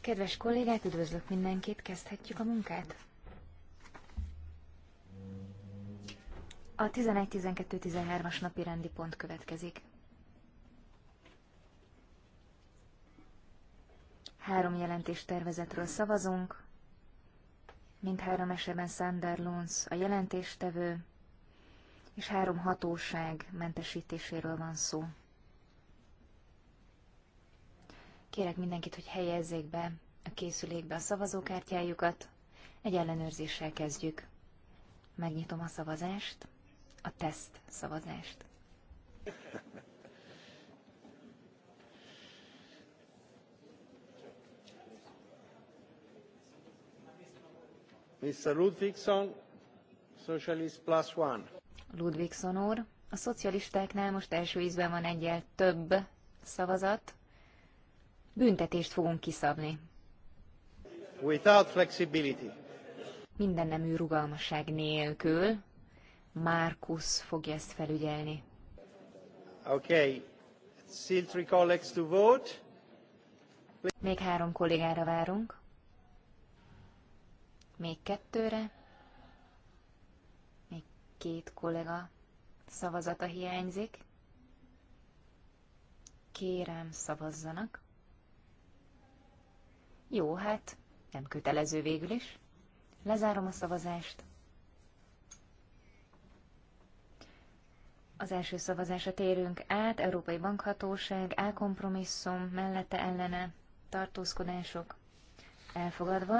Kedves kollégák, üdvözlök mindenkit, kezdhetjük a munkát. A 11-12-13-as napi rendi pont következik. Három jelentés tervezetről szavazunk. Mindhárom esetben Sander Lunds a jelentéstevő, és három hatóság mentesítéséről van szó. Kérek mindenkit, hogy helyezzék be a készülékbe a szavazókártyájukat. Egy ellenőrzéssel kezdjük. Megnyitom a szavazást, a teszt szavazást. Mr. Ludwigson, Socialist Plus One. Ludwigson úr, a szocialistáknál most első ízben van egyel több szavazat büntetést fogunk kiszabni. Without flexibility. Minden nemű rugalmasság nélkül Markus fogja ezt felügyelni. Okay. Still three colleagues to vote. Még három kollégára várunk. Még kettőre. Még két kollega szavazata hiányzik. Kérem, szavazzanak. Jó, hát nem kötelező végül is. Lezárom a szavazást. Az első szavazásra térünk át, Európai Bankhatóság, A kompromisszum, mellette ellene, tartózkodások, elfogadva,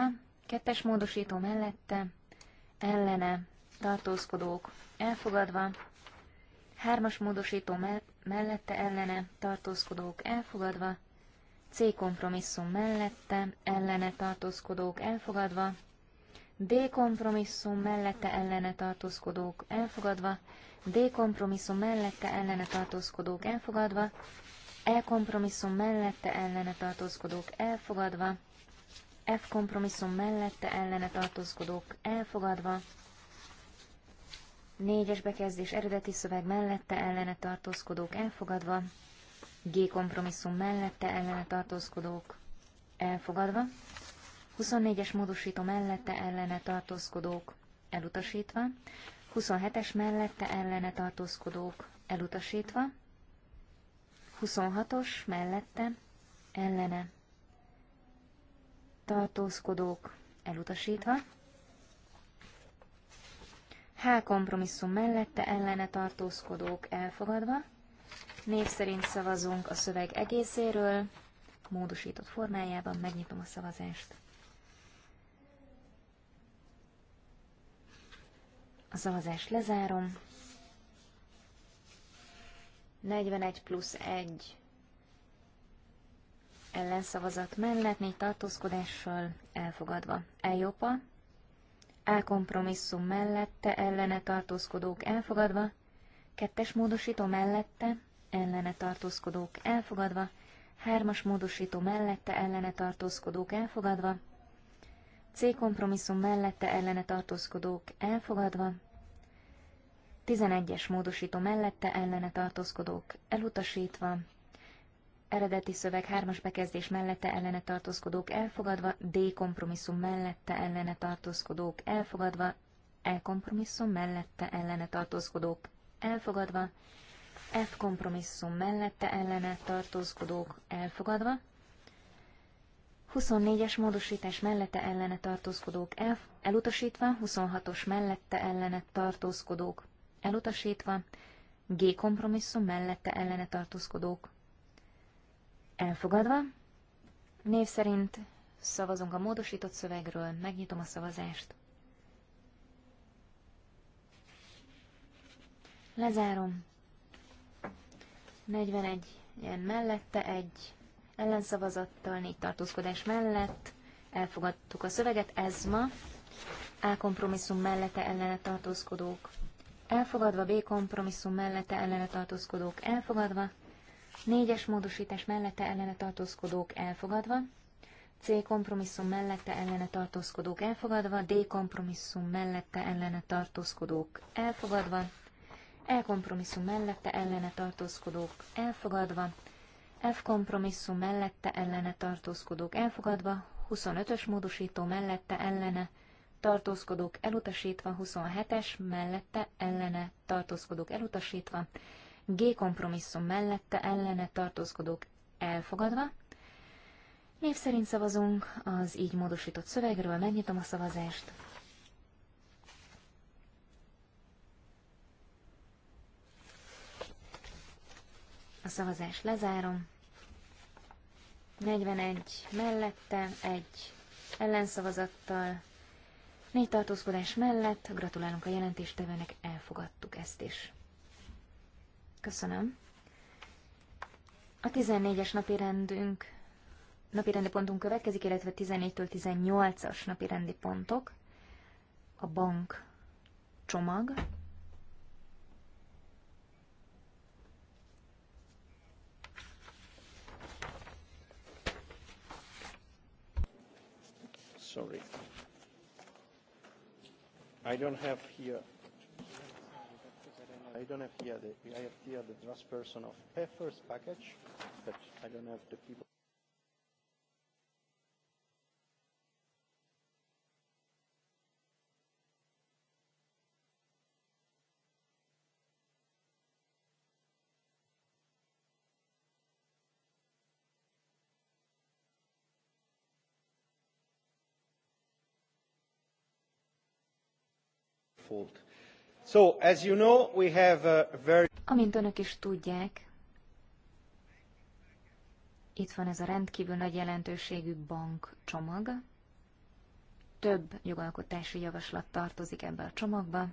kettes módosító mellette, ellene, tartózkodók, elfogadva, hármas módosító mellette ellene, tartózkodók, elfogadva, C kompromisszum mellette, ellene tartózkodók elfogadva, D kompromisszum mellette ellene tartózkodók elfogadva, D kompromisszum mellette ellene tartózkodók elfogadva, E kompromisszum mellette ellene tartózkodók elfogadva, F kompromisszum mellette ellene tartózkodók elfogadva, négyes bekezdés eredeti szöveg mellette ellene tartózkodók elfogadva, G kompromisszum mellette ellene tartózkodók elfogadva, 24-es módosító mellette ellene tartózkodók elutasítva, 27-es mellette ellene tartózkodók elutasítva, 26-os mellette ellene tartózkodók elutasítva, H kompromisszum mellette ellene tartózkodók elfogadva, Név szerint szavazunk a szöveg egészéről, módosított formájában megnyitom a szavazást. A szavazást lezárom. 41 plusz 1 ellenszavazat mellett, négy tartózkodással elfogadva. Eljopa, elkompromisszum mellette, ellene tartózkodók elfogadva, kettes módosító mellette, ellene tartózkodók elfogadva, hármas módosító mellette ellene tartózkodók elfogadva, C kompromisszum mellette ellene tartózkodók elfogadva, 11-es módosító mellette ellene tartózkodók elutasítva, eredeti szöveg hármas bekezdés mellette ellene tartózkodók elfogadva, D kompromisszum mellette ellene tartózkodók elfogadva, E kompromisszum mellette ellene tartózkodók elfogadva, F kompromisszum mellette ellene tartózkodók elfogadva, 24-es módosítás mellette ellene tartózkodók el, elutasítva, 26-os mellette ellene tartózkodók elutasítva, G kompromisszum mellette ellene tartózkodók elfogadva. Név szerint szavazunk a módosított szövegről, megnyitom a szavazást. Lezárom. 41 ilyen mellette, egy ellenszavazattal, négy tartózkodás mellett elfogadtuk a szöveget. Ez ma A kompromisszum mellette ellene tartózkodók elfogadva, B kompromisszum mellette ellene tartózkodók elfogadva, négyes módosítás mellette ellene tartózkodók elfogadva, C kompromisszum mellette ellene tartózkodók elfogadva, D kompromisszum mellette ellene tartózkodók elfogadva, E kompromisszum mellette ellene tartózkodók elfogadva, F kompromisszum mellette ellene tartózkodók elfogadva, 25-ös módosító mellette ellene tartózkodók elutasítva, 27-es mellette ellene tartózkodók elutasítva, G kompromisszum mellette ellene tartózkodók elfogadva. Név szerint szavazunk az így módosított szövegről, megnyitom a szavazást. A szavazást lezárom. 41 mellette, egy ellenszavazattal, négy tartózkodás mellett. Gratulálunk a jelentéstevőnek, elfogadtuk ezt is. Köszönöm. A 14-es napi rendünk, napi rendi pontunk következik, illetve 14-től 18-as napi rendi pontok. A bank csomag. Sorry. I don't have here. I don't have here the. I have here the draft person of PEFER's package, but I don't have the people. fault. So, as you know, we have a very... Amint önök is tudják, itt van ez a rendkívül nagy jelentőségű bankcsomag. Több jogalkotási javaslat tartozik ebbe a csomagba.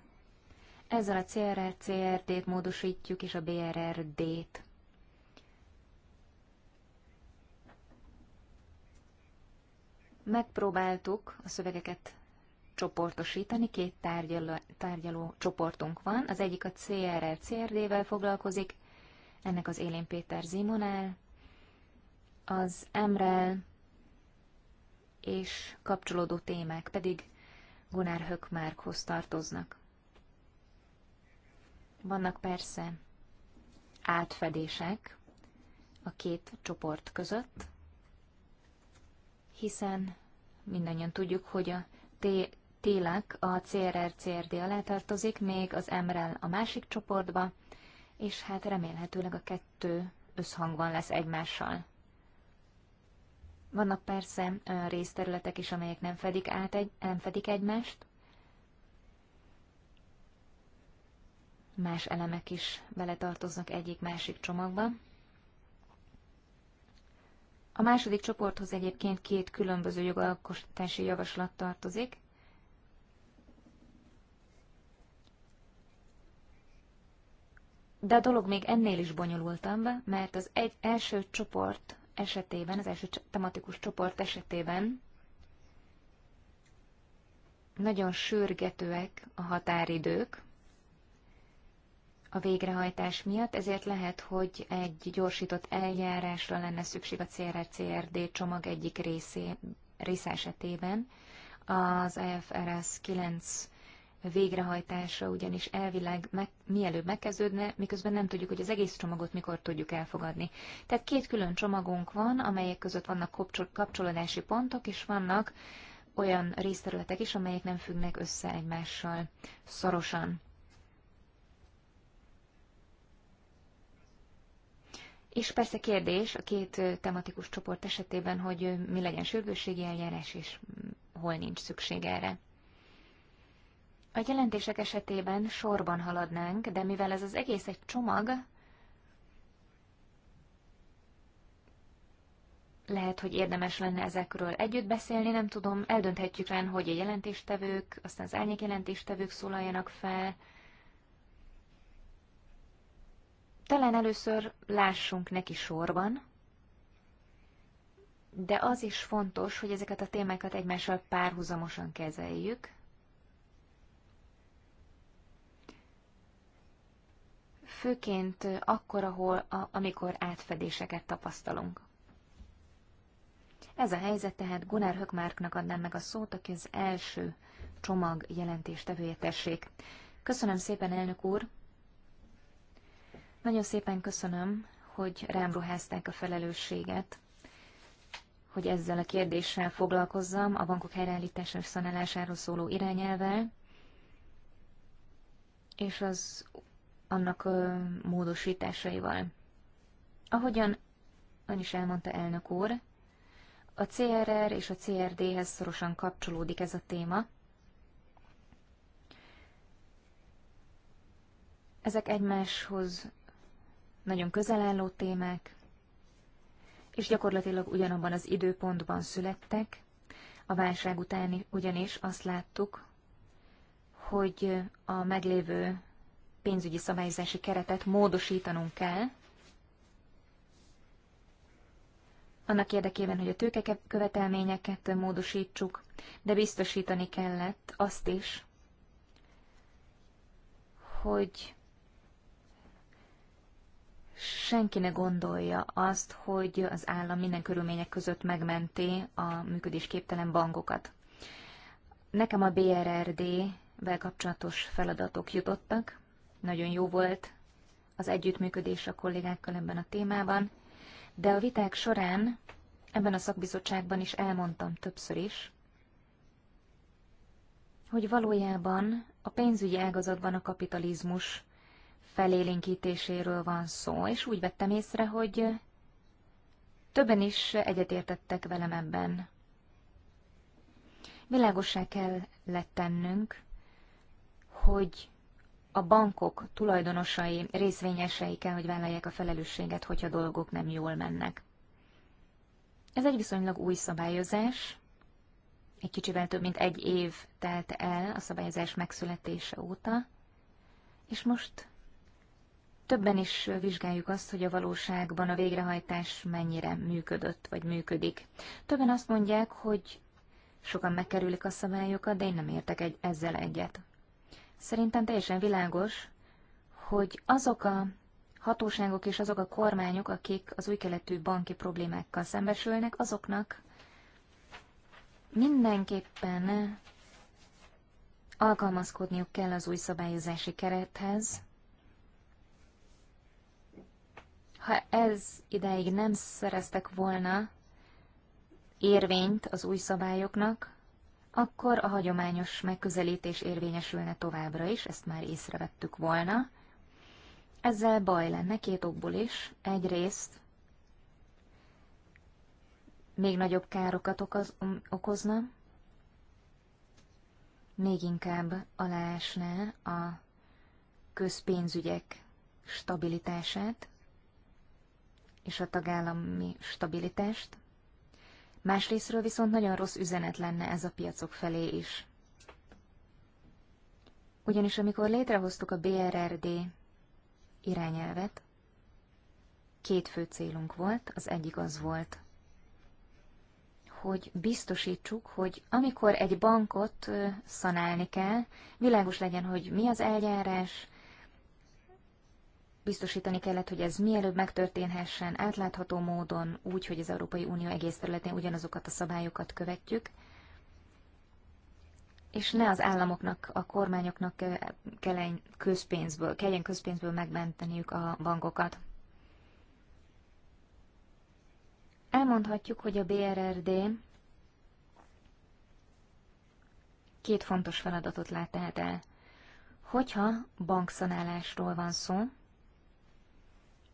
Ezzel a CRR, CRD-t módosítjuk, és a BRRD-t. Megpróbáltuk a szövegeket csoportosítani. Két tárgyaló, tárgyaló csoportunk van. Az egyik a CRL CRD-vel foglalkozik, ennek az élén Péter Zimonál, az Emrel és kapcsolódó témák pedig Gunár Hökmárkhoz tartoznak. Vannak persze átfedések a két csoport között, hiszen mindannyian tudjuk, hogy a TILAC a CRR-CRD alá tartozik, még az MREL a másik csoportba, és hát remélhetőleg a kettő összhangban lesz egymással. Vannak persze részterületek is, amelyek nem fedik, át egy, nem fedik egymást. Más elemek is beletartoznak egyik-másik csomagba. A második csoporthoz egyébként két különböző jogalkotási javaslat tartozik. De a dolog még ennél is bonyolultabb, mert az egy első csoport esetében, az első tematikus csoport esetében nagyon sürgetőek a határidők a végrehajtás miatt, ezért lehet, hogy egy gyorsított eljárásra lenne szükség a CRR-CRD csomag egyik részé, rész esetében. Az EFRS 9 végrehajtása ugyanis elvileg meg, mielőbb megkezdődne, miközben nem tudjuk, hogy az egész csomagot mikor tudjuk elfogadni. Tehát két külön csomagunk van, amelyek között vannak kapcsolódási pontok, és vannak olyan részterületek is, amelyek nem függnek össze egymással szorosan. És persze kérdés a két tematikus csoport esetében, hogy mi legyen sürgősségi eljárás, és hol nincs szükség erre. A jelentések esetében sorban haladnánk, de mivel ez az egész egy csomag, lehet, hogy érdemes lenne ezekről együtt beszélni, nem tudom, eldönthetjük rán, hogy a jelentéstevők, aztán az árnyék jelentéstevők szólaljanak fel. Talán először lássunk neki sorban, de az is fontos, hogy ezeket a témákat egymással párhuzamosan kezeljük, főként akkor, ahol, a, amikor átfedéseket tapasztalunk. Ez a helyzet tehát Gunnar Högmárknak adnám meg a szót, aki az első csomag jelentéstevője tessék. Köszönöm szépen, elnök úr! Nagyon szépen köszönöm, hogy rám ruházták a felelősséget, hogy ezzel a kérdéssel foglalkozzam, a bankok helyreállítása és szanálásáról szóló irányelvel, és az annak módosításaival. Ahogyan ön is elmondta elnök úr, a CRR és a CRD-hez szorosan kapcsolódik ez a téma. Ezek egymáshoz nagyon közel álló témák, és gyakorlatilag ugyanabban az időpontban születtek. A válság után ugyanis azt láttuk, hogy a meglévő pénzügyi szabályzási keretet módosítanunk kell, annak érdekében, hogy a tőkekövetelményeket módosítsuk, de biztosítani kellett azt is, hogy senki ne gondolja azt, hogy az állam minden körülmények között megmenti a működésképtelen bankokat. Nekem a BRRD-vel kapcsolatos feladatok jutottak, nagyon jó volt az együttműködés a kollégákkal ebben a témában, de a viták során ebben a szakbizottságban is elmondtam többször is, hogy valójában a pénzügyi ágazatban a kapitalizmus felélénkítéséről van szó, és úgy vettem észre, hogy többen is egyetértettek velem ebben. Világosá kell lett tennünk, hogy a bankok tulajdonosai, részvényesei kell, hogy vállalják a felelősséget, hogyha dolgok nem jól mennek. Ez egy viszonylag új szabályozás, egy kicsivel több mint egy év telt el a szabályozás megszületése óta, és most többen is vizsgáljuk azt, hogy a valóságban a végrehajtás mennyire működött vagy működik. Többen azt mondják, hogy sokan megkerülik a szabályokat, de én nem értek egy, ezzel egyet. Szerintem teljesen világos, hogy azok a hatóságok és azok a kormányok, akik az új keletű banki problémákkal szembesülnek, azoknak mindenképpen alkalmazkodniuk kell az új szabályozási kerethez. Ha ez ideig nem szereztek volna érvényt az új szabályoknak, akkor a hagyományos megközelítés érvényesülne továbbra is, ezt már észrevettük volna. Ezzel baj lenne két okból is. Egyrészt még nagyobb károkat okoz, okozna, még inkább aláásná a közpénzügyek stabilitását és a tagállami stabilitást. Másrésztről viszont nagyon rossz üzenet lenne ez a piacok felé is. Ugyanis amikor létrehoztuk a BRRD irányelvet, két fő célunk volt, az egyik az volt, hogy biztosítsuk, hogy amikor egy bankot szanálni kell, világos legyen, hogy mi az eljárás, Biztosítani kellett, hogy ez mielőbb megtörténhessen átlátható módon, úgy, hogy az Európai Unió egész területén ugyanazokat a szabályokat követjük, és ne az államoknak, a kormányoknak kelljen közpénzből, kelljen közpénzből megmenteniük a bankokat. Elmondhatjuk, hogy a BRRD két fontos feladatot lát tehát el. Hogyha bankszanálásról van szó,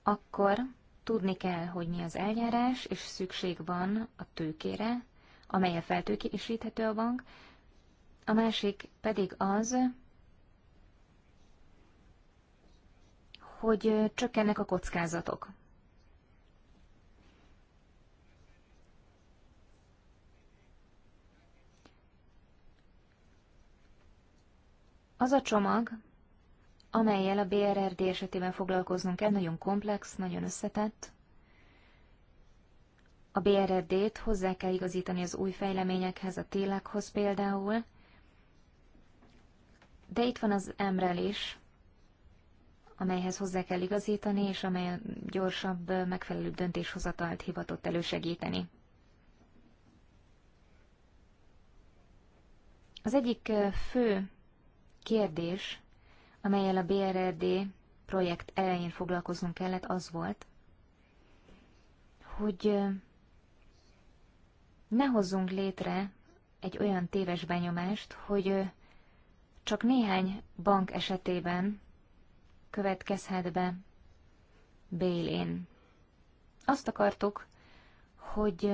akkor tudni kell, hogy mi az eljárás, és szükség van a tőkére, amelyel feltőkésíthető a bank. A másik pedig az, hogy csökkennek a kockázatok. Az a csomag, amelyel a BRRD esetében foglalkoznunk kell, nagyon komplex, nagyon összetett. A BRRD-t hozzá kell igazítani az új fejleményekhez, a télekhoz például, de itt van az emrel is, amelyhez hozzá kell igazítani, és amely a gyorsabb, megfelelő döntéshozatalt hivatott elősegíteni. Az egyik fő kérdés, amelyel a BRRD projekt elején foglalkoznunk kellett, az volt, hogy ne hozzunk létre egy olyan téves benyomást, hogy csak néhány bank esetében következhet be bélén. Azt akartuk, hogy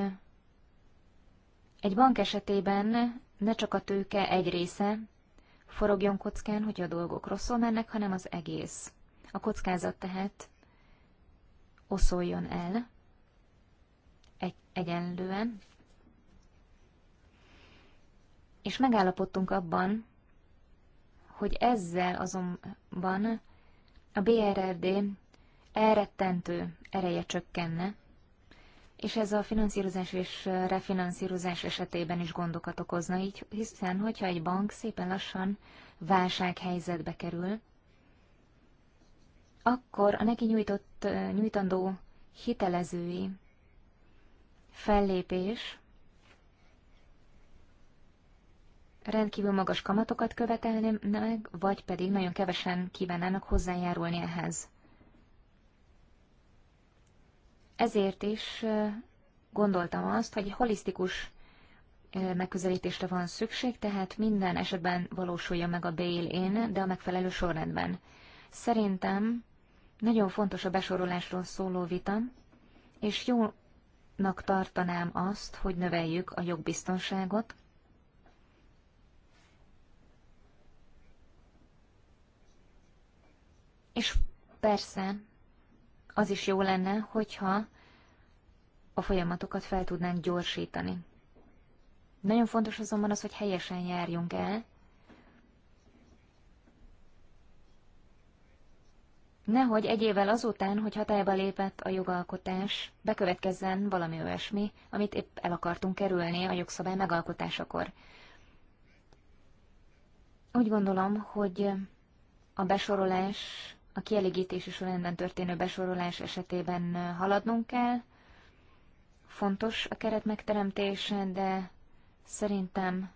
egy bank esetében ne csak a tőke egy része, forogjon kockán, hogy a dolgok rosszul mennek, hanem az egész. A kockázat tehát oszoljon el egy, egyenlően, és megállapodtunk abban, hogy ezzel azonban a BRRD elrettentő ereje csökkenne, és ez a finanszírozás és refinanszírozás esetében is gondokat okozna, így, hiszen hogyha egy bank szépen lassan válsághelyzetbe kerül, akkor a neki nyújtott, nyújtandó hitelezői fellépés rendkívül magas kamatokat követelni meg, vagy pedig nagyon kevesen kívánnának hozzájárulni ehhez. Ezért is gondoltam azt, hogy holisztikus megközelítésre van szükség, tehát minden esetben valósulja meg a bail én, de a megfelelő sorrendben. Szerintem nagyon fontos a besorolásról szóló vita, és jónak tartanám azt, hogy növeljük a jogbiztonságot, és persze az is jó lenne, hogyha a folyamatokat fel tudnánk gyorsítani. Nagyon fontos azonban az, hogy helyesen járjunk el. Nehogy egy évvel azután, hogy hatályba lépett a jogalkotás, bekövetkezzen valami olyasmi, amit épp el akartunk kerülni a jogszabály megalkotásakor. Úgy gondolom, hogy a besorolás a kielégítési sorrendben történő besorolás esetében haladnunk kell. Fontos a keret megteremtése, de szerintem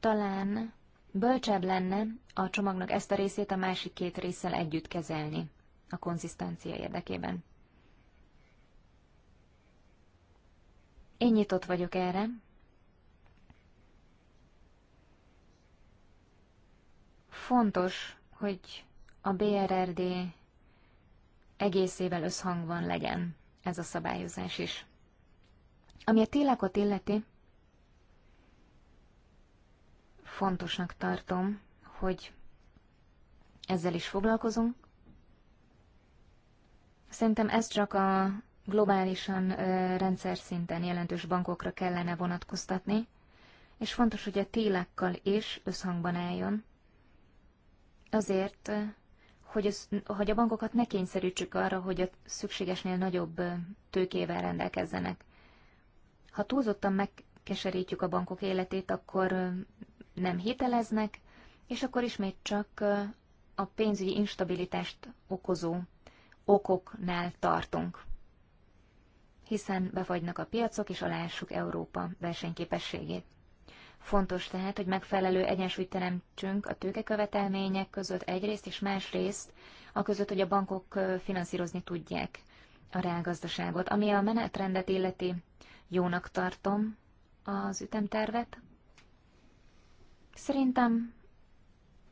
talán bölcsebb lenne a csomagnak ezt a részét a másik két részsel együtt kezelni a konzisztencia érdekében. Én nyitott vagyok erre. Fontos hogy a BRRD egészével összhangban legyen ez a szabályozás is. Ami a télákot illeti, fontosnak tartom, hogy ezzel is foglalkozunk. Szerintem ez csak a globálisan ö, rendszer szinten jelentős bankokra kellene vonatkoztatni, és fontos, hogy a télekkal is összhangban álljon, azért, hogy, az, hogy a bankokat ne kényszerítsük arra, hogy a szükségesnél nagyobb tőkével rendelkezzenek. Ha túlzottan megkeserítjük a bankok életét, akkor nem hiteleznek, és akkor ismét csak a pénzügyi instabilitást okozó okoknál tartunk. Hiszen befagynak a piacok, és alássuk Európa versenyképességét. Fontos tehát, hogy megfelelő egyensúlyt teremtsünk a tőkekövetelmények között egyrészt, és másrészt a között, hogy a bankok finanszírozni tudják a reálgazdaságot. Ami a menetrendet illeti, jónak tartom az ütemtervet. Szerintem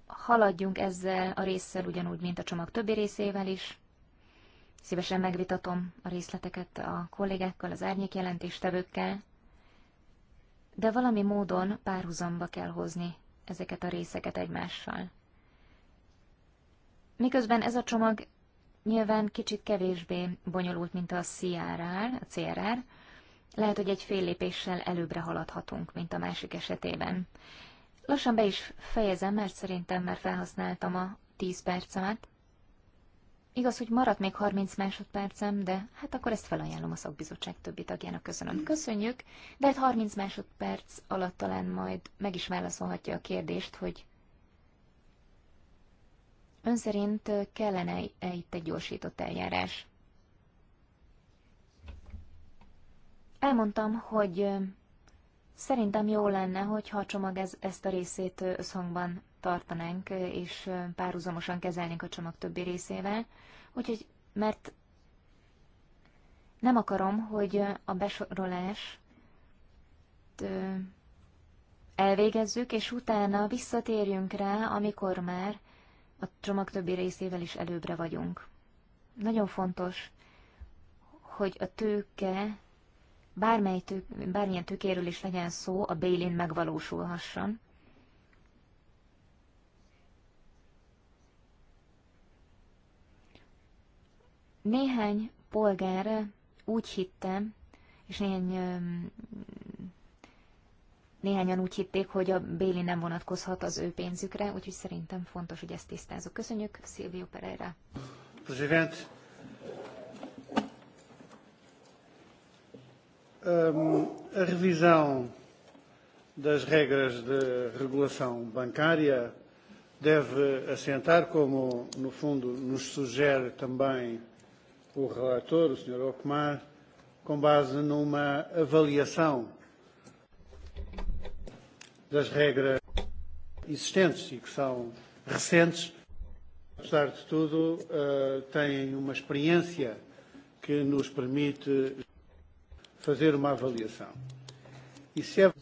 haladjunk ezzel a résszel ugyanúgy, mint a csomag többi részével is. Szívesen megvitatom a részleteket a kollégákkal, az árnyék jelentéstevőkkel, de valami módon párhuzamba kell hozni ezeket a részeket egymással. Miközben ez a csomag nyilván kicsit kevésbé bonyolult, mint a CRR, a CRR, lehet, hogy egy fél lépéssel előbbre haladhatunk, mint a másik esetében. Lassan be is fejezem, mert szerintem már felhasználtam a 10 percemet. Igaz, hogy maradt még 30 másodpercem, de hát akkor ezt felajánlom a szakbizottság többi tagjának. Köszönöm. Köszönjük, de hát 30 másodperc alatt talán majd meg is válaszolhatja a kérdést, hogy ön szerint kellene -e itt egy gyorsított eljárás? Elmondtam, hogy szerintem jó lenne, hogyha a csomag ez, ezt a részét összhangban tartanánk, és párhuzamosan kezelnénk a csomag többi részével. Úgyhogy, mert nem akarom, hogy a besorolást elvégezzük, és utána visszatérjünk rá, amikor már a csomag többi részével is előbbre vagyunk. Nagyon fontos, hogy a tőke, bármely tők, bármilyen tőkéről is legyen szó, a bélén megvalósulhasson. Néhány polgár úgy hitte, és néhány, néhányan úgy hitték, hogy a Béli nem vonatkozhat az ő pénzükre, úgyhogy szerintem fontos, hogy ezt tisztázok. Köszönjük, Szilvio Pereira. President. a revisão das regras de regulação bancária deve assentar, como no fundo nos sugere também o relator, o Sr. Ocumar, com base numa avaliação das regras existentes e que são recentes, apesar de tudo, uh, têm uma experiência que nos permite fazer uma avaliação. E se é...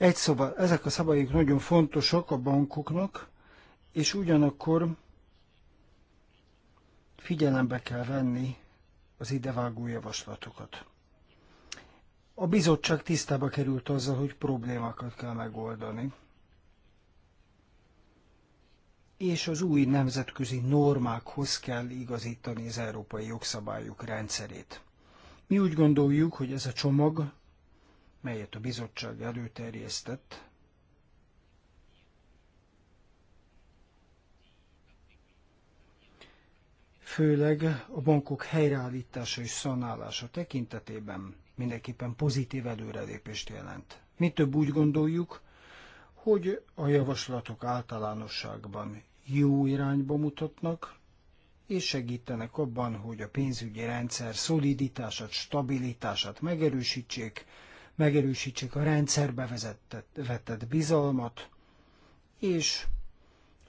Egy szóval, ezek a szabályok nagyon fontosak a bankoknak, és ugyanakkor figyelembe kell venni az idevágó javaslatokat. A bizottság tisztába került azzal, hogy problémákat kell megoldani, és az új nemzetközi normákhoz kell igazítani az európai jogszabályok rendszerét. Mi úgy gondoljuk, hogy ez a csomag, melyet a bizottság előterjesztett, főleg a bankok helyreállítása és szanálása tekintetében mindenképpen pozitív előrelépést jelent. Mi több úgy gondoljuk, hogy a javaslatok általánosságban jó irányba mutatnak, és segítenek abban, hogy a pénzügyi rendszer szoliditását, stabilitását megerősítsék, megerősítsék a rendszerbe vetett bizalmat, és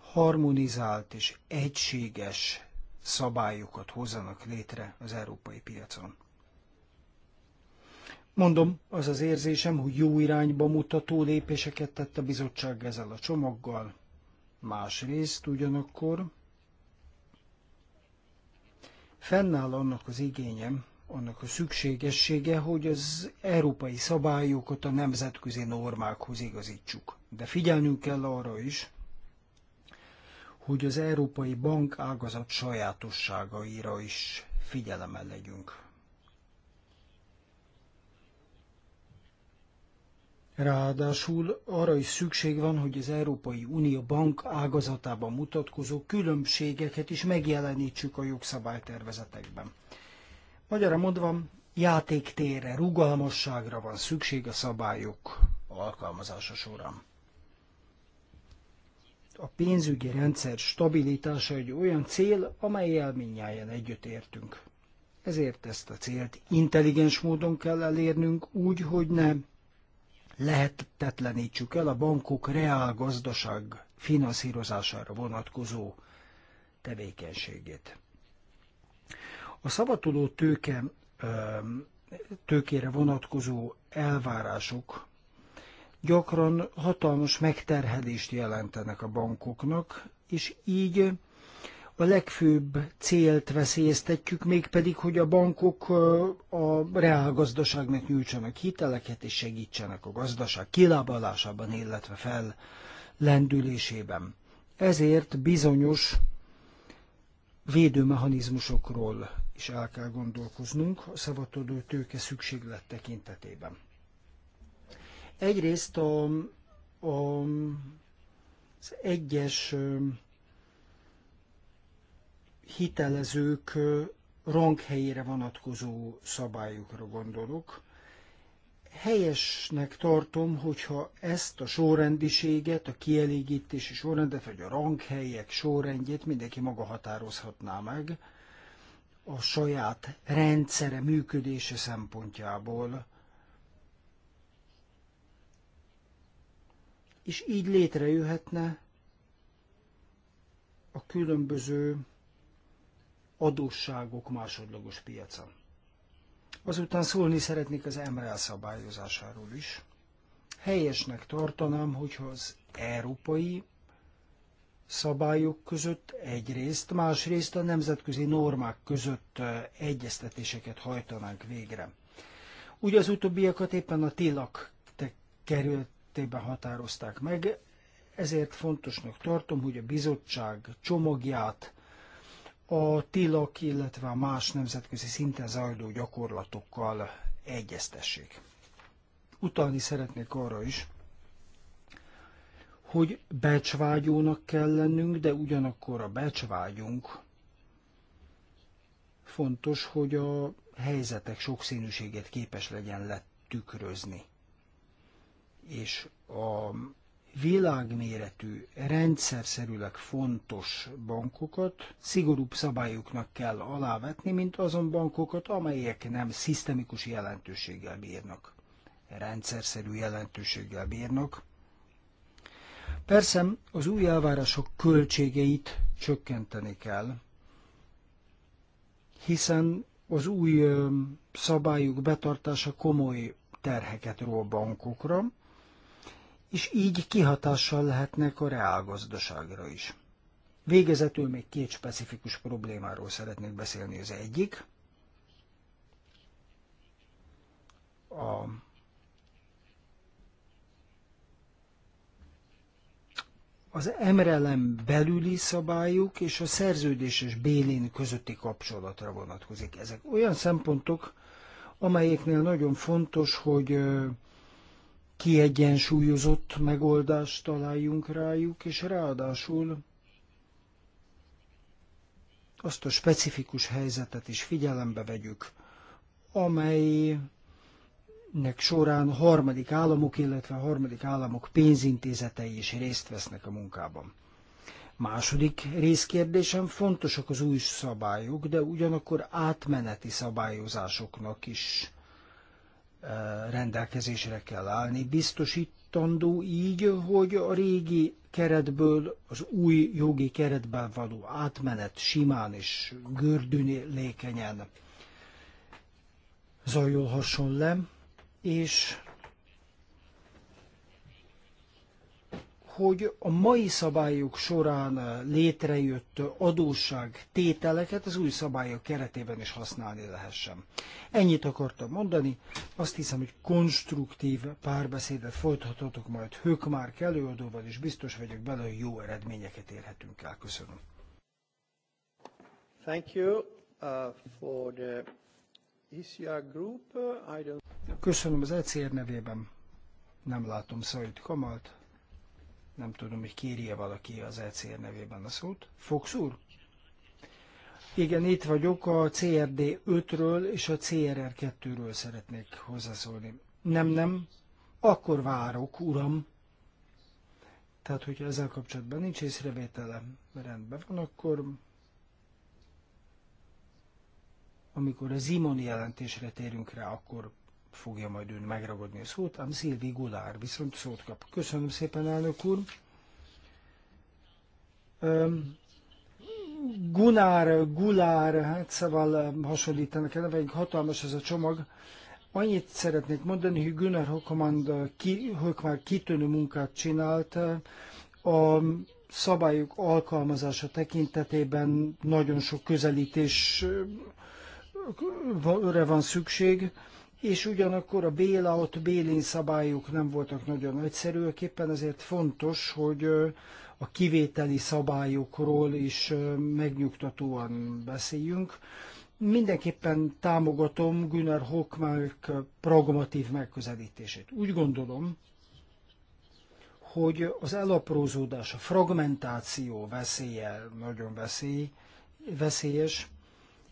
harmonizált és egységes szabályokat hozzanak létre az európai piacon. Mondom, az az érzésem, hogy jó irányba mutató lépéseket tett a bizottság ezzel a csomaggal. Másrészt ugyanakkor fennáll annak az igényem, annak a szükségessége, hogy az európai szabályokat a nemzetközi normákhoz igazítsuk. De figyelnünk kell arra is, hogy az Európai Bank ágazat sajátosságaira is figyelemmel legyünk. Ráadásul arra is szükség van, hogy az Európai Unió bank ágazatában mutatkozó különbségeket is megjelenítsük a jogszabálytervezetekben. Magyarra mondva, játéktérre, rugalmasságra van szükség a szabályok alkalmazása során a pénzügyi rendszer stabilitása egy olyan cél, amely elményáján együtt értünk. Ezért ezt a célt intelligens módon kell elérnünk, úgy, hogy ne lehetetlenítsük el a bankok reál gazdaság finanszírozására vonatkozó tevékenységét. A szabaduló tőke, tőkére vonatkozó elvárások gyakran hatalmas megterhelést jelentenek a bankoknak, és így a legfőbb célt veszélyeztetjük, mégpedig, hogy a bankok a reálgazdaságnak nyújtsanak hiteleket és segítsenek a gazdaság kilábalásában, illetve fel lendülésében. Ezért bizonyos védőmechanizmusokról is el kell gondolkoznunk a szabadodó tőke szükséglet tekintetében. Egyrészt a, a, az egyes hitelezők ranghelyére vonatkozó szabályokra gondolok. Helyesnek tartom, hogyha ezt a sorrendiséget, a kielégítési sorrendet, vagy a ranghelyek sorrendjét mindenki maga határozhatná meg a saját rendszere működése szempontjából és így létrejöhetne a különböző adósságok másodlagos piaca. Azután szólni szeretnék az MREL szabályozásáról is. Helyesnek tartanám, hogyha az európai szabályok között egyrészt, másrészt a nemzetközi normák között eh, egyeztetéseket hajtanánk végre. Ugye az utóbbiakat éppen a tilak került keretében határozták meg, ezért fontosnak tartom, hogy a bizottság csomagját a tilak, illetve a más nemzetközi szinten zajló gyakorlatokkal egyeztessék. Utalni szeretnék arra is, hogy becsvágyónak kell lennünk, de ugyanakkor a becsvágyunk fontos, hogy a helyzetek sokszínűségét képes legyen letükrözni és a világméretű, rendszerszerűleg fontos bankokat szigorúbb szabályoknak kell alávetni, mint azon bankokat, amelyek nem szisztemikus jelentőséggel bírnak. Rendszerszerű jelentőséggel bírnak. Persze az új elvárások költségeit csökkenteni kell, hiszen az új szabályok betartása komoly terheket ró bankokra, és így kihatással lehetnek a reálgazdaságra is. Végezetül még két specifikus problémáról szeretnék beszélni. Az egyik a az emrelem belüli szabályok és a szerződéses bélin közötti kapcsolatra vonatkozik. Ezek olyan szempontok, amelyeknél nagyon fontos, hogy kiegyensúlyozott megoldást találjunk rájuk, és ráadásul azt a specifikus helyzetet is figyelembe vegyük, amelynek során harmadik államok, illetve harmadik államok pénzintézetei is részt vesznek a munkában. Második részkérdésem, fontosak az új szabályok, de ugyanakkor átmeneti szabályozásoknak is rendelkezésre kell állni. Biztosítandó így, hogy a régi keretből az új jogi keretben való átmenet simán és gördülékenyen zajolhasson le, és hogy a mai szabályok során eh, létrejött adósság tételeket az új szabályok keretében is használni lehessen. Ennyit akartam mondani, azt hiszem, hogy konstruktív párbeszédet folytathatok majd Hökmárk előadóval, és biztos vagyok bele, hogy jó eredményeket érhetünk el. Köszönöm. Thank you uh, for the ECR group. I don't... Köszönöm az ECR nevében. Nem látom Szait Kamalt. Nem tudom, hogy kérje valaki az ECR nevében a szót. Fox úr? Igen, itt vagyok, a CRD 5-ről és a CRR 2-ről szeretnék hozzászólni. Nem, nem, akkor várok, uram. Tehát, hogy ezzel kapcsolatban nincs észrevételem, rendben van, akkor amikor a Zimon jelentésre térünk rá, akkor fogja majd ön megragadni a szót, ám Szilvi Gulár viszont szót kap. Köszönöm szépen, elnök úr. Um, Gunár, Gulár, hát szóval hasonlítanak vagy hatalmas ez a csomag. Annyit szeretnék mondani, hogy Gunnar Hökmand ki, Hökmár kitűnő munkát csinált, a szabályok alkalmazása tekintetében nagyon sok közelítésre van szükség és ugyanakkor a bailout, bélén szabályok nem voltak nagyon egyszerűek, éppen ezért fontos, hogy a kivételi szabályokról is megnyugtatóan beszéljünk. Mindenképpen támogatom Günner Hockmark pragmatív megközelítését. Úgy gondolom, hogy az elaprózódás, a fragmentáció veszélye nagyon veszély, veszélyes,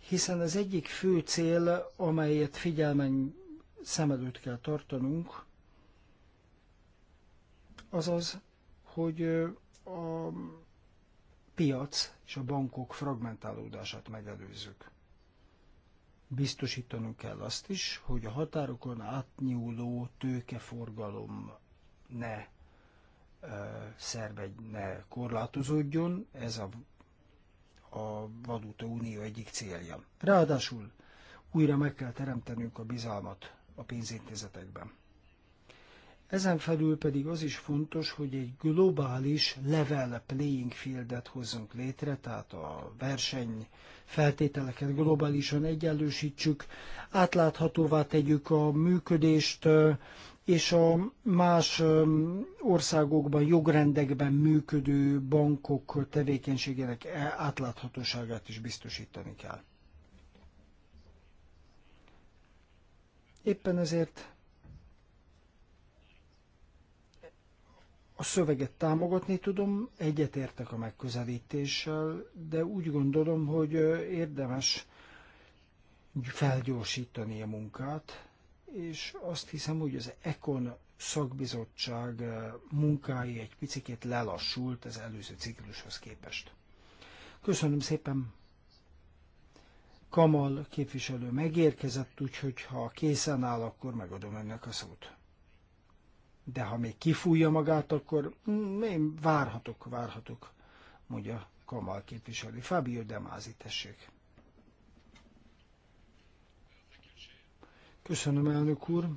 hiszen az egyik fő cél, amelyet figyelmen szem előtt kell tartanunk, azaz, hogy a piac és a bankok fragmentálódását megelőzzük. Biztosítanunk kell azt is, hogy a határokon átnyúló tőkeforgalom ne szervegy ne korlátozódjon, ez a, a Valuta Unió egyik célja. Ráadásul újra meg kell teremtenünk a bizalmat a pénzintézetekben. Ezen felül pedig az is fontos, hogy egy globális level playing fieldet hozzunk létre, tehát a verseny feltételeket globálisan egyenlősítsük, átláthatóvá tegyük a működést, és a más országokban, jogrendekben működő bankok tevékenységének átláthatóságát is biztosítani kell. Éppen ezért a szöveget támogatni tudom, egyetértek a megközelítéssel, de úgy gondolom, hogy érdemes felgyorsítani a munkát, és azt hiszem, hogy az ECON szakbizottság munkái egy picit lelassult az előző ciklushoz képest. Köszönöm szépen! Kamal képviselő megérkezett, úgyhogy ha készen áll, akkor megadom önnek a szót. De ha még kifújja magát, akkor mm, én várhatok, várhatok, mondja Kamal képviselő. Fábio Demázi, tessék. Köszönöm, elnök úr.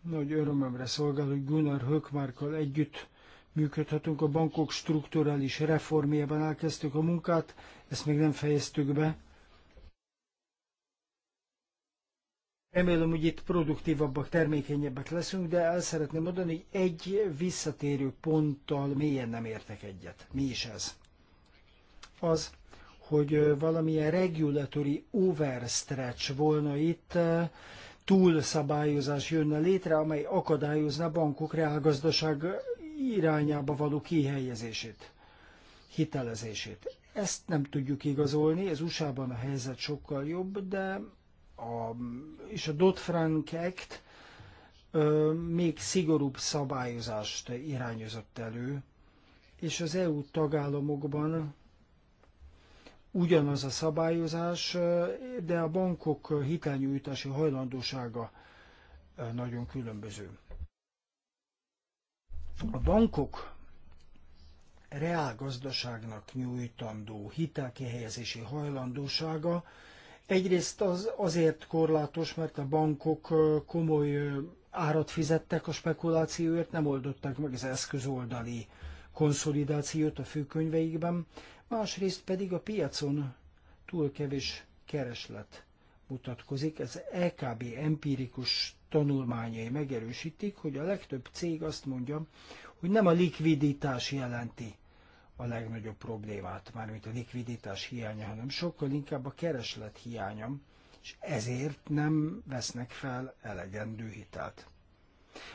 Nagy örömömre szolgál, hogy Gunnar Hökmárkal együtt működhetünk. A bankok strukturális reformjában elkezdtük a munkát, ezt még nem fejeztük be. Remélem, hogy itt produktívabbak, termékenyebbek leszünk, de el szeretném mondani, hogy egy visszatérő ponttal mélyen nem értek egyet. Mi is ez? Az, hogy valamilyen regulatory overstretch volna itt, túlszabályozás jönne létre, amely akadályozna bankok reálgazdaság irányába való kihelyezését, hitelezését. Ezt nem tudjuk igazolni, ez USA-ban a helyzet sokkal jobb, de a, és a Dodd-Frank Act ö, még szigorúbb szabályozást irányozott elő, és az EU tagállamokban ugyanaz a szabályozás, de a bankok hitelnyújtási hajlandósága nagyon különböző. A bankok reálgazdaságnak nyújtandó hitelkihelyezési hajlandósága egyrészt az, azért korlátos, mert a bankok komoly árat fizettek a spekulációért, nem oldották meg az eszközoldali konszolidációt a főkönyveikben, másrészt pedig a piacon túl kevés kereslet mutatkozik. Ez EKB empirikus tanulmányai megerősítik, hogy a legtöbb cég azt mondja, hogy nem a likviditás jelenti a legnagyobb problémát, mármint a likviditás hiánya, hanem sokkal inkább a kereslet hiánya, és ezért nem vesznek fel elegendő hitelt.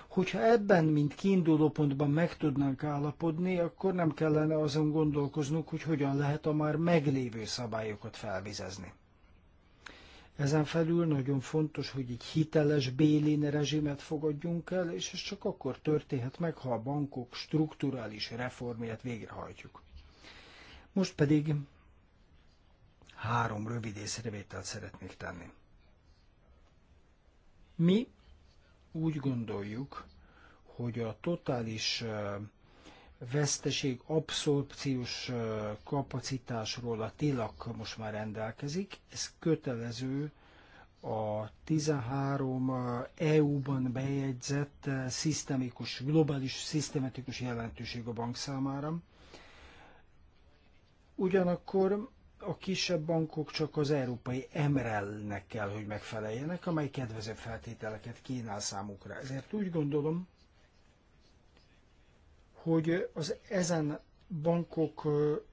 Hogyha ebben, mint kiinduló pontban meg tudnánk állapodni, akkor nem kellene azon gondolkoznunk, hogy hogyan lehet a már meglévő szabályokat felvizezni. Ezen felül nagyon fontos, hogy egy hiteles bélin rezsimet fogadjunk el, és ez csak akkor történhet meg, ha a bankok strukturális reformját végrehajtjuk. Most pedig három rövid észrevételt szeretnék tenni. Mi úgy gondoljuk, hogy a totális eh, veszteség abszorpciós kapacitásról a tilak most már rendelkezik. Ez kötelező a 13 EU-ban bejegyzett szisztemikus, globális, szisztematikus jelentőség a bank számára. Ugyanakkor a kisebb bankok csak az európai MREL-nek kell, hogy megfeleljenek, amely kedvező feltételeket kínál számukra. Ezért úgy gondolom, hogy az ezen bankok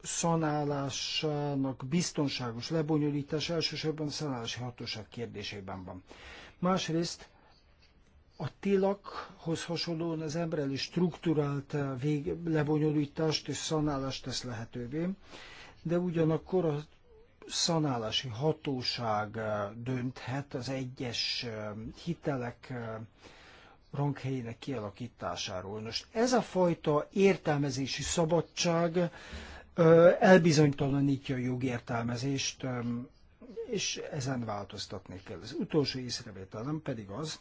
szanálásának biztonságos lebonyolítás elsősorban a szanálási hatóság kérdésében van. Másrészt a tilakhoz hasonlóan az embereli struktúrált vég, lebonyolítást és szanálást tesz lehetővé, de ugyanakkor a szanálási hatóság dönthet az egyes hitelek ranghelyének kialakításáról. Nos, ez a fajta értelmezési szabadság elbizonytalanítja a jogértelmezést, és ezen változtatni kell. Az utolsó észrevételem pedig az,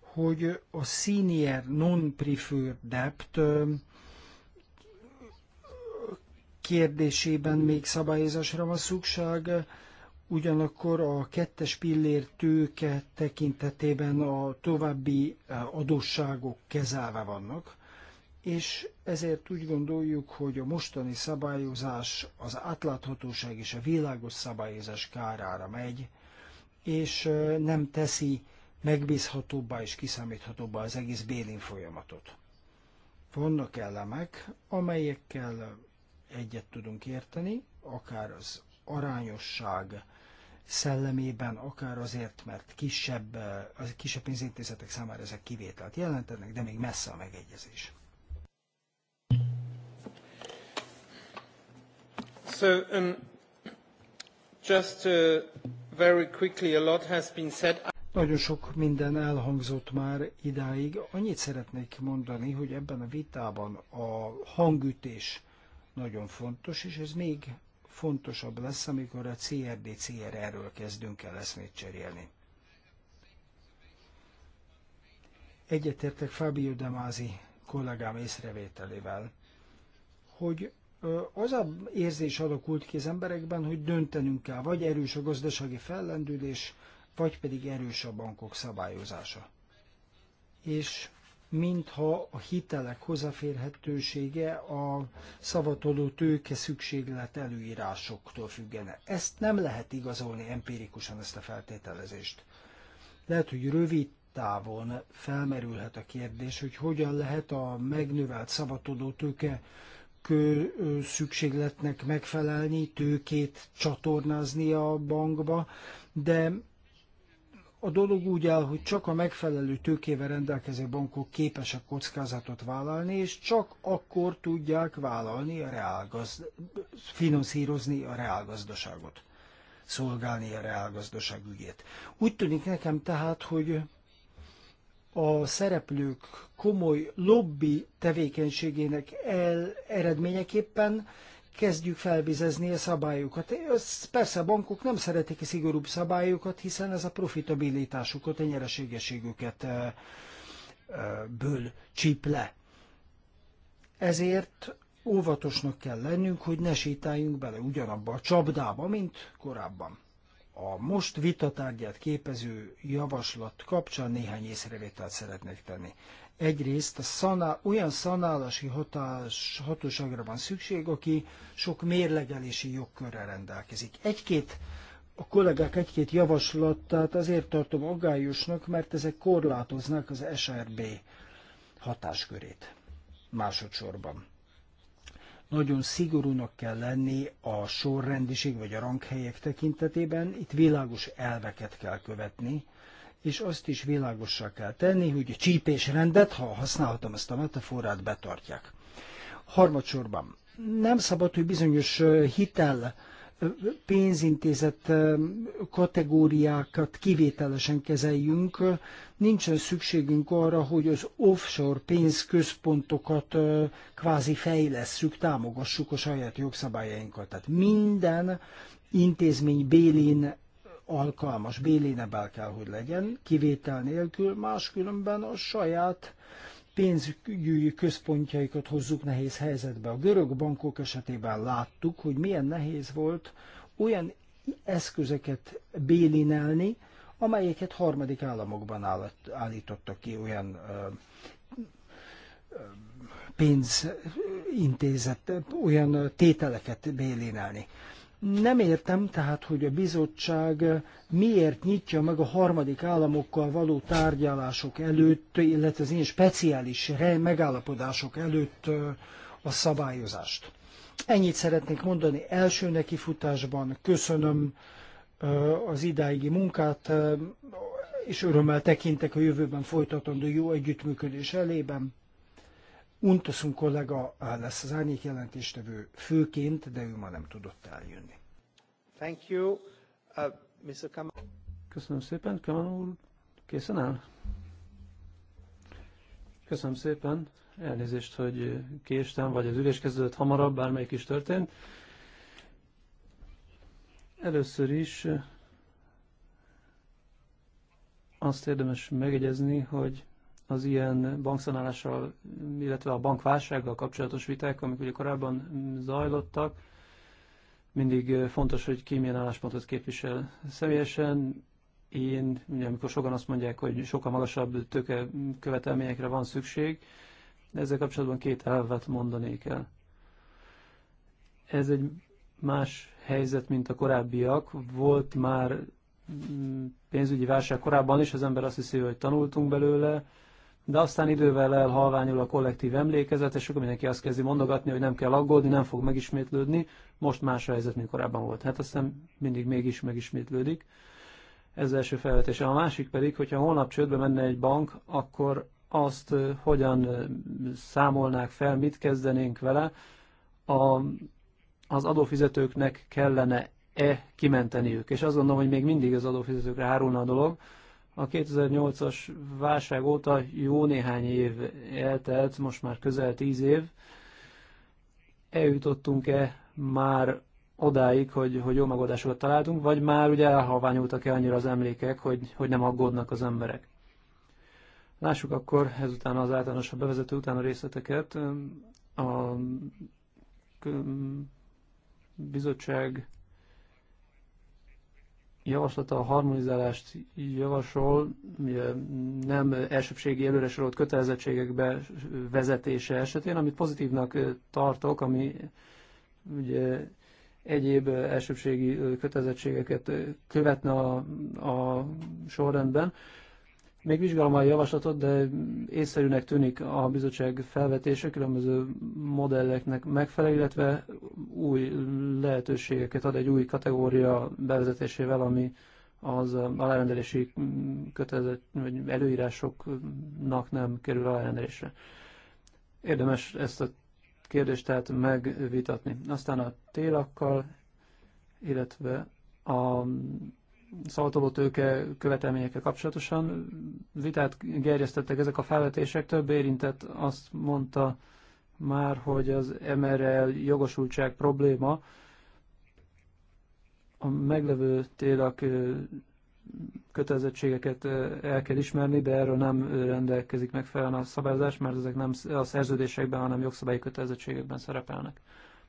hogy a senior non-preferred debt kérdésében még szabályozásra van szükség, Ugyanakkor a kettes pillér tőke tekintetében a további eh, adósságok kezelve vannak, és ezért úgy gondoljuk, hogy a mostani szabályozás az átláthatóság és a világos szabályozás kárára megy, és eh, nem teszi megbízhatóbbá és kiszámíthatóbbá az egész bélin folyamatot. Vannak elemek, amelyekkel egyet tudunk érteni, akár az arányosság szellemében, akár azért, mert kisebb, eh, az kisebb pénzintézetek számára ezek kivételt jelentenek, de még messze a megegyezés. So, um, just uh, very quickly, a lot has been said. Nagyon sok minden elhangzott már idáig. Annyit szeretnék mondani, hogy ebben a vitában a hangütés nagyon fontos, és ez még fontosabb lesz, amikor a CRD-CRR-ről kezdünk el eszmét cserélni. Egyetértek Fabio Damázi kollégám észrevételével, hogy az a érzés alakult ki az emberekben, hogy döntenünk kell, vagy erős a gazdasági fellendülés, vagy pedig erős a bankok szabályozása. És mintha a hitelek hozzáférhetősége a szavatoló tőke szükséglet előírásoktól függene. Ezt nem lehet igazolni empirikusan, ezt a feltételezést. Lehet, hogy rövid távon felmerülhet a kérdés, hogy hogyan lehet a megnövelt szavatoló tőke szükségletnek megfelelni, tőkét csatornázni a bankba, de a dolog úgy áll, hogy csak a megfelelő tőkével rendelkező bankok képesek kockázatot vállalni, és csak akkor tudják vállalni a reálgazd... finanszírozni a reálgazdaságot, szolgálni a reálgazdaság ügyét. Úgy tűnik nekem tehát, hogy a szereplők komoly lobby tevékenységének el, eredményeképpen kezdjük felbizezni a szabályokat. persze a bankok nem szeretik a szigorúbb szabályokat, hiszen ez a profitabilitásukat, a nyereségességüket ből csíp le. Ezért óvatosnak kell lennünk, hogy ne sétáljunk bele ugyanabba a csapdába, mint korábban a most vitatárgyát képező javaslat kapcsán néhány észrevételt szeretnék tenni. Egyrészt a szanál, olyan szanálási hatás, hatóságra van szükség, aki sok mérlegelési jogkörrel rendelkezik. Egy-két a kollégák egy-két javaslatát azért tartom aggályosnak, mert ezek korlátoznak az SRB hatáskörét másodszorban. Nagyon szigorúnak kell lenni a sorrendiség vagy a ranghelyek tekintetében, itt világos elveket kell követni, és azt is világossá kell tenni, hogy a csípés rendet, ha használhatom ezt a metaforát, betartják. Harmadsorban, nem szabad, hogy bizonyos eh, hitel pénzintézet kategóriákat kivételesen kezeljünk. Nincsen szükségünk arra, hogy az offshore pénzközpontokat kvázi fejlesszük, támogassuk a saját jogszabályainkat. Tehát minden intézmény bélin alkalmas, bélénebb kell, hogy legyen, kivétel nélkül, máskülönben a saját pénzügyi központjaikat hozzuk nehéz helyzetbe. A görög bankok esetében láttuk, hogy milyen nehéz volt olyan eszközeket bélinelni, amelyeket harmadik államokban állítottak ki olyan pénzintézet, olyan tételeket bélinelni. Nem értem tehát, hogy a bizottság miért nyitja meg a harmadik államokkal való tárgyalások előtt, illetve az ilyen speciális megállapodások előtt a szabályozást. Ennyit szeretnék mondani első nekifutásban. Köszönöm az idáigi munkát, és örömmel tekintek a jövőben folytatandó jó együttműködés elében. Untoszun kollega lesz az árnyék jelentéstevő főként, de ő ma nem tudott eljönni. Thank you. Uh, Mr. Köszönöm szépen, Kaman úr. Készen áll? Köszönöm szépen. Elnézést, hogy késtem, vagy az ülés kezdődött hamarabb, bármelyik is történt. Először is azt érdemes megegyezni, hogy az ilyen bankszanálással, illetve a bankválsággal kapcsolatos viták, amik ugye korábban zajlottak, mindig fontos, hogy ki milyen álláspontot képvisel személyesen. Én, ugye amikor sokan azt mondják, hogy sokkal magasabb tőke követelményekre van szükség, de ezzel kapcsolatban két elvet mondanék el. Ez egy más helyzet, mint a korábbiak. Volt már mm, pénzügyi válság korábban is, az ember azt hiszi, hogy tanultunk belőle, de aztán idővel elhalványul a kollektív emlékezet, és akkor mindenki azt kezdi mondogatni, hogy nem kell aggódni, nem fog megismétlődni, most más a helyzet, mint korábban volt. Hát aztán mindig mégis megismétlődik. Ez az első felvetése. A másik pedig, hogyha holnap csődbe menne egy bank, akkor azt hogyan számolnák fel, mit kezdenénk vele, a, az adófizetőknek kellene-e kimenteniük. És azt gondolom, hogy még mindig az adófizetőkre hárulna a dolog, a 2008-as válság óta jó néhány év eltelt, most már közel tíz év. Eljutottunk-e már odáig, hogy, hogy jó megoldásokat találtunk, vagy már ugye elhalványultak-e annyira az emlékek, hogy, hogy nem aggódnak az emberek. Lássuk akkor ezután az általános bevezető után a részleteket. A bizottság javaslata a harmonizálást javasol, nem elsőbségi előre sorolt kötelezettségekbe vezetése esetén, amit pozitívnak tartok, ami ugye egyéb elsőbségi kötelezettségeket követne a, a sorrendben. Még vizsgálom a javaslatot, de észszerűnek tűnik a bizottság felvetése különböző modelleknek megfelel, illetve új lehetőségeket ad egy új kategória bevezetésével, ami az alárendelési kötelezett vagy előírásoknak nem kerül alárendelésre. Érdemes ezt a kérdést tehát megvitatni. Aztán a télakkal, illetve a szavatoló tőke követelményekkel kapcsolatosan vitát gerjesztettek ezek a felvetések. Több érintett azt mondta már, hogy az MRL jogosultság probléma. A meglevő télak kötelezettségeket el kell ismerni, de erről nem rendelkezik megfelelően a szabályozás, mert ezek nem a szerződésekben, hanem jogszabályi kötelezettségekben szerepelnek.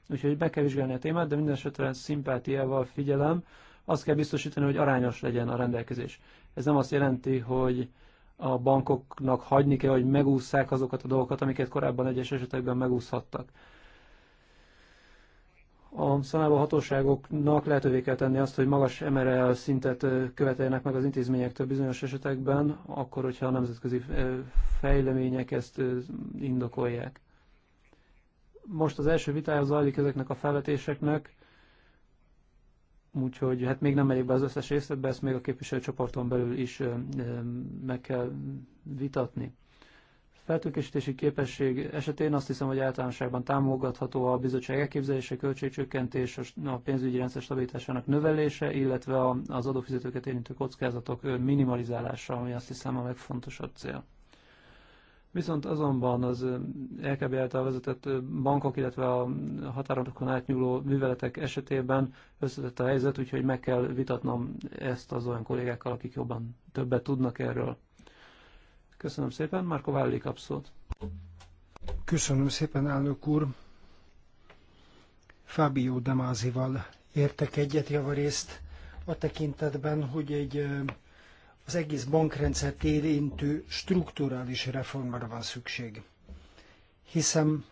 Úgyhogy be kell vizsgálni a témát, de minden esetre szimpátiával figyelem, azt kell biztosítani, hogy arányos legyen a rendelkezés. Ez nem azt jelenti, hogy a bankoknak hagyni kell, hogy megúszszák azokat a dolgokat, amiket korábban egyes esetekben megúszhattak. A szanáló hatóságoknak lehetővé kell tenni azt, hogy magas MRL szintet követeljenek meg az intézményektől bizonyos esetekben, akkor, hogyha a nemzetközi fejlemények ezt indokolják. Most az első vitája zajlik ezeknek a felvetéseknek, Úgyhogy hát még nem megyek be az összes részletbe, ezt még a képviselőcsoporton belül is meg kell vitatni. Feltőkésítési képesség esetén azt hiszem, hogy általánosságban támogatható a bizottság elképzelése, költségcsökkentés, a pénzügyi rendszer stabilitásának növelése, illetve az adófizetőket érintő kockázatok minimalizálása, ami azt hiszem a legfontosabb cél. Viszont azonban az LKB által vezetett bankok, illetve a határokon átnyúló műveletek esetében összetett a helyzet, úgyhogy meg kell vitatnom ezt az olyan kollégákkal, akik jobban többet tudnak erről. Köszönöm szépen, Márko Válli kapszót. Köszönöm szépen, elnök úr. Fábio Demázival értek egyet javarészt a tekintetben, hogy egy az egész bankrendszert érintő strukturális reformra van szükség. Hiszen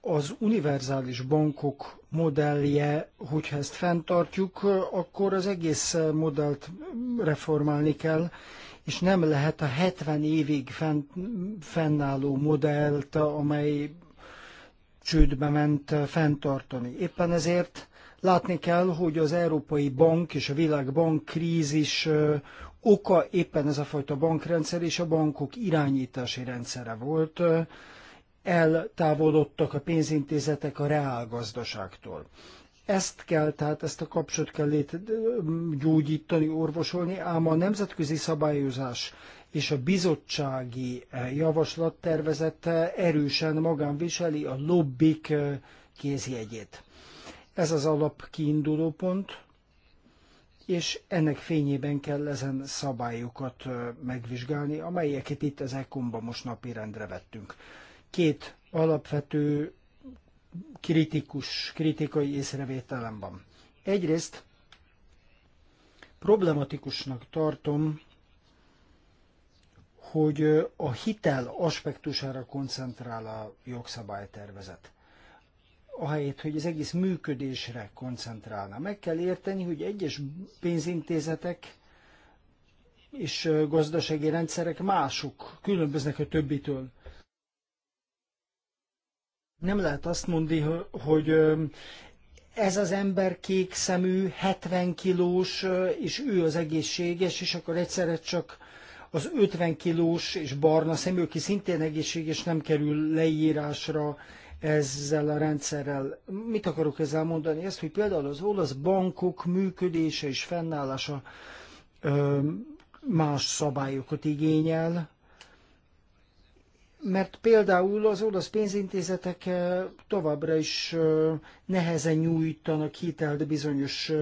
az univerzális bankok modellje, hogyha ezt fenntartjuk, akkor az egész modellt reformálni kell, és nem lehet a 70 évig fenn, fennálló modellt, amely csődbe ment fenntartani. Éppen ezért Látni kell, hogy az Európai Bank és a Világbank krízis oka éppen ez a fajta bankrendszer és a bankok irányítási rendszere volt. Eltávolodtak a pénzintézetek a reálgazdaságtól. Ezt kell, tehát ezt a kapcsolat kell lét, gyógyítani, orvosolni, ám a nemzetközi szabályozás és a bizottsági javaslattervezete erősen magán viseli a lobbik kézjegyét. Ez az alap kiinduló pont, és ennek fényében kell ezen szabályokat megvizsgálni, amelyeket itt az ECOM-ba most napirendre vettünk. Két alapvető kritikus, kritikai észrevételem van. Egyrészt problematikusnak tartom, hogy a hitel aspektusára koncentrál a jogszabálytervezet ahelyett, hogy az egész működésre koncentrálna. Meg kell érteni, hogy egyes pénzintézetek és gazdasági rendszerek mások, különböznek a többitől. Nem lehet azt mondani, hogy ez az ember kék szemű, 70 kilós, és ő az egészséges, és akkor egyszerre csak az 50 kilós és barna szemű, aki szintén egészséges, nem kerül leírásra, ezzel a rendszerrel. Mit akarok ezzel mondani? Ezt, hogy például az olasz bankok működése és fennállása más szabályokat igényel, mert például az olasz pénzintézetek továbbra is nehezen nyújtanak hitelt bizonyos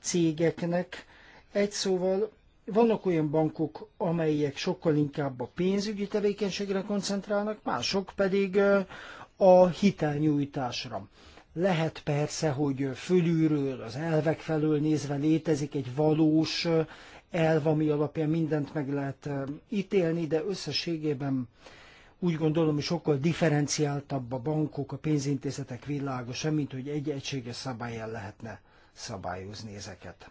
cégeknek. Egy szóval vannak olyan bankok, amelyek sokkal inkább a pénzügyi tevékenységre koncentrálnak, mások pedig a hitelnyújtásra. Lehet persze, hogy fölülről, az elvek felől nézve létezik egy valós elv, ami alapján mindent meg lehet ítélni, de összességében úgy gondolom, hogy sokkal differenciáltabb a bankok, a pénzintézetek világa, semmint hogy egy egységes szabályon lehetne szabályozni ezeket.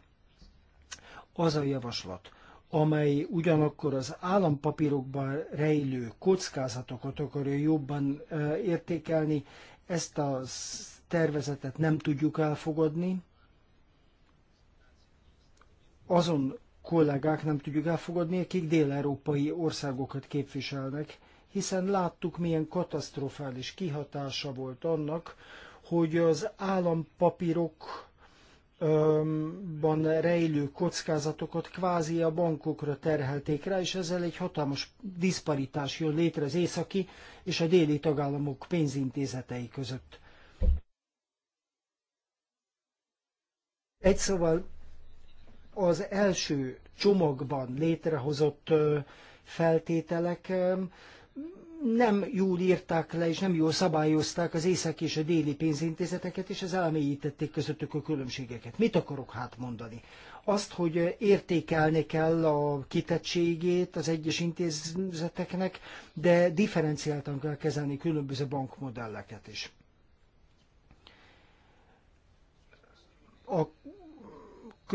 Az a javaslat, amely ugyanakkor az állampapírokban rejlő kockázatokat akarja jobban értékelni, ezt a tervezetet nem tudjuk elfogadni. Azon kollégák nem tudjuk elfogadni, akik dél-európai országokat képviselnek, hiszen láttuk, milyen katasztrofális kihatása volt annak, hogy az állampapírok bankokban rejlő kockázatokat kvázi a bankokra terhelték rá, és ezzel egy hatalmas diszparitás jön létre az északi és a déli tagállamok pénzintézetei között. Egy szóval az első csomagban létrehozott feltételek nem jól írták le és nem jól szabályozták az északi és a déli pénzintézeteket, és ez elmélyítették közöttük a különbségeket. Mit akarok hát mondani? Azt, hogy értékelni kell a kitettségét az egyes intézeteknek, de differenciáltan kell kezelni különböző bankmodelleket is. A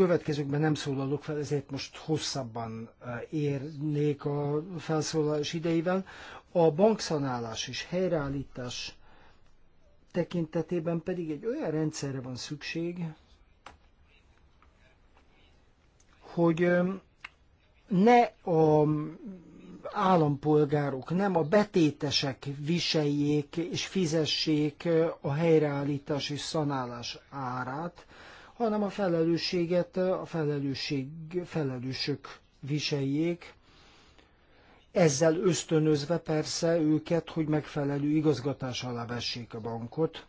következőkben nem szólalok fel, ezért most hosszabban eh, érnék a felszólalás idejével. A bankszanálás és helyreállítás tekintetében pedig egy olyan rendszerre van szükség, hogy eh, ne a állampolgárok, nem a betétesek viseljék és fizessék eh, a helyreállítás és szanálás árát, hanem a felelősséget a felelősség, felelősök viseljék, ezzel ösztönözve persze őket, hogy megfelelő igazgatás alá vessék a bankot.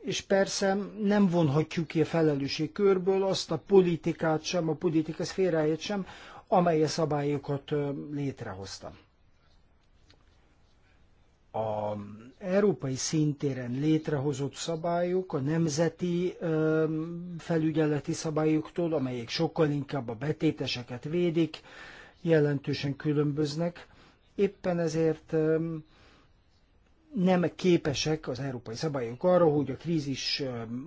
És persze nem vonhatjuk ki a felelősség körből azt a politikát sem, a politika szféráját sem, amely a szabályokat létrehoztam a európai szintéren létrehozott szabályok a nemzeti felügyeleti szabályoktól, amelyek sokkal inkább a betéteseket védik, jelentősen különböznek. Éppen ezért nem képesek az európai szabályok arra, hogy a krízis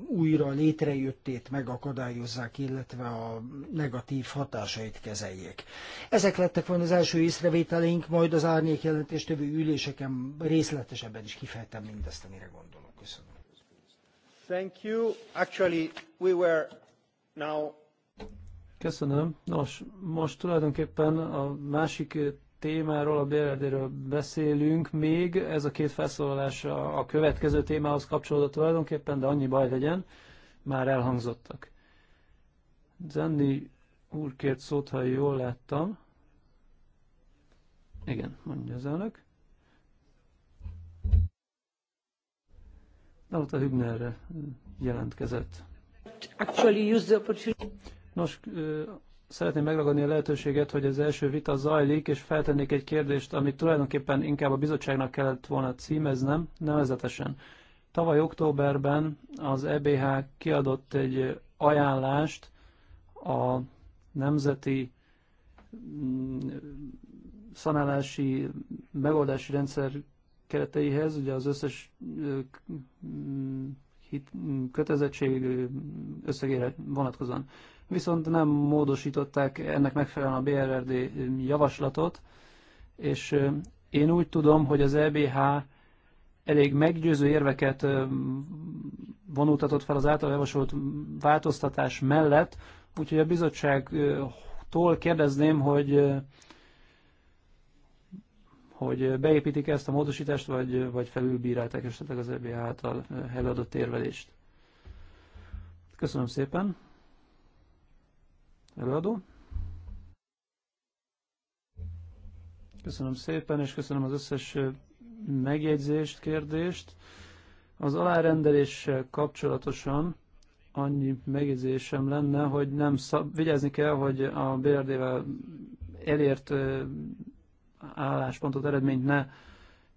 újra létrejöttét megakadályozzák, illetve a negatív hatásait kezeljék. Ezek lettek volna az első észrevételeink, majd az árnyék többi üléseken részletesebben is kifejtem mindezt, amire gondolok. Köszönöm. Thank you. Actually, we were now... Köszönöm. Nos, most tulajdonképpen a másik témáról, a BRD-ről beszélünk még. Ez a két felszólalás a, a következő témához kapcsolódott tulajdonképpen, de annyi baj legyen, már elhangzottak. Zenni úr kért szót, ha jól láttam. Igen, mondja az elnök. a Hübnerre jelentkezett. Nos, szeretném megragadni a lehetőséget, hogy az első vita zajlik, és feltennék egy kérdést, amit tulajdonképpen inkább a bizottságnak kellett volna címeznem, nevezetesen. Tavaly októberben az EBH kiadott egy ajánlást a nemzeti mm, szanálási megoldási rendszer kereteihez, ugye az összes mm, kötelezettség összegére vonatkozóan viszont nem módosították ennek megfelelően a BRRD javaslatot, és én úgy tudom, hogy az EBH elég meggyőző érveket vonultatott fel az által javasolt változtatás mellett, úgyhogy a bizottságtól kérdezném, hogy hogy beépítik -e ezt a módosítást, vagy, vagy felülbírálták esetleg az EBH által előadott érvelést. Köszönöm szépen! Előadó. Köszönöm szépen, és köszönöm az összes megjegyzést, kérdést. Az alárendeléssel kapcsolatosan annyi megjegyzésem lenne, hogy nem szab, vigyázni kell, hogy a BRD-vel elért álláspontot, eredményt ne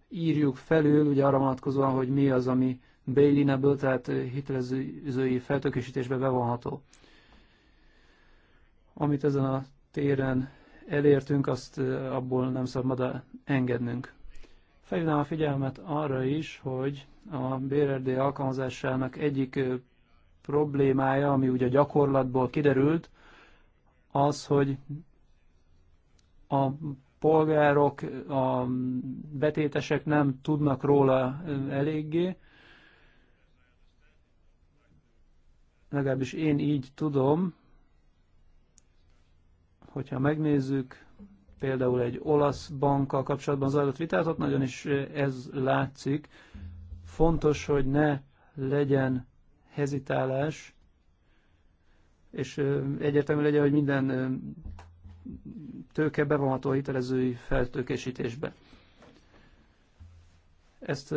írjuk felül, ugye arra vonatkozóan, hogy mi az, ami bailinable, tehát hitelezői feltökésítésbe bevonható. Amit ezen a téren elértünk, azt abból nem szabad engednünk. Felhívnám a figyelmet arra is, hogy a BRD alkalmazásának egyik problémája, ami ugye gyakorlatból kiderült, az, hogy a polgárok, a betétesek nem tudnak róla eléggé. Legalábbis én így tudom, Hogyha megnézzük például egy olasz bankkal kapcsolatban zajlott vitát, ott nagyon is eh, ez látszik. Fontos, hogy ne legyen hezitálás, és eh, egyértelmű legyen, hogy minden eh, tőke bevonható a hitelezői feltőkésítésbe. Ezt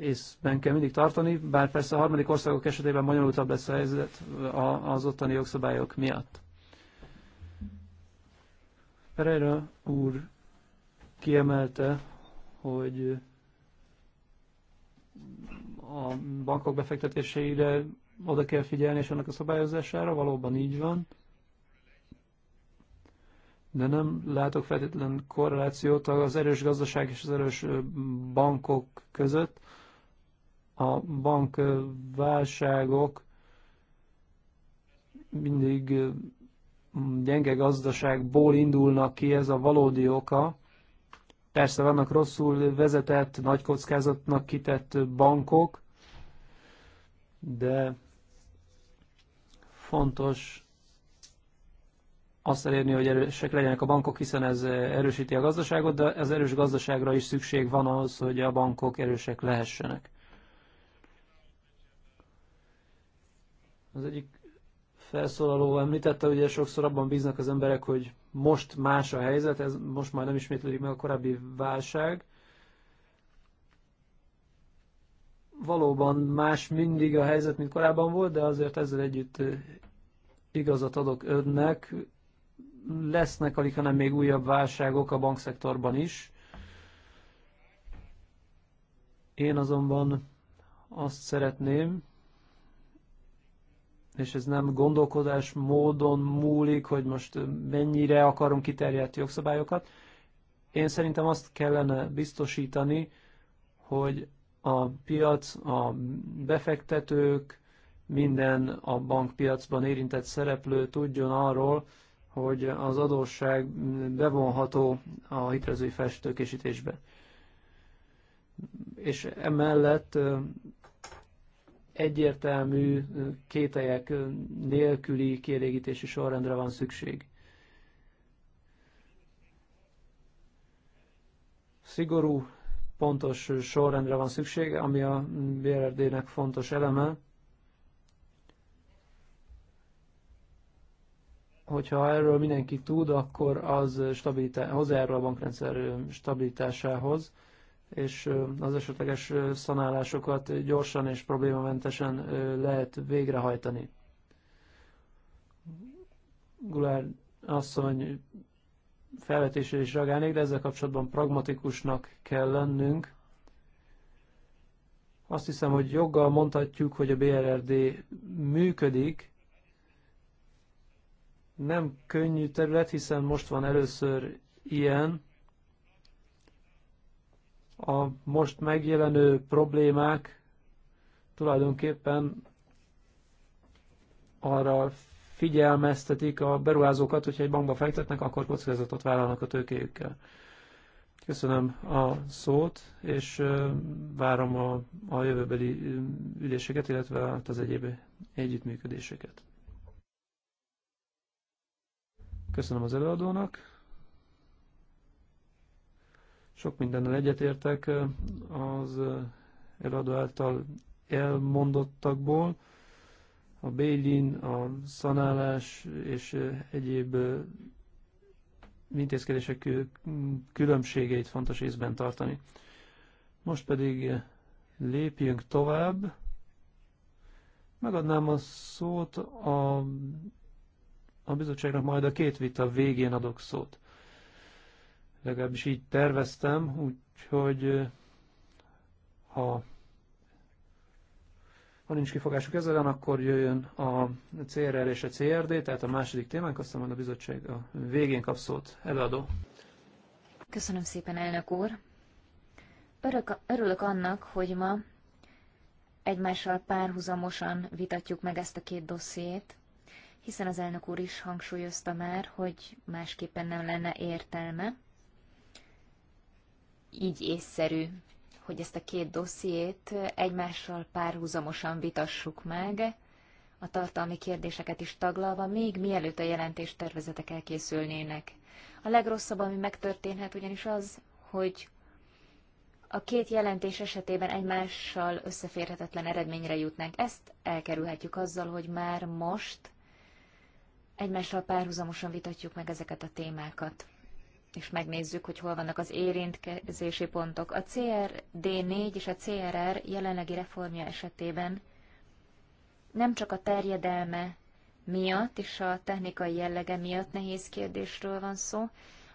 észben kell mindig tartani, bár persze a harmadik országok esetében bonyolultabb lesz a helyzet az ottani jogszabályok miatt. Pereira úr kiemelte, hogy a bankok befektetéseire oda kell figyelni, és annak a szabályozására valóban így van. De nem látok feltétlen korrelációt az erős gazdaság és az erős bankok között. A bankválságok mindig gyenge gazdaságból indulnak ki, ez a valódi oka. Persze vannak rosszul vezetett, nagy kockázatnak kitett bankok, de fontos azt elérni, hogy erősek legyenek a bankok, hiszen ez erősíti a gazdaságot, de az erős gazdaságra is szükség van ahhoz, hogy a bankok erősek lehessenek. Az egyik felszólaló említette, ugye sokszor abban bíznak az emberek, hogy most más a helyzet, ez most már nem ismétlődik meg a korábbi válság. Valóban más mindig a helyzet, mint korábban volt, de azért ezzel együtt eh, igazat adok önnek. Lesznek alig, hanem még újabb válságok a bankszektorban is. Én azonban azt szeretném, és ez nem gondolkodás módon múlik, hogy most mennyire akarunk kiterjedt jogszabályokat. Én szerintem azt kellene biztosítani, hogy a piac, a befektetők, minden a bankpiacban érintett szereplő tudjon arról, hogy az adósság bevonható a hitelezői felsőtőkésítésbe. És emellett egyértelmű kételyek nélküli kielégítési sorrendre van szükség. Szigorú, pontos sorrendre van szükség, ami a BRD-nek fontos eleme. Hogyha erről mindenki tud, akkor az stabilitá- hozzájárul a bankrendszer stabilitásához és az esetleges szanálásokat gyorsan és problémamentesen lehet végrehajtani. Gulár asszony felvetésére is reagálnék, de ezzel kapcsolatban pragmatikusnak kell lennünk. Azt hiszem, hogy joggal mondhatjuk, hogy a BRRD működik. Nem könnyű terület, hiszen most van először ilyen, a most megjelenő problémák tulajdonképpen arra figyelmeztetik a beruházókat, hogyha egy bankba fektetnek, akkor kockázatot vállalnak a tőkéjükkel. Köszönöm a szót, és várom a, a jövőbeli üléseket, illetve hát az egyéb együttműködéseket. Köszönöm az előadónak. Sok mindennel egyetértek az eladó által elmondottakból. A bélin, a szanálás és egyéb intézkedések különbségeit fontos észben tartani. Most pedig lépjünk tovább. Megadnám a szót a, a bizottságnak, majd a két vita végén adok szót. Legalábbis így terveztem, úgyhogy eh, ha, ha nincs kifogásuk ezzel, akkor jöjjön a CRR és a CRD, tehát a második témánk, aztán majd a bizottság a végén kap szót. Előadó. Köszönöm szépen, elnök úr. Örök, örülök annak, hogy ma egymással párhuzamosan vitatjuk meg ezt a két dossziét, hiszen az elnök úr is hangsúlyozta már, hogy másképpen nem lenne értelme így észszerű, hogy ezt a két dossziét egymással párhuzamosan vitassuk meg, a tartalmi kérdéseket is taglalva, még mielőtt a jelentés tervezetek elkészülnének. A legrosszabb, ami megtörténhet, ugyanis az, hogy a két jelentés esetében egymással összeférhetetlen eredményre jutnánk. Ezt elkerülhetjük azzal, hogy már most egymással párhuzamosan vitatjuk meg ezeket a témákat és megnézzük, hogy hol vannak az érintkezési pontok. A CRD4 és a CRR jelenlegi reformja esetében nem csak a terjedelme miatt és a technikai jellege miatt nehéz kérdésről van szó,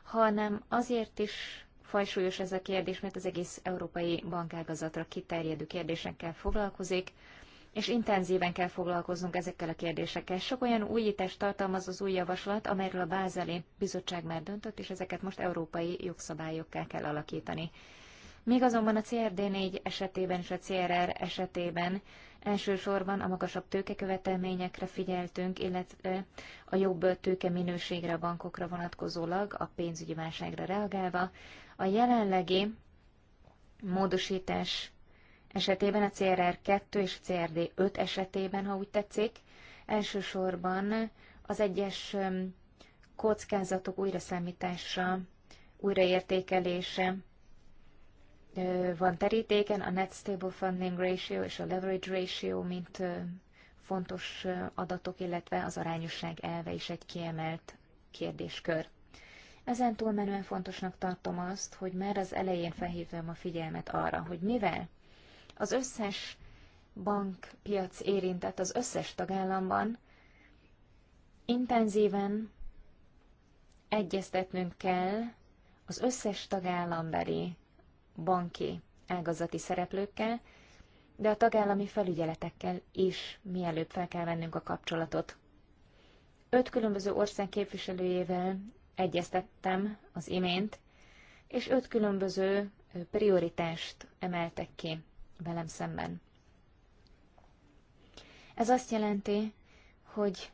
hanem azért is fajsúlyos ez a kérdés, mert az egész európai bankágazatra kiterjedő kérdésekkel foglalkozik, és intenzíven kell foglalkoznunk ezekkel a kérdésekkel. Sok olyan újítást tartalmaz az új javaslat, amelyről a Bázeli Bizottság már döntött, és ezeket most európai jogszabályokká kell alakítani. Még azonban a CRD4 esetében és a CRR esetében elsősorban a magasabb tőkekövetelményekre figyeltünk, illetve a jobb tőke minőségre a bankokra vonatkozólag a pénzügyi válságra reagálva. A jelenlegi módosítás esetében, a CRR2 és a CRD5 esetében, ha úgy tetszik, elsősorban az egyes kockázatok újraszámítása, újraértékelése van terítéken, a Net Stable Funding Ratio és a Leverage Ratio, mint fontos adatok, illetve az arányosság elve is egy kiemelt kérdéskör. Ezen túlmenően fontosnak tartom azt, hogy már az elején felhívom a figyelmet arra, hogy mivel az összes bankpiac érintett az összes tagállamban. Intenzíven egyeztetnünk kell az összes tagállambeli banki ágazati szereplőkkel, de a tagállami felügyeletekkel is mielőbb fel kell vennünk a kapcsolatot. Öt különböző ország képviselőjével egyeztettem az imént, és öt különböző prioritást emeltek ki velem szemben. Ez azt jelenti, hogy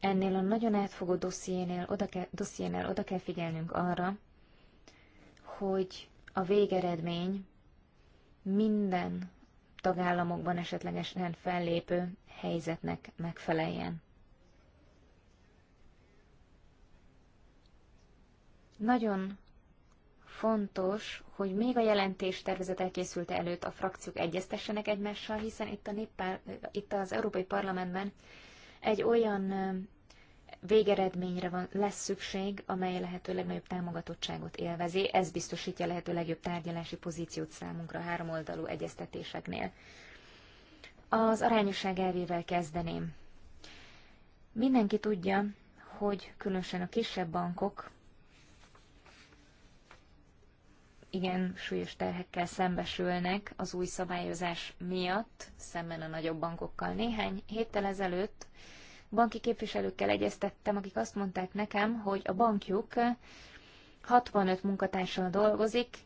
ennél a nagyon átfogó dossziénél oda kell, dossziénél oda kell figyelnünk arra, hogy a végeredmény minden tagállamokban esetlegesen fellépő helyzetnek megfeleljen. Nagyon fontos, hogy még a jelentés tervezet elkészülte előtt a frakciók egyeztessenek egymással, hiszen itt, a néppár, itt az Európai Parlamentben egy olyan végeredményre van, lesz szükség, amely lehető legnagyobb támogatottságot élvezi. Ez biztosítja a lehető legjobb tárgyalási pozíciót számunkra háromoldalú egyeztetéseknél. Az arányosság elvével kezdeném. Mindenki tudja, hogy különösen a kisebb bankok igen súlyos terhekkel szembesülnek az új szabályozás miatt, szemben a nagyobb bankokkal. Néhány héttel ezelőtt banki képviselőkkel egyeztettem, akik azt mondták nekem, hogy a bankjuk 65 munkatársal dolgozik,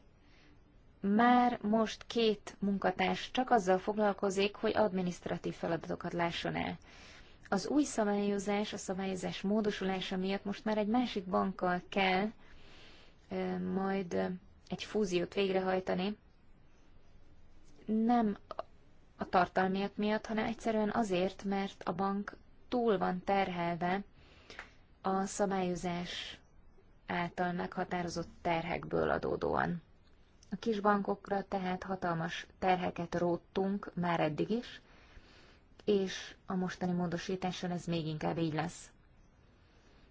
már most két munkatárs csak azzal foglalkozik, hogy adminisztratív feladatokat lásson el. Az új szabályozás, a szabályozás módosulása miatt most már egy másik bankkal kell majd egy fúziót végrehajtani, nem a tartalmiak miatt, hanem egyszerűen azért, mert a bank túl van terhelve a szabályozás által meghatározott terhekből adódóan. A kis bankokra tehát hatalmas terheket róttunk már eddig is, és a mostani módosításon ez még inkább így lesz.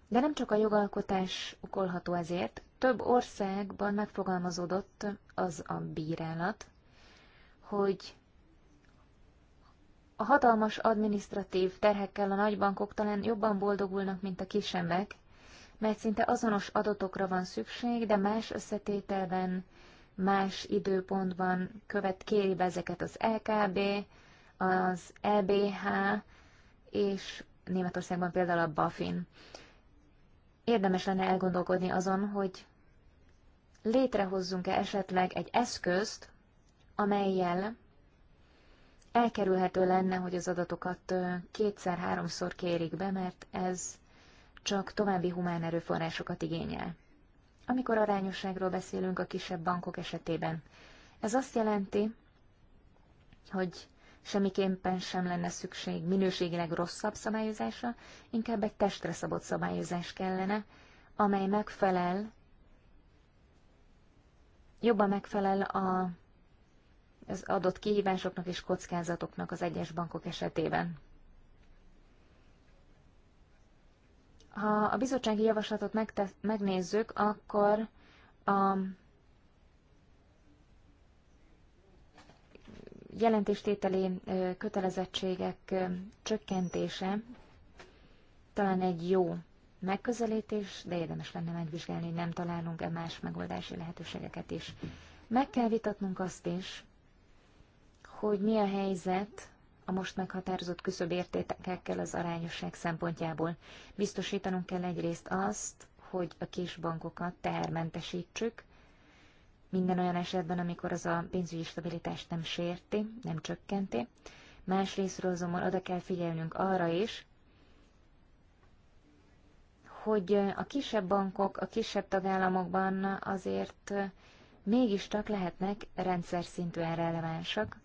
De nem csak a jogalkotás okolható ezért, több országban megfogalmazódott az a bírálat, hogy a hatalmas adminisztratív terhekkel a nagybankok talán jobban boldogulnak, mint a kisebbek, mert szinte azonos adatokra van szükség, de más összetételben, más időpontban követ kéri be ezeket az LKB, az EBH, és Németországban például a BaFin. Érdemes lenne elgondolkodni azon, hogy létrehozzunk-e esetleg egy eszközt, amelyel elkerülhető lenne, hogy az adatokat kétszer-háromszor kérik be, mert ez csak további humán erőforrásokat igényel. Amikor arányosságról beszélünk a kisebb bankok esetében, ez azt jelenti, hogy semmiképpen sem lenne szükség minőségileg rosszabb szabályozásra, inkább egy testre szabott szabályozás kellene, amely megfelel jobban megfelel a, az adott kihívásoknak és kockázatoknak az egyes bankok esetében. Ha a bizottsági javaslatot megte- megnézzük, akkor a jelentéstételi kötelezettségek csökkentése talán egy jó megközelítés, de érdemes lenne megvizsgálni, hogy nem találunk-e más megoldási lehetőségeket is. Meg kell vitatnunk azt is, hogy mi a helyzet a most meghatározott küszöbértékekkel az arányosság szempontjából. Biztosítanunk kell egyrészt azt, hogy a bankokat tehermentesítsük, minden olyan esetben, amikor az a pénzügyi stabilitást nem sérti, nem csökkenti. Másrésztről azonban oda kell figyelnünk arra is, hogy a kisebb bankok a kisebb tagállamokban azért mégiscsak lehetnek rendszer szintűen relevánsak.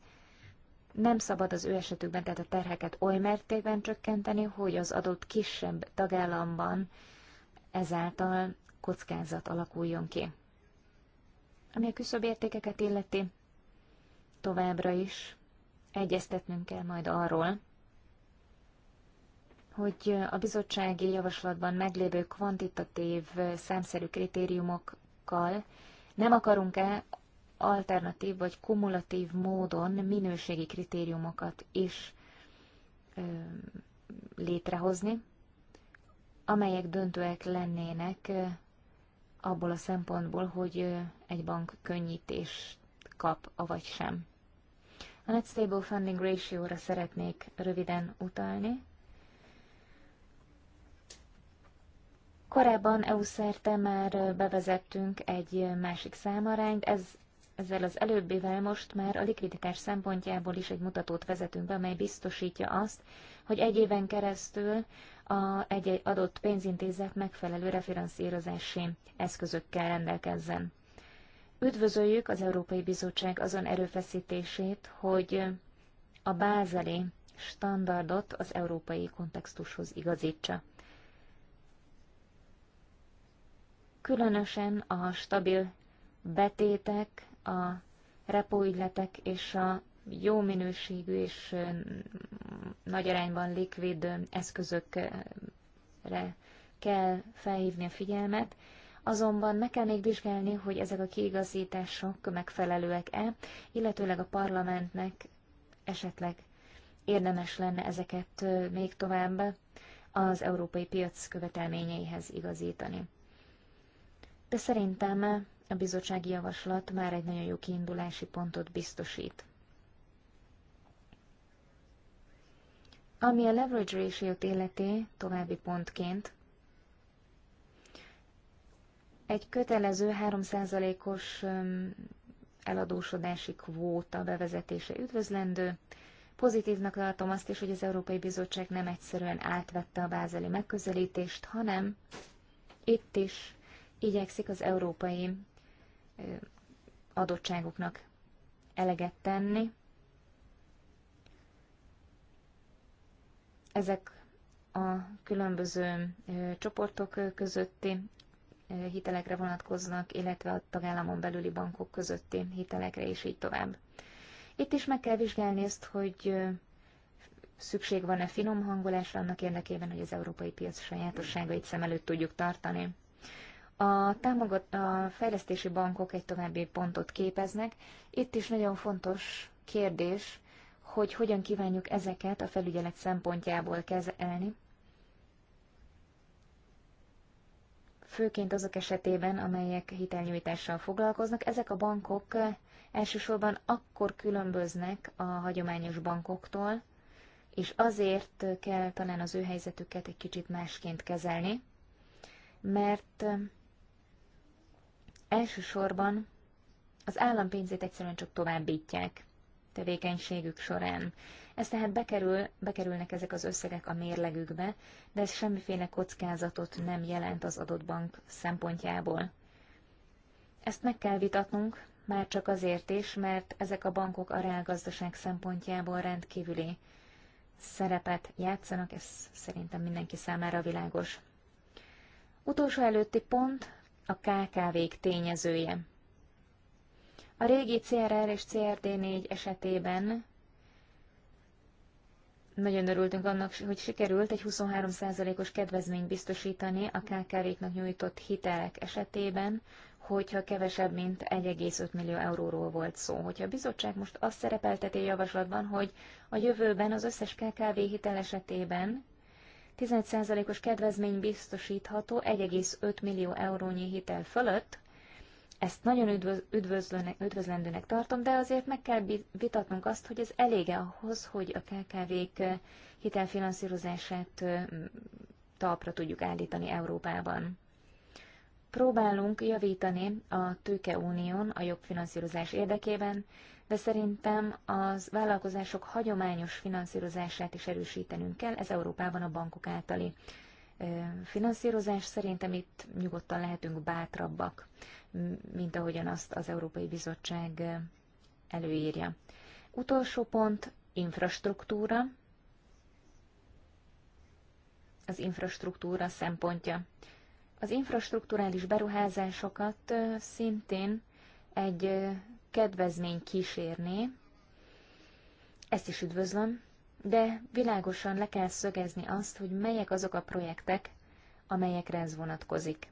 Nem szabad az ő esetükben, tehát a terheket oly mértékben csökkenteni, hogy az adott kisebb tagállamban ezáltal kockázat alakuljon ki. Ami a küszöbértékeket illeti, továbbra is egyeztetnünk kell majd arról, hogy a bizottsági javaslatban meglévő kvantitatív számszerű kritériumokkal nem akarunk-e alternatív vagy kumulatív módon minőségi kritériumokat is ö, létrehozni, amelyek döntőek lennének abból a szempontból, hogy egy bank könnyítést kap, avagy sem. A Net Stable Funding Ratio-ra szeretnék röviden utalni. Korábban EU-szerte már bevezettünk egy másik számarányt, ez, ezzel az előbbivel most már a likviditás szempontjából is egy mutatót vezetünk be, amely biztosítja azt, hogy egy éven keresztül a egy, egy adott pénzintézet megfelelő refinanszírozási eszközökkel rendelkezzen. Üdvözöljük az Európai Bizottság azon erőfeszítését, hogy a bázeli standardot az európai kontextushoz igazítsa. különösen a stabil betétek, a repóügyletek és a jó minőségű és nagy arányban likvid eszközökre kell felhívni a figyelmet, azonban meg kell még vizsgálni, hogy ezek a kiigazítások megfelelőek-e, illetőleg a parlamentnek esetleg érdemes lenne ezeket még tovább az európai piac követelményeihez igazítani de szerintem a bizottsági javaslat már egy nagyon jó kiindulási pontot biztosít. Ami a leverage ratio életé további pontként, egy kötelező 3%-os eladósodási kvóta bevezetése üdvözlendő. Pozitívnak tartom azt is, hogy az Európai Bizottság nem egyszerűen átvette a bázeli megközelítést, hanem itt is igyekszik az európai adottságoknak eleget tenni. Ezek a különböző csoportok közötti hitelekre vonatkoznak, illetve a tagállamon belüli bankok közötti hitelekre, és így tovább. Itt is meg kell vizsgálni ezt, hogy szükség van-e finom hangolásra annak érdekében, hogy az európai piac sajátosságait szem előtt tudjuk tartani. A, támogat, a fejlesztési bankok egy további pontot képeznek. Itt is nagyon fontos kérdés, hogy hogyan kívánjuk ezeket a felügyelet szempontjából kezelni. Főként azok esetében, amelyek hitelnyújtással foglalkoznak, ezek a bankok elsősorban akkor különböznek a hagyományos bankoktól, és azért kell talán az ő helyzetüket egy kicsit másként kezelni, mert Elsősorban az állampénzét egyszerűen csak továbbítják tevékenységük során. Ez tehát bekerül, bekerülnek ezek az összegek a mérlegükbe, de ez semmiféle kockázatot nem jelent az adott bank szempontjából. Ezt meg kell vitatnunk, már csak azért is, mert ezek a bankok a reálgazdaság szempontjából rendkívüli szerepet játszanak, ez szerintem mindenki számára világos. Utolsó előtti pont, a KKV-k tényezője. A régi CRR er er és CRD4 er esetében nagyon örültünk annak, hogy sikerült egy 23%-os kedvezményt biztosítani a KKV-knak nyújtott hitelek esetében, hogyha kevesebb, mint 1,5 millió euróról volt szó. Hogyha a bizottság most azt szerepelteti a javaslatban, hogy a jövőben az összes KKV hitel esetében 15 os kedvezmény biztosítható 1,5 millió eurónyi hitel fölött. Ezt nagyon üdvözlőnek, üdvözlendőnek tartom, de azért meg kell vitatnunk azt, hogy ez elége ahhoz, hogy a KKV-k hitelfinanszírozását talpra tudjuk állítani Európában. Próbálunk javítani a tőkeunión a jobb finanszírozás érdekében, de szerintem az vállalkozások hagyományos finanszírozását is erősítenünk kell, ez Európában a bankok általi finanszírozás. Szerintem itt nyugodtan lehetünk bátrabbak, mint ahogyan azt az Európai Bizottság előírja. Utolsó pont, infrastruktúra. Az infrastruktúra szempontja. Az infrastruktúrális beruházásokat szintén egy kedvezmény kísérné, ezt is üdvözlöm, de világosan le kell szögezni azt, hogy melyek azok a projektek, amelyekre ez vonatkozik.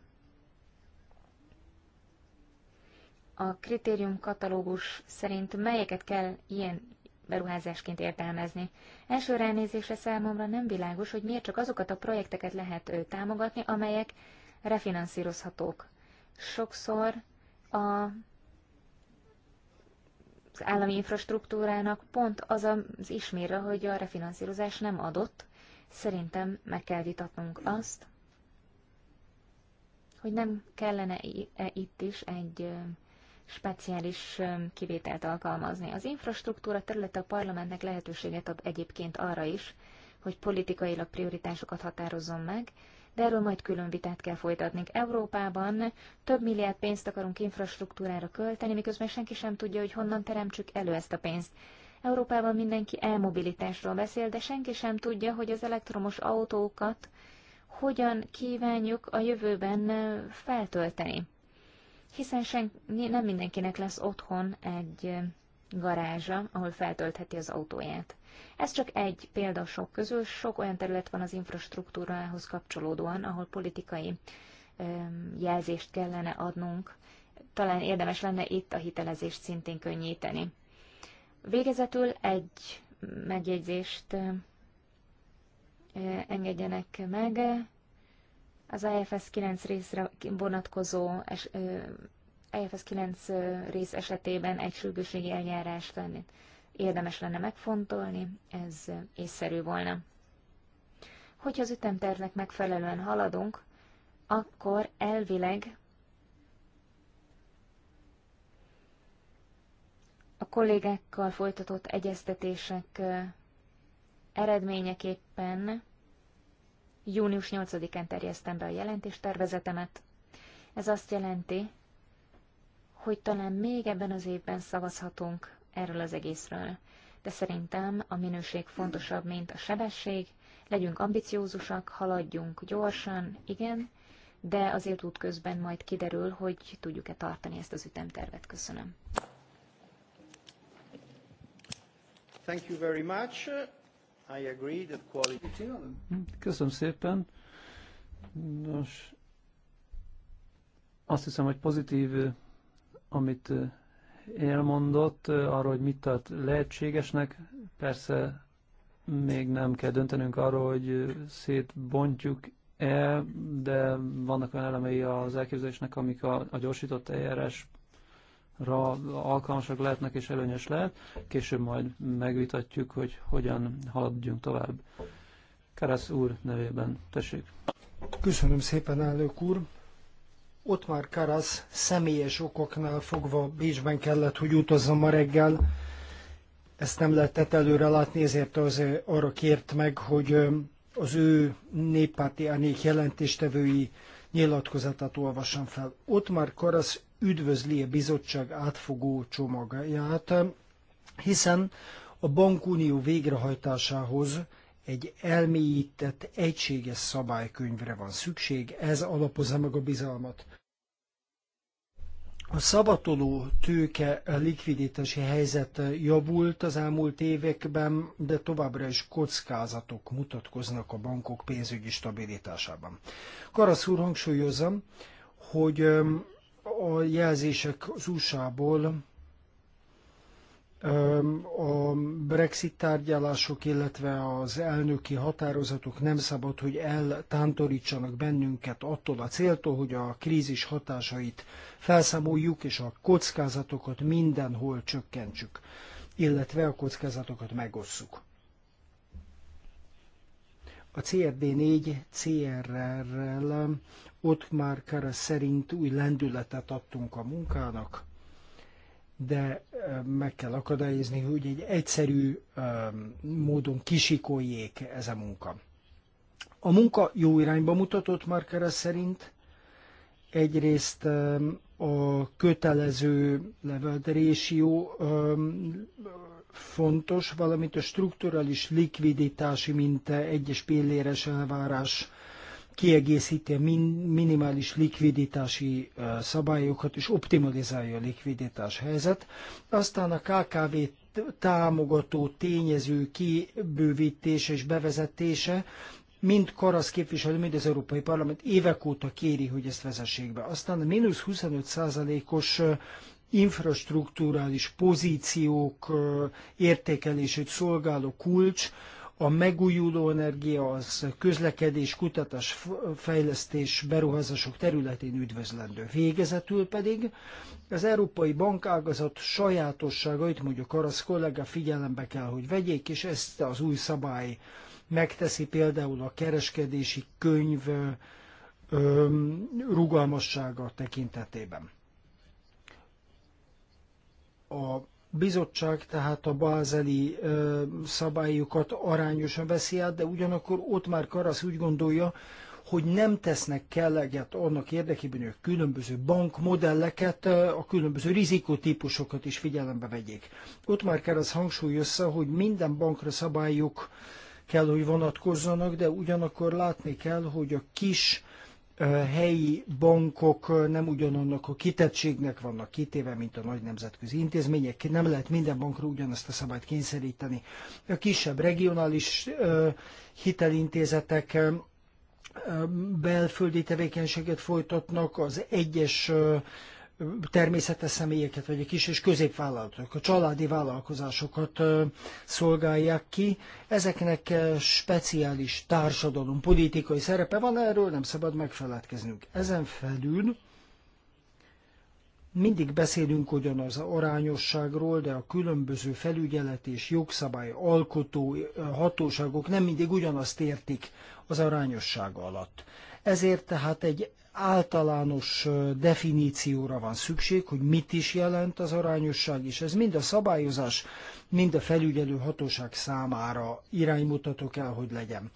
A kritérium katalógus szerint melyeket kell ilyen beruházásként értelmezni. Első ránézésre számomra nem világos, hogy miért csak azokat a projekteket lehet ő támogatni, amelyek refinanszírozhatók. Sokszor a az állami infrastruktúrának pont az az ismérve, hogy a refinanszírozás nem adott. Szerintem meg kell vitatnunk azt, hogy nem kellene -e itt is egy speciális kivételt alkalmazni. Az infrastruktúra területe a parlamentnek lehetőséget ad egyébként arra is, hogy politikailag prioritásokat határozzon meg, de erről majd külön vitát kell folytatnunk. Európában több milliárd pénzt akarunk infrastruktúrára költeni, miközben senki sem tudja, hogy honnan teremtsük elő ezt a pénzt. Európában mindenki elmobilitásról beszél, de senki sem tudja, hogy az elektromos autókat hogyan kívánjuk a jövőben feltölteni. Hiszen sen, nem mindenkinek lesz otthon egy garázsa, ahol feltöltheti az autóját. Ez csak egy példa sok közül, sok olyan terület van az infrastruktúrához kapcsolódóan, ahol politikai jelzést kellene adnunk. Talán érdemes lenne itt a hitelezést szintén könnyíteni. Végezetül egy megjegyzést engedjenek meg. Az IFS 9 részre vonatkozó IFS 9 rész esetében egy sürgőségi eljárást lenni érdemes lenne megfontolni, ez észszerű volna. Hogyha az ütemtervnek megfelelően haladunk, akkor elvileg a kollégákkal folytatott egyeztetések eredményeképpen június 8-án terjesztem be a jelentéstervezetemet. Ez azt jelenti, hogy talán még ebben az évben szavazhatunk erről az egészről. De szerintem a minőség fontosabb, mint a sebesség. Legyünk ambiciózusak, haladjunk gyorsan, igen, de azért útközben majd kiderül, hogy tudjuk-e tartani ezt az ütemtervet. Köszönöm. Thank you very much. I agree that quality... Köszönöm szépen. Nos, azt hiszem, hogy pozitív, amit elmondott arról, hogy mit tart lehetségesnek. Persze még nem kell döntenünk arról, hogy szétbontjuk E, de vannak olyan elemei az elképzelésnek, amik a, a gyorsított eljárásra alkalmasak lehetnek és előnyös lehet. Később majd megvitatjuk, hogy hogyan haladjunk tovább. Keresz úr nevében, tessék. Köszönöm szépen, elnök úr. Ott már Karasz személyes okoknál fogva Bécsben kellett, hogy utazzon ma reggel. Ezt nem lehetett előre látni, ezért az arra kért meg, hogy az ő néppárti árnyék jelentéstevői nyilatkozatát olvassam fel. Ott már Karasz üdvözli a bizottság átfogó csomagját, hiszen a bankunió végrehajtásához egy elmélyített, egységes szabálykönyvre van szükség, ez alapozza meg a bizalmat. A szabatoló tőke likviditási helyzet javult az elmúlt években, de továbbra is kockázatok mutatkoznak a bankok pénzügyi stabilitásában. Karasz úr hangsúlyozza, hogy a jelzések az USA-ból a Brexit tárgyalások, illetve az elnöki határozatok nem szabad, hogy eltántorítsanak bennünket attól a céltól, hogy a krízis hatásait felszámoljuk, és a kockázatokat mindenhol csökkentsük, illetve a kockázatokat megosszuk. A CRD4 CRR-rel ott már szerint új lendületet adtunk a munkának, de meg kell akadályozni, hogy egy egyszerű módon kisikoljék ez a munka. A munka jó irányba mutatott Markere szerint. Egyrészt a kötelező leveled jó fontos, valamint a strukturális likviditási minta egyes pilléres elvárás kiegészíti a min- minimális likviditási szabályokat, és optimalizálja a likviditás helyzet. Aztán a KKV támogató tényező kibővítése és bevezetése, mind Karasz képviselő, mind az Európai Parlament évek óta kéri, hogy ezt vezessék be. Aztán a mínusz 25 százalékos uh, infrastruktúrális pozíciók értékelését szolgáló kulcs, a megújuló energia, az közlekedés, kutatás, fejlesztés, beruházások területén üdvözlendő. Végezetül pedig az Európai Bankágazat sajátosságait, mondjuk Karasz kollega figyelembe kell, hogy vegyék, és ezt az új szabály megteszi például a kereskedési könyv rugalmassága tekintetében. A bizottság tehát a bázeli ö, szabályokat arányosan veszi át, de ugyanakkor ott már Karasz úgy gondolja, hogy nem tesznek kelleget annak érdekében, hogy a különböző bankmodelleket, a különböző rizikotípusokat is figyelembe vegyék. Ott már kell az hangsúlyozza, hogy minden bankra szabályok kell, hogy vonatkozzanak, de ugyanakkor látni kell, hogy a kis helyi bankok nem ugyanannak a kitettségnek vannak kitéve, mint a nagy nemzetközi intézmények. Nem lehet minden bankra ugyanazt a szabályt kényszeríteni. A kisebb regionális hitelintézetek belföldi tevékenységet folytatnak, az egyes természetes személyeket, vagy a kis és középvállalatok, a családi vállalkozásokat szolgálják ki. Ezeknek speciális társadalom, politikai szerepe van, erről nem szabad megfeledkeznünk. Ezen felül mindig beszélünk ugyanaz a arányosságról, de a különböző felügyelet és jogszabály alkotó hatóságok nem mindig ugyanazt értik az arányossága alatt. Ezért tehát egy általános definícióra van szükség, hogy mit is jelent az arányosság, és ez mind a szabályozás, mind a felügyelő hatóság számára iránymutató kell, hogy legyen.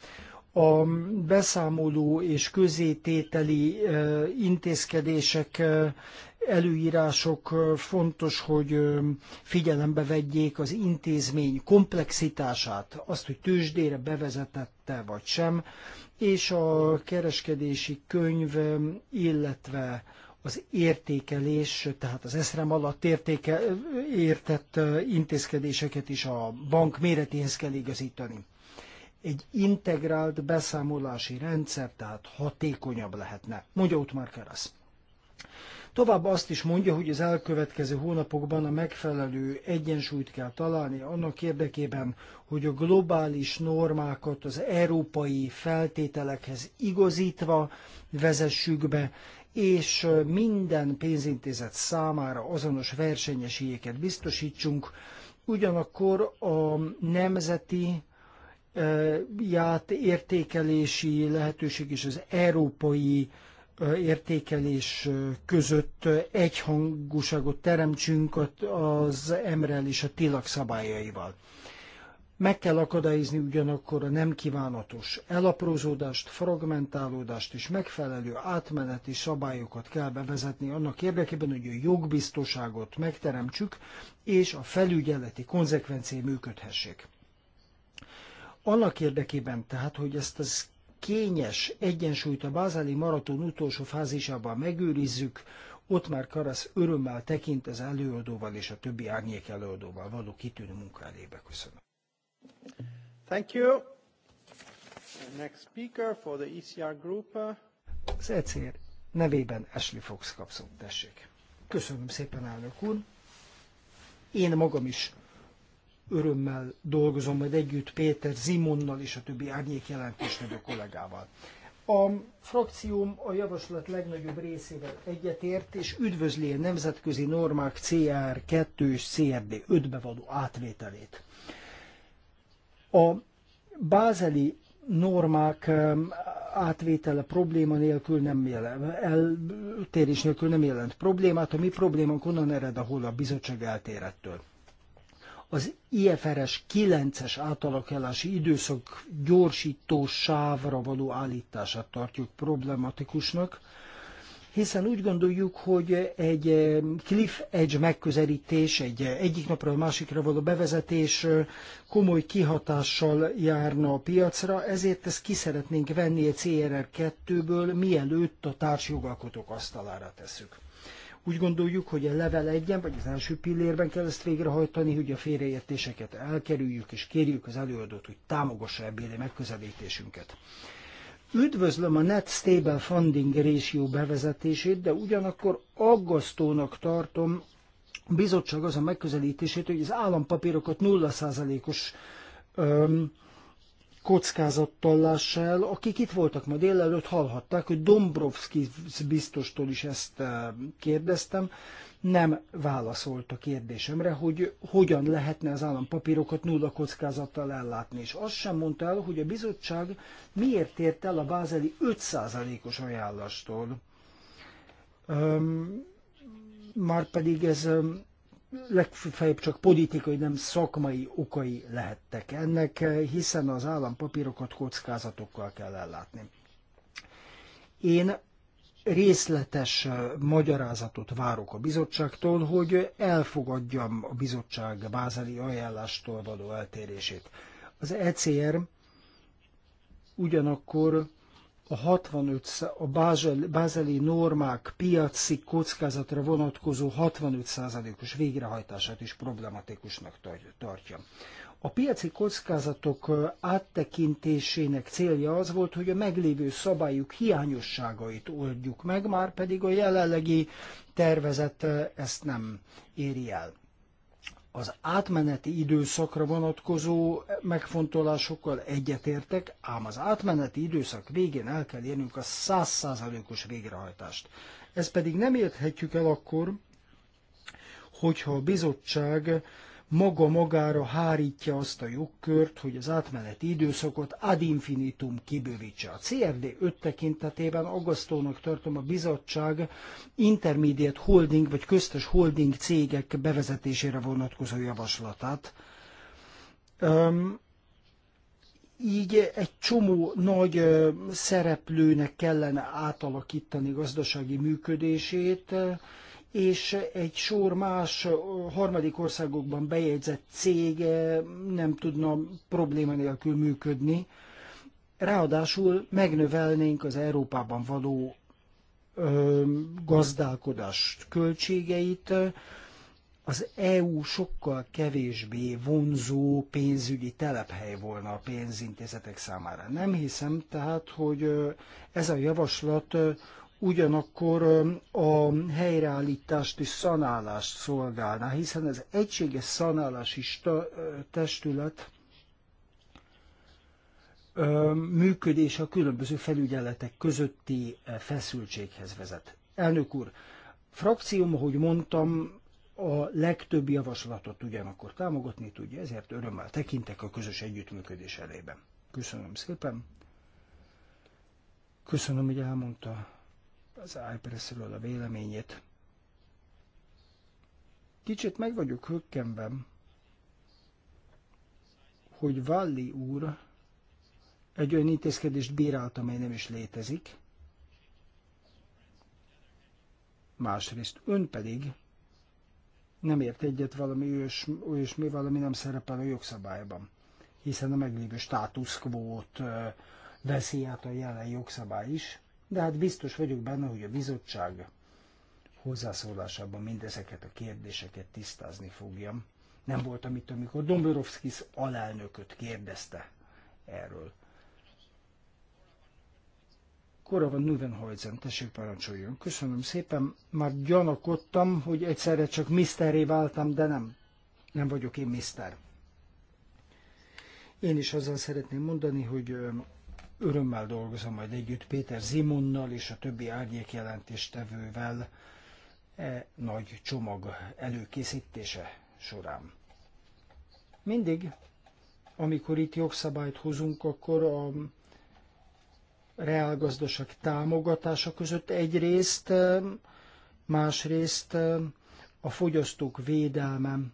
A beszámoló és közétételi intézkedések, előírások fontos, hogy figyelembe vegyék az intézmény komplexitását, azt, hogy tőzsdére bevezetette vagy sem, és a kereskedési könyv, illetve az értékelés, tehát az eszrem alatt értéke, értett intézkedéseket is a bank méretéhez kell igazítani. Egy integrált beszámolási rendszer, tehát hatékonyabb lehetne, mondja ott már kereszt. Tovább azt is mondja, hogy az elkövetkező hónapokban a megfelelő egyensúlyt kell találni annak érdekében, hogy a globális normákat az európai feltételekhez igazítva vezessük be, és minden pénzintézet számára azonos versenyesélyeket biztosítsunk, ugyanakkor a nemzeti ját értékelési lehetőség és az európai értékelés között egyhangúságot teremtsünk az emrel és a tilak szabályaival. Meg kell akadályozni ugyanakkor a nem kívánatos elaprózódást, fragmentálódást és megfelelő átmeneti szabályokat kell bevezetni annak érdekében, hogy a jogbiztoságot megteremtsük, és a felügyeleti konzekvenciái működhessék. Annak érdekében tehát, hogy ezt az kényes egyensúlyt a Bázeli maraton utolsó fázisában megőrizzük, ott már Karasz örömmel tekint az előadóval és a többi árnyék előadóval való kitűnő munka elébe. Köszönöm. Thank you. The next speaker for the ECR group. Uh, az ECR nevében Ashley Fox kapszott, tessék. Köszönöm szépen, elnök úr. Én magam is örömmel dolgozom majd együtt Péter Zimonnal és a többi árnyék a kollégával. A frakcióm a javaslat legnagyobb részével egyetért, és üdvözli a nemzetközi normák CR2 és CRD5-be való átvételét. A bázeli normák átvétele probléma nélkül nem jelent, eltérés nélkül nem jelent problémát, a mi problémánk onnan ered, ahol a bizottság eltérettől az IFRS 9-es átalakulási időszak gyorsító sávra való állítását tartjuk problematikusnak, hiszen úgy gondoljuk, hogy egy eh, cliff edge megközelítés, egy eh, egyik napra a másikra való bevezetés eh, komoly kihatással járna a piacra, ezért ezt ki szeretnénk venni a CRR 2-ből, mielőtt a társjogalkotók asztalára tesszük. Úgy gondoljuk, hogy a level 1 vagy az első pillérben kell ezt végrehajtani, hogy a félreértéseket elkerüljük, és kérjük az előadót, hogy támogassa ebbéli megközelítésünket. Üdvözlöm a Net Stable Funding Ratio bevezetését, de ugyanakkor aggasztónak tartom a bizottság az a megközelítését, hogy az állampapírokat 0%-os kockázattal lássa el. Akik itt voltak ma délelőtt, hallhatták, hogy Dombrovski biztostól is ezt eh, kérdeztem, nem válaszolt a kérdésemre, hogy hogyan lehetne az állampapírokat nulla kockázattal ellátni. És azt sem mondta el, hogy a bizottság miért ért el a bázeli 5%-os ajánlástól. Már pedig ez legfeljebb csak politikai, nem szakmai okai lehettek ennek, hiszen az állampapírokat kockázatokkal kell ellátni. Én részletes magyarázatot várok a bizottságtól, hogy elfogadjam a bizottság bázeli ajánlástól való eltérését. Az ECR ugyanakkor a 65, a bázeli normák piaci kockázatra vonatkozó 65%-os végrehajtását is problematikusnak tartja. A piaci kockázatok áttekintésének célja az volt, hogy a meglévő szabályok hiányosságait oldjuk meg, már pedig a jelenlegi tervezet ezt nem éri el. Az átmeneti időszakra vonatkozó megfontolásokkal egyetértek, ám az átmeneti időszak végén el kell érnünk a 100%-os végrehajtást. Ezt pedig nem érthetjük el akkor, hogyha a bizottság maga magára hárítja azt a jogkört, hogy az átmeneti időszakot ad infinitum kibővítse. A CRD 5 tekintetében aggasztónak tartom a bizottság intermediate holding vagy köztes holding cégek bevezetésére vonatkozó javaslatát. Um, így egy csomó nagy szereplőnek kellene átalakítani gazdasági működését, és egy sor más harmadik országokban bejegyzett cég nem tudna probléma nélkül működni. Ráadásul megnövelnénk az Európában való ö, gazdálkodás költségeit, az EU sokkal kevésbé vonzó pénzügyi telephely volna a pénzintézetek számára. Nem hiszem tehát, hogy ez a javaslat ugyanakkor a helyreállítást és szanálást szolgálná, hiszen az egységes szanálási testület működés a különböző felügyeletek közötti feszültséghez vezet. Elnök úr, frakcióm, ahogy mondtam, a legtöbb javaslatot ugyanakkor támogatni tudja, ezért örömmel tekintek a közös együttműködés elében. Köszönöm szépen. Köszönöm, hogy elmondta az iPress-ről a véleményét. Kicsit meg vagyok hökkenben, hogy Valli úr egy olyan intézkedést bírált, amely nem is létezik, másrészt ön pedig nem ért egyet valami olyas, mi valami nem szerepel a jogszabályban, hiszen a meglévő státuszkvót veszi át a jelen jogszabály is, de hát biztos vagyok benne, hogy a bizottság hozzászólásában mindezeket a kérdéseket tisztázni fogjam. Nem voltam itt, amikor Domborovskis alelnököt kérdezte erről. Kora van Nuvenhajzen, tessék parancsoljon. Köszönöm szépen, már gyanakodtam, hogy egyszerre csak miszteré váltam, de nem. Nem vagyok én miszter. Én is azzal szeretném mondani, hogy Örömmel dolgozom majd együtt Péter Zimonnal és a többi árnyék jelentéstevővel e nagy csomag előkészítése során. Mindig, amikor itt jogszabályt hozunk, akkor a reálgazdaság támogatása között egyrészt, másrészt a fogyasztók védelmem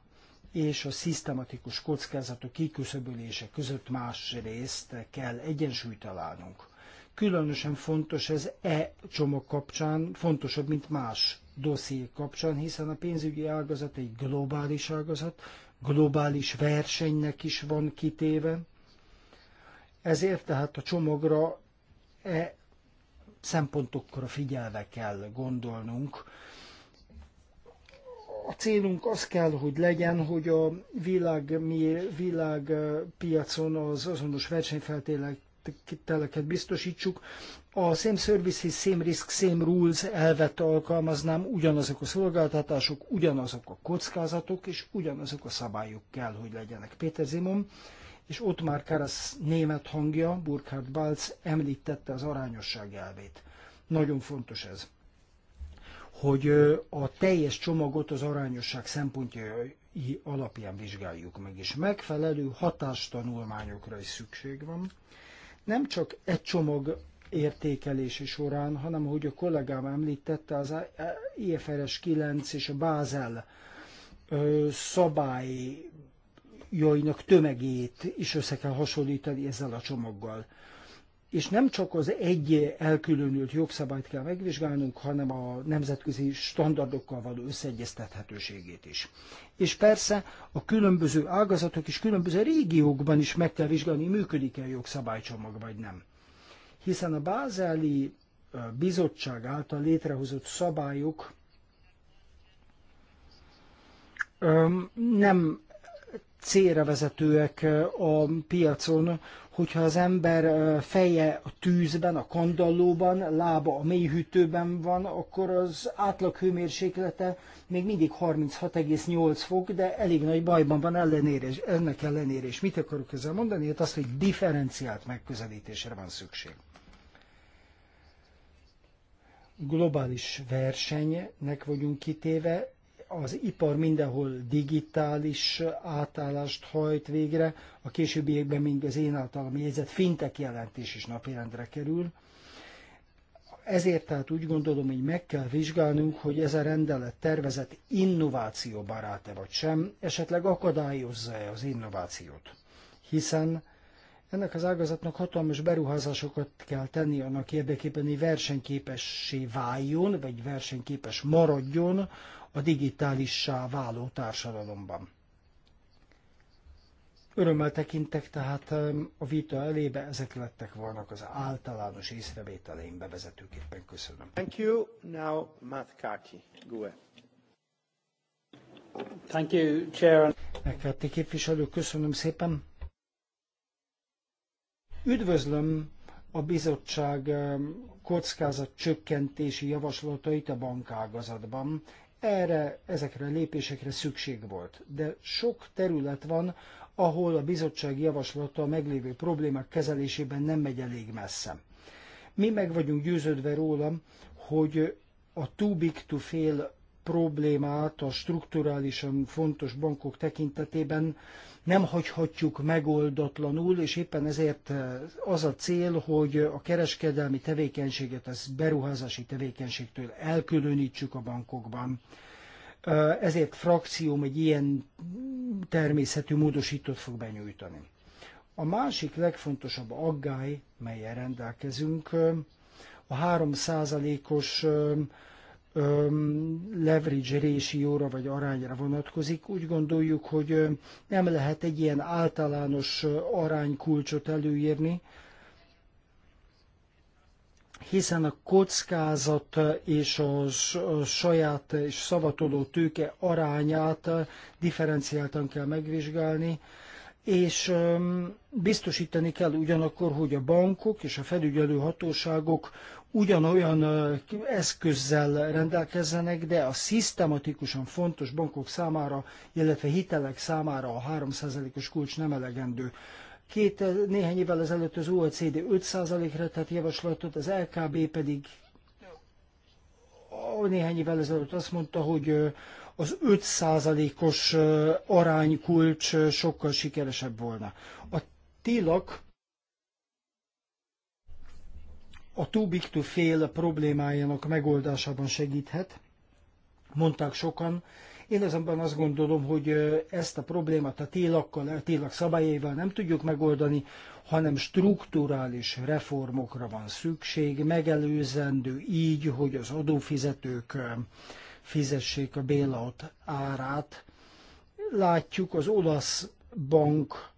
és a szisztematikus kockázatok kiküszöbölése között más részt kell egyensúlyt találnunk. Különösen fontos ez e csomag kapcsán, fontosabb, mint más dosszié kapcsán, hiszen a pénzügyi ágazat egy globális ágazat, globális versenynek is van kitéve, ezért tehát a csomagra e szempontokra figyelve kell gondolnunk, a célunk az kell, hogy legyen, hogy a világ, mi, világpiacon az azonos versenyfeltételeket biztosítsuk. A same services, same risk, same rules elvet alkalmaznám, ugyanazok a szolgáltatások, ugyanazok a kockázatok, és ugyanazok a szabályok kell, hogy legyenek. Péter Zimon és ott már Karasz német hangja, Burkhard Balz említette az arányosság elvét. Nagyon fontos ez hogy a teljes csomagot az arányosság szempontjai alapján vizsgáljuk meg, és megfelelő hatástanulmányokra is szükség van. Nem csak egy csomag értékelése során, hanem ahogy a kollégám említette, az IFRS 9 és a Bázel szabályjainak tömegét is össze kell hasonlítani ezzel a csomaggal és nem csak az egy elkülönült jogszabályt kell megvizsgálnunk, hanem a nemzetközi standardokkal való összeegyeztethetőségét is. És persze a különböző ágazatok és különböző régiókban is meg kell vizsgálni, működik-e a jogszabálycsomag vagy nem. Hiszen a bázeli bizottság által létrehozott szabályok nem célra vezetőek a piacon, hogyha az ember feje a tűzben, a kandallóban, lába a mélyhűtőben van, akkor az átlag hőmérséklete még mindig 36,8 fok, de elég nagy bajban van ellenére, ennek ellenére. És mit akarok ezzel mondani? Hát azt, hogy differenciált megközelítésre van szükség. Globális versenynek vagyunk kitéve, az ipar mindenhol digitális átállást hajt végre, a későbbiekben mind az én általam jegyzett fintek jelentés is napirendre kerül. Ezért tehát úgy gondolom, hogy meg kell vizsgálnunk, hogy ez a rendelet tervezett innovációbarát-e vagy sem, esetleg akadályozza-e az innovációt. Hiszen ennek az ágazatnak hatalmas beruházásokat kell tenni annak érdekében, hogy versenyképessé váljon, vagy versenyképes maradjon a digitálissá váló társadalomban. Örömmel tekintek tehát a vita elébe, ezek lettek volna az általános észrevételeim bevezetőképpen. Köszönöm. Thank you. Now Matt Kaki, GUE. Thank you, Chair. Megvették képviselő, köszönöm szépen. Üdvözlöm a bizottság kockázat csökkentési javaslatait a bankágazatban. Erre, ezekre a lépésekre szükség volt. De sok terület van, ahol a bizottság javaslata a meglévő problémák kezelésében nem megy elég messze. Mi meg vagyunk győződve rólam, hogy a too big to fail problémát a strukturálisan fontos bankok tekintetében nem hagyhatjuk megoldatlanul, és éppen ezért eh, az a cél, hogy a kereskedelmi tevékenységet, az beruházási tevékenységtől elkülönítsük a bankokban. Eh, ezért frakcióm egy ilyen természetű módosítót fog benyújtani. A másik legfontosabb aggály, melyen rendelkezünk, eh, a 3 os leverage ratio-ra vagy arányra vonatkozik. Úgy gondoljuk, hogy nem lehet egy ilyen általános aránykulcsot előírni, hiszen a kockázat és a saját és szavatoló tőke arányát differenciáltan kell megvizsgálni, és biztosítani kell ugyanakkor, hogy a bankok és a felügyelő hatóságok ugyanolyan eszközzel rendelkezzenek, de a szisztematikusan fontos bankok számára, illetve hitelek számára a 3%-os kulcs nem elegendő. Két, néhány évvel ezelőtt az OECD 5%-ra tett javaslatot, az LKB pedig néhány évvel ezelőtt azt mondta, hogy az 5%-os aránykulcs sokkal sikeresebb volna. A tilak a too big to fail problémájának megoldásában segíthet, mondták sokan. Én azonban azt gondolom, hogy ezt a problémát a télakkal, a télak szabályaival nem tudjuk megoldani, hanem strukturális reformokra van szükség, megelőzendő így, hogy az adófizetők fizessék a bailout árát. Látjuk az olasz bank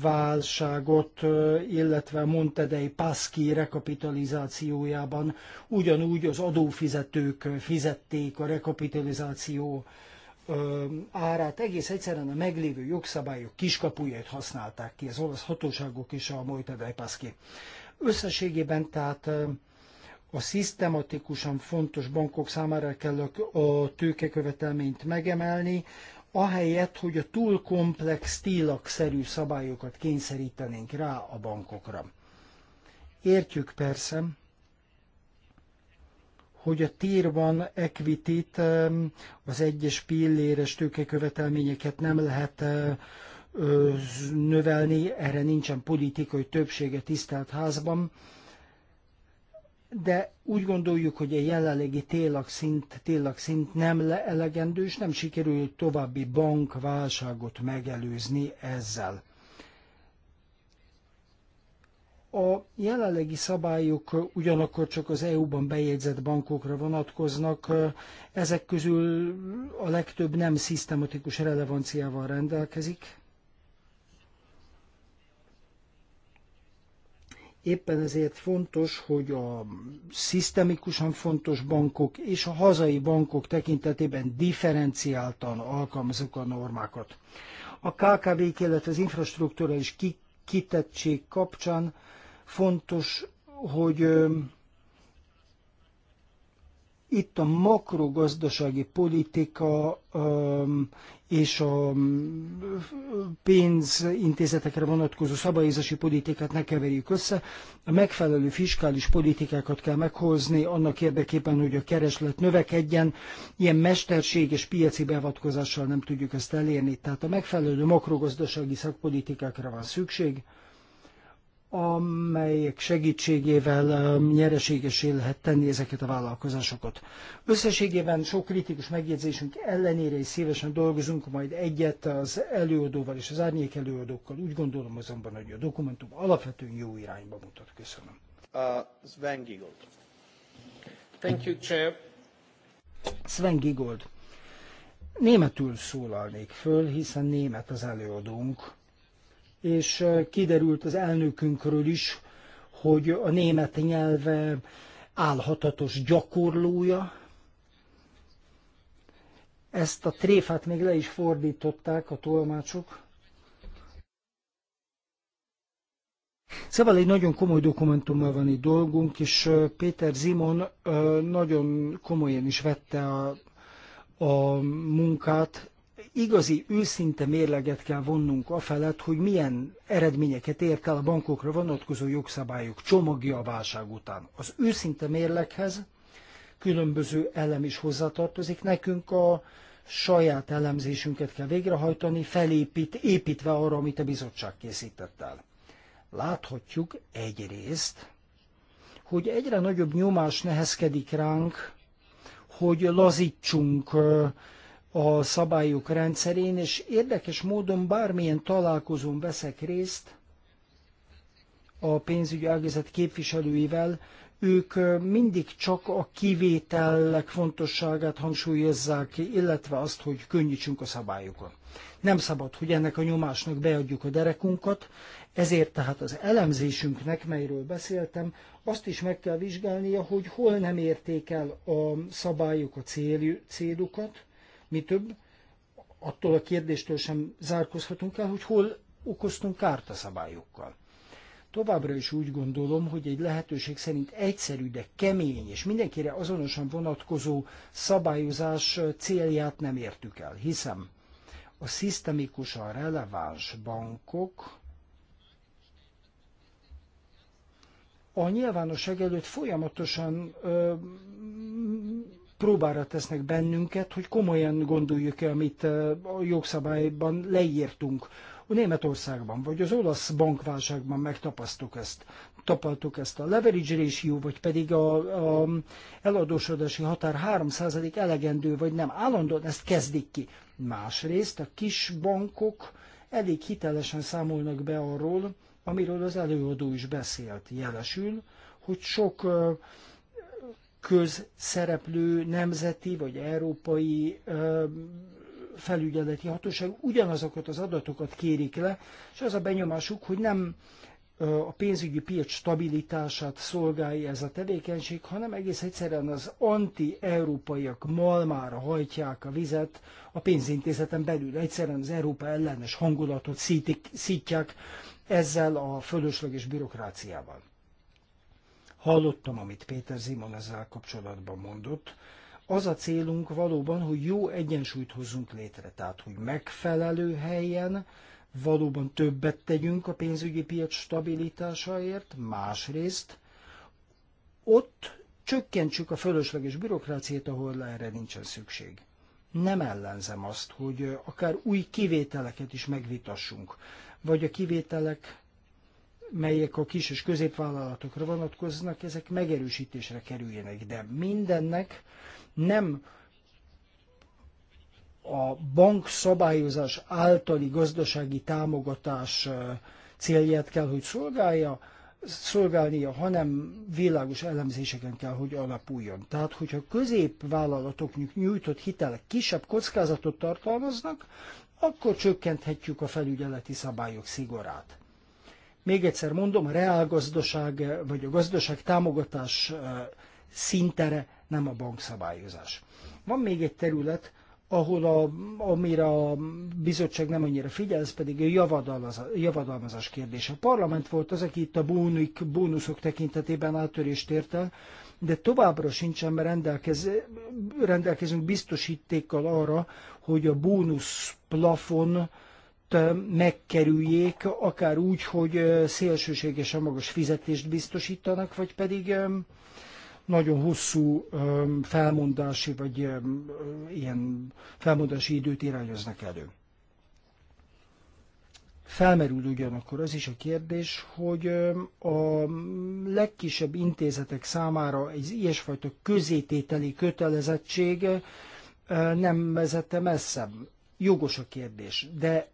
válságot, illetve a Montedei Paszki rekapitalizációjában ugyanúgy az adófizetők fizették a rekapitalizáció árát. Egész egyszerűen a meglévő jogszabályok kiskapujait használták ki az olasz hatóságok és a Montedei Paszki. Összességében tehát a szisztematikusan fontos bankok számára kell a tőkekövetelményt megemelni, ahelyett, hogy a túl komplex, szerű szabályokat kényszerítenénk rá a bankokra. Értjük persze, hogy a Tier 1 equity az egyes pilléres tőkekövetelményeket nem lehet növelni, erre nincsen politikai többsége tisztelt házban, de úgy gondoljuk, hogy a jelenlegi télakszint, télakszint nem le elegendő, és nem sikerül további bankválságot megelőzni ezzel. A jelenlegi szabályok ugyanakkor csak az EU-ban bejegyzett bankokra vonatkoznak, ezek közül a legtöbb nem szisztematikus relevanciával rendelkezik, Éppen ezért fontos, hogy a szisztemikusan fontos bankok és a hazai bankok tekintetében differenciáltan alkalmazzuk a normákat. A KKV-k, illetve az infrastruktúra is kitettség kapcsán fontos, hogy itt a makrogazdasági politika um, és a pénzintézetekre vonatkozó szabályozási politikát ne keverjük össze. A megfelelő fiskális politikákat kell meghozni annak érdekében, hogy a kereslet növekedjen. Ilyen mesterséges piaci beavatkozással nem tudjuk ezt elérni. Tehát a megfelelő makrogazdasági szakpolitikákra van szükség amelyek segítségével um, nyereségesé lehet tenni ezeket a vállalkozásokat. Összességében sok kritikus megjegyzésünk ellenére is szívesen dolgozunk, majd egyet az előadóval és az árnyék előadókkal. Úgy gondolom azonban, hogy a dokumentum alapvetően jó irányba mutat. Köszönöm. Uh, Sven Gigold. Thank you, Chair. Sven gigold. Németül szólalnék föl, hiszen német az előadónk és kiderült az elnökünkről is, hogy a német nyelv álhatatos gyakorlója. Ezt a tréfát még le is fordították a tolmácsok. Szóval egy nagyon komoly dokumentummal van itt dolgunk, és Péter Zimon nagyon komolyan is vette a, a munkát, Igazi, őszinte mérleget kell vonnunk afelett, hogy milyen eredményeket ért el a bankokra vonatkozó jogszabályok csomagja a válság után. Az őszinte mérleghez különböző elem is hozzátartozik. Nekünk a saját elemzésünket kell végrehajtani, felépít, építve arra, amit a bizottság készített el. Láthatjuk egyrészt, hogy egyre nagyobb nyomás nehezkedik ránk, hogy lazítsunk, a szabályok rendszerén, és érdekes módon bármilyen találkozón veszek részt a pénzügyi ágazat képviselőivel, ők mindig csak a kivételek fontosságát hangsúlyozzák, illetve azt, hogy könnyítsünk a szabályokon. Nem szabad, hogy ennek a nyomásnak beadjuk a derekunkat, ezért tehát az elemzésünknek, melyről beszéltem, azt is meg kell vizsgálnia, hogy hol nem érték el a szabályok a célukat, mi több, attól a kérdéstől sem zárkozhatunk el, hogy hol okoztunk kárt a szabályokkal. Továbbra is úgy gondolom, hogy egy lehetőség szerint egyszerű, de kemény és mindenkire azonosan vonatkozó szabályozás célját nem értük el, hiszem a szisztemikusan releváns bankok a nyilvánosság előtt folyamatosan ö, próbára tesznek bennünket, hogy komolyan gondoljuk el, amit a jogszabályban leírtunk. A Németországban vagy az olasz bankválságban megtapasztuk ezt. Tapaltuk ezt a leverage ratio, vagy pedig a, a eladósodási határ 3% elegendő, vagy nem. Állandóan ezt kezdik ki. Másrészt a kis bankok elég hitelesen számolnak be arról, amiről az előadó is beszélt jelesül, hogy sok uh, közszereplő nemzeti vagy európai felügyeleti hatóság ugyanazokat az adatokat kérik le, és az a benyomásuk, hogy nem a pénzügyi piac stabilitását szolgálja ez a tevékenység, hanem egész egyszerűen az anti-európaiak malmára hajtják a vizet a pénzintézeten belül. Egyszerűen az Európa ellenes hangulatot szítik, szítják ezzel a fölösleges bürokráciával. Hallottam, amit Péter Zimon ezzel kapcsolatban mondott. Az a célunk valóban, hogy jó egyensúlyt hozzunk létre, tehát hogy megfelelő helyen valóban többet tegyünk a pénzügyi piac stabilitásáért, másrészt ott csökkentsük a fölösleges bürokráciát, ahol erre nincsen szükség. Nem ellenzem azt, hogy akár új kivételeket is megvitassunk, vagy a kivételek melyek a kis és középvállalatokra vonatkoznak, ezek megerősítésre kerüljenek. De mindennek nem a bank szabályozás általi gazdasági támogatás célját kell, hogy szolgálja, szolgálnia, hanem világos elemzéseken kell, hogy alapuljon. Tehát, hogyha középvállalatok nyújtott hitelek kisebb kockázatot tartalmaznak, akkor csökkenthetjük a felügyeleti szabályok szigorát. Még egyszer mondom, a reálgazdaság vagy a gazdaság támogatás szintere nem a bankszabályozás. Van még egy terület, ahol a, amire a bizottság nem annyira figyel, ez pedig a javadalmazás, javadalmazás kérdése. A parlament volt az, aki itt a bónik, bónuszok tekintetében áttörést ért el, de továbbra sincsen rendelkez, rendelkezünk biztosítékkal arra, hogy a bónusz plafon megkerüljék, akár úgy, hogy szélsőségesen magas fizetést biztosítanak, vagy pedig nagyon hosszú felmondási, vagy ilyen felmondási időt irányoznak elő. Felmerül ugyanakkor az is a kérdés, hogy a legkisebb intézetek számára egy ilyesfajta közétételi kötelezettség nem vezette messze. Jogos a kérdés, de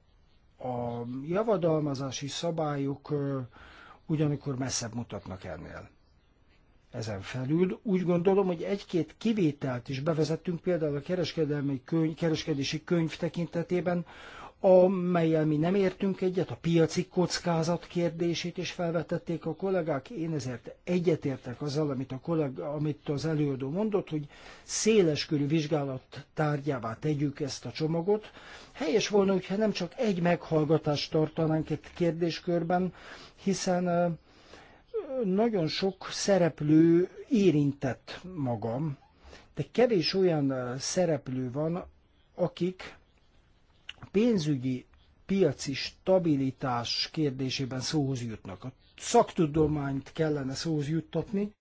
a javadalmazási szabályok ugyanakkor messzebb mutatnak ennél. Ezen felül úgy gondolom, hogy egy-két kivételt is bevezettünk, például a kereskedelmi könyv, kereskedési könyv tekintetében, amelyel mi nem értünk egyet, a piaci kockázat kérdését is felvetették a kollégák. Én ezért egyetértek azzal, amit, a kollega, amit az előadó mondott, hogy széles körű vizsgálat tárgyává tegyük ezt a csomagot. Helyes volna, hogyha nem csak egy meghallgatást tartanánk egy kérdéskörben, hiszen nagyon sok szereplő érintett magam, de kevés olyan szereplő van, akik a pénzügyi piaci stabilitás kérdésében szóhoz jutnak. A szaktudományt kellene szóhoz juttatni,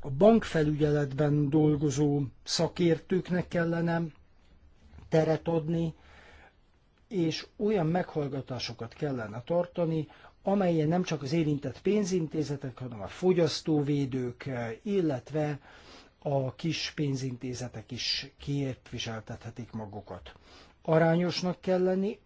a bankfelügyeletben dolgozó szakértőknek kellene teret adni, és olyan meghallgatásokat kellene tartani, amelyen nem csak az érintett pénzintézetek, hanem a fogyasztóvédők, illetve a kis pénzintézetek is képviseltethetik magukat. Arányosnak kell lenni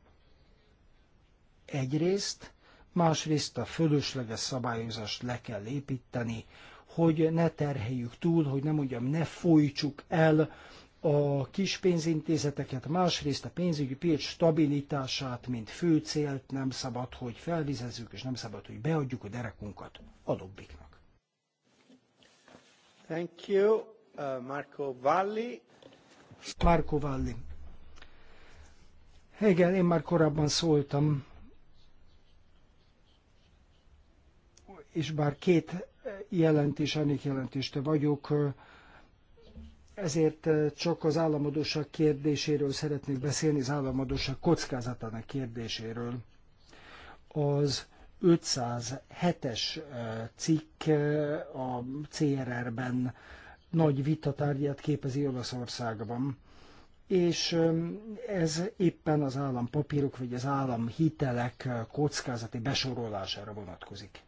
egyrészt, másrészt a fölösleges szabályozást le kell építeni, hogy ne terheljük túl, hogy nem mondjam, ne folytsuk el a kis pénzintézeteket, másrészt a pénzügyi piac stabilitását, mint fő célt nem szabad, hogy felvizezzük, és nem szabad, hogy beadjuk a derekunkat a lobbiknak. Thank you, uh, Marco Valli. Marco Valli. Igen, én már korábban szóltam, és bár két jelentés, ennek jelentéste vagyok, ezért csak az államadóság kérdéséről szeretnék beszélni, az államadóság kockázatának kérdéséről. Az 507-es cikk a CRR-ben nagy vitatárgyát képezi Olaszországban, és ez éppen az állampapírok vagy az államhitelek kockázati besorolására vonatkozik.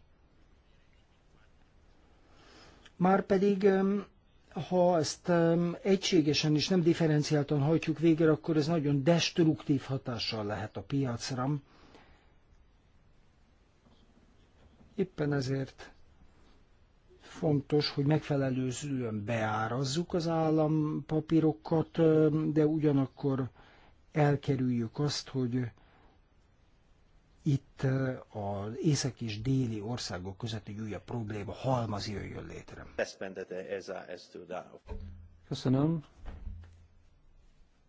Márpedig, ha ezt egységesen és nem differenciáltan hajtjuk végre, akkor ez nagyon destruktív hatással lehet a piacra, Éppen ezért fontos, hogy megfelelőzően beárazzuk az állampapírokat, de ugyanakkor elkerüljük azt, hogy itt az észak és déli országok között egy újabb probléma halmaz jöjjön létre. Köszönöm.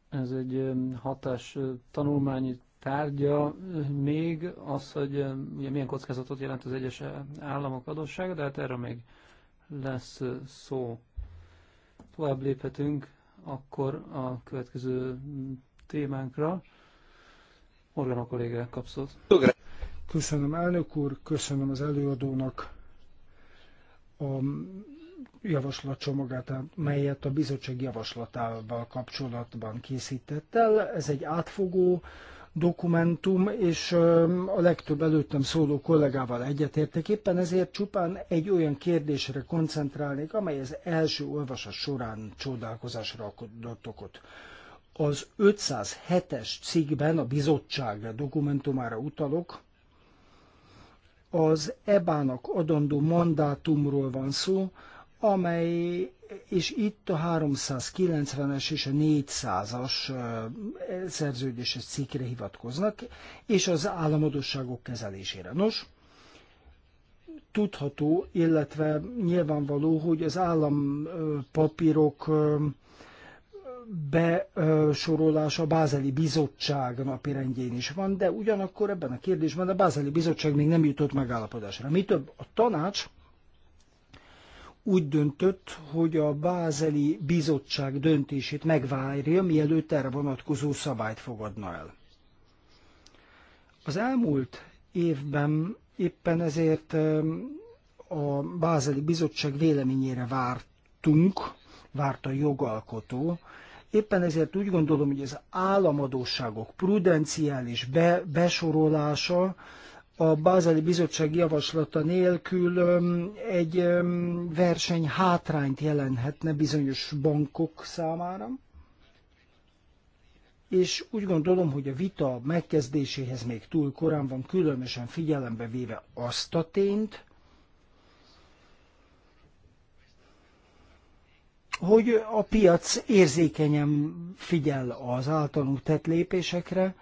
Ez egy hatás tanulmány, tárgya még az, hogy ugye, milyen kockázatot jelent az egyes államok adóssága, de hát erről még lesz szó. Tovább léphetünk akkor a következő témánkra. Morgan a kolléga kap Köszönöm elnök úr, köszönöm az előadónak a javaslat csomagát, melyet a bizottság javaslatával kapcsolatban készített el. Ez egy átfogó, dokumentum, és a legtöbb előttem szóló kollégával egyetértek. Éppen ezért csupán egy olyan kérdésre koncentrálnék, amely az első olvasás során csodálkozásra adott okot. Az 507-es cikkben a bizottság dokumentumára utalok, az EBA-nak adandó mandátumról van szó, amely és itt a 390-es és a 400-as szerződéses cikkre hivatkoznak, és az államadosságok kezelésére. Nos, tudható, illetve nyilvánvaló, hogy az állampapírok besorolása a Bázeli Bizottság rendjén is van, de ugyanakkor ebben a kérdésben a Bázeli Bizottság még nem jutott megállapodásra. Mi több, a tanács úgy döntött, hogy a Bázeli Bizottság döntését megvárja, mielőtt erre vonatkozó szabályt fogadna el. Az elmúlt évben éppen ezért a Bázeli Bizottság véleményére vártunk, várt a jogalkotó, Éppen ezért úgy gondolom, hogy az államadóságok prudenciális be, besorolása a Bázeli Bizottság javaslata nélkül egy verseny hátrányt jelenhetne bizonyos bankok számára, és úgy gondolom, hogy a vita megkezdéséhez még túl korán van, különösen figyelembe véve azt a tényt, hogy a piac érzékenyen figyel az általunk tett lépésekre,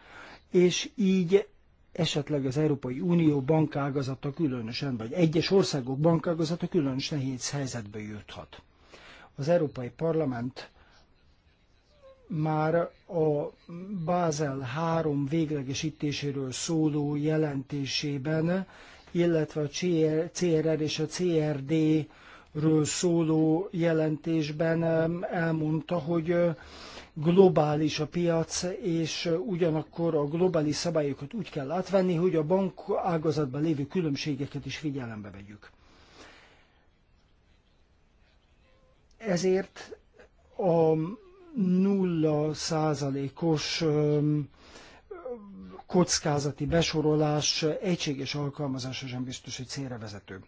és így esetleg az Európai Unió bankágazata különösen, vagy egyes országok bankágazata különös nehéz helyzetbe juthat. Az Európai Parlament már a Bázel 3 véglegesítéséről szóló jelentésében, illetve a CRR és a CRD ről szóló jelentésben elmondta, hogy globális a piac, és ugyanakkor a globális szabályokat úgy kell átvenni, hogy a bank ágazatban lévő különbségeket is figyelembe vegyük. Ezért a nulla százalékos kockázati besorolás egységes alkalmazása sem biztos, hogy célra vezető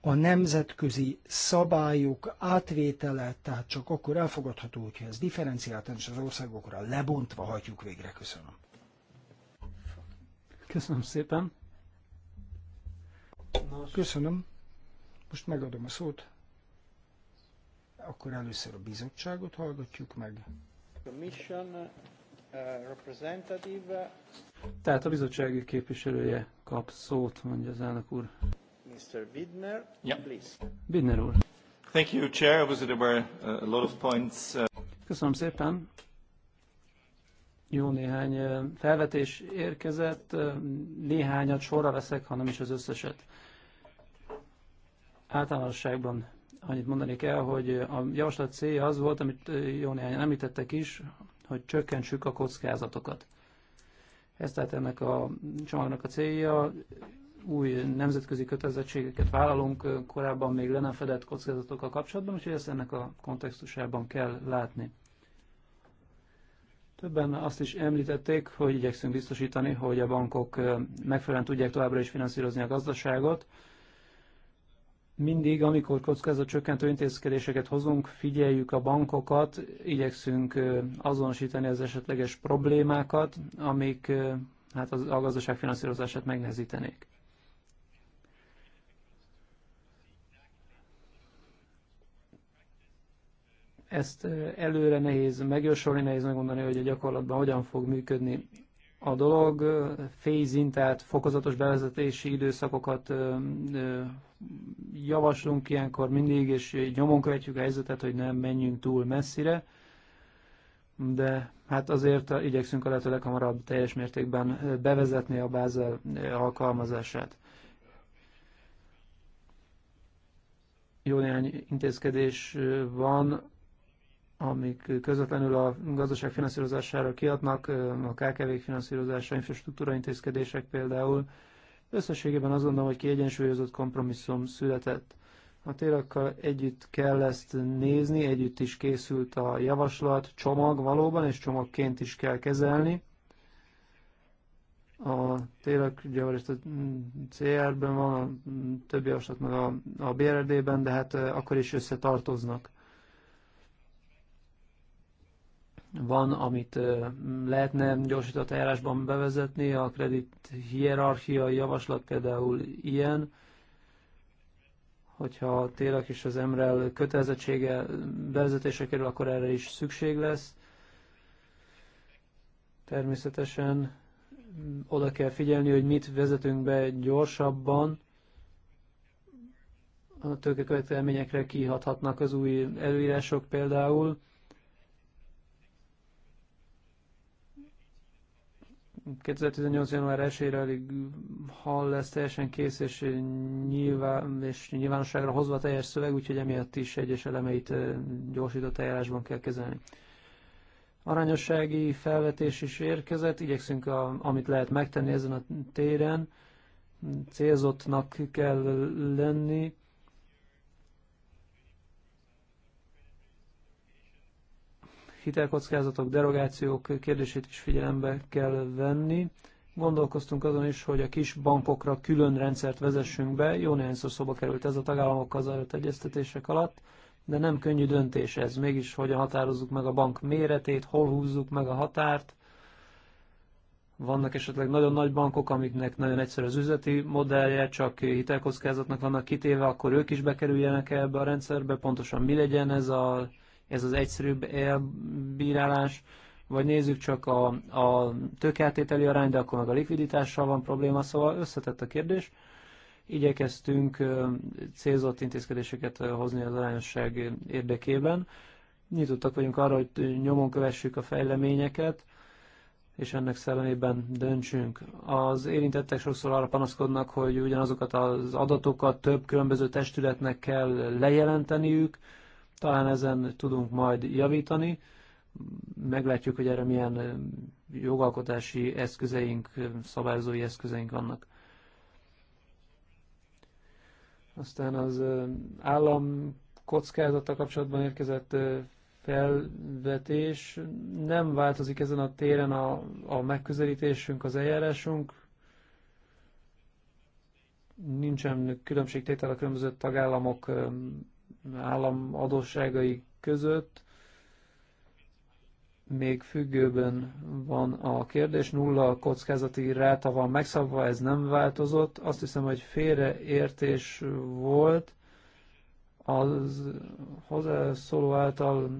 a nemzetközi szabályok átvétele, tehát csak akkor elfogadható, hogyha ez differenciáltan és az országokra lebontva hagyjuk végre. Köszönöm. Köszönöm szépen. Nos. Köszönöm. Most megadom a szót. Akkor először a bizottságot hallgatjuk meg. Commission uh, representative. Tehát a bizottsági képviselője kap szót, mondja az elnök úr. Mr. Widner, yeah. please. Widner úr. Thank you, Chair. Obviously there were uh, a lot of points. Uh, Köszönöm szépen. Jó néhány uh, felvetés érkezett, néhányat sorra veszek, hanem is az összeset. Általánosságban annyit mondani kell, hogy a javaslat célja az volt, amit jó néhányan említettek is, hogy csökkentsük a kockázatokat. Ez tehát ennek a csomagnak a célja, új nemzetközi kötelezettségeket vállalunk korábban még le nem fedett kockázatokkal kapcsolatban, úgyhogy ezt ennek a kontextusában kell látni. Többen azt is említették, hogy igyekszünk biztosítani, hogy a bankok megfelelően tudják továbbra is finanszírozni a gazdaságot. Mindig, amikor kockázatcsökkentő intézkedéseket hozunk, figyeljük a bankokat, igyekszünk azonosítani az esetleges problémákat, amik hát az, a gazdaság finanszírozását megnehezítenék. Ezt előre nehéz megjósolni, nehéz megmondani, hogy a gyakorlatban hogyan fog működni a dolog. Phasing, tehát fokozatos bevezetési időszakokat javaslunk ilyenkor mindig, és nyomon követjük a helyzetet, hogy nem menjünk túl messzire, de hát azért igyekszünk a lehető leghamarabb teljes mértékben bevezetni a Bázel alkalmazását. Jó néhány intézkedés van, amik közvetlenül a gazdaság finanszírozására kiadnak, a kkv finanszírozása, infrastruktúra intézkedések például. Összességében azt gondolom, hogy kiegyensúlyozott kompromisszum született. A térakkal együtt kell ezt nézni, együtt is készült a javaslat, csomag valóban, és csomagként is kell kezelni. A télak ugye a CR-ben van, a többi javaslat meg a, a BRD-ben, de hát akkor is összetartoznak van, amit lehetne gyorsított eljárásban bevezetni, a kredit hierarchia javaslat például ilyen, hogyha tényleg is az MREL kötelezettsége bevezetése kerül, akkor erre is szükség lesz. Természetesen oda kell figyelni, hogy mit vezetünk be gyorsabban, a tőkekövetelményekre kihathatnak az új előírások például, 2018. január 1-ére alig hall lesz teljesen kész és, nyilván, és nyilvánosságra hozva a teljes szöveg, úgyhogy emiatt is egyes elemeit gyorsított eljárásban kell kezelni. Arányossági felvetés is érkezett, igyekszünk, a, amit lehet megtenni ezen a téren, célzottnak kell lenni, hitelkockázatok, derogációk kérdését is figyelembe kell venni. Gondolkoztunk azon is, hogy a kis bankokra külön rendszert vezessünk be. Jó néhányszor szóba került ez a tagállamokkal zajlott egyeztetések alatt, de nem könnyű döntés ez. Mégis hogy határozzuk meg a bank méretét, hol húzzuk meg a határt. Vannak esetleg nagyon nagy bankok, amiknek nagyon egyszerű az üzleti modellje, csak hitelkockázatnak vannak kitéve, akkor ők is bekerüljenek -e ebbe a rendszerbe, pontosan mi legyen ez a ez az egyszerűbb elbírálás, vagy nézzük csak a, a tőkeltételi arány, de akkor meg a likviditással van probléma, szóval összetett a kérdés. Igyekeztünk célzott intézkedéseket hozni az arányosság érdekében. Nyitottak vagyunk arra, hogy nyomon kövessük a fejleményeket, és ennek szellemében döntsünk. Az érintettek sokszor arra panaszkodnak, hogy ugyanazokat az adatokat több különböző testületnek kell lejelenteniük, talán ezen tudunk majd javítani, meglátjuk, hogy erre milyen jogalkotási eszközeink, szabályozói eszközeink vannak. Aztán az állam kockázata kapcsolatban érkezett felvetés. Nem változik ezen a téren a, a megközelítésünk, az eljárásunk. Nincsen különbségtétel a különböző tagállamok állam adósságai között még függőben van a kérdés, nulla kockázati ráta van megszabva, ez nem változott. Azt hiszem, hogy félreértés volt az hozzászóló által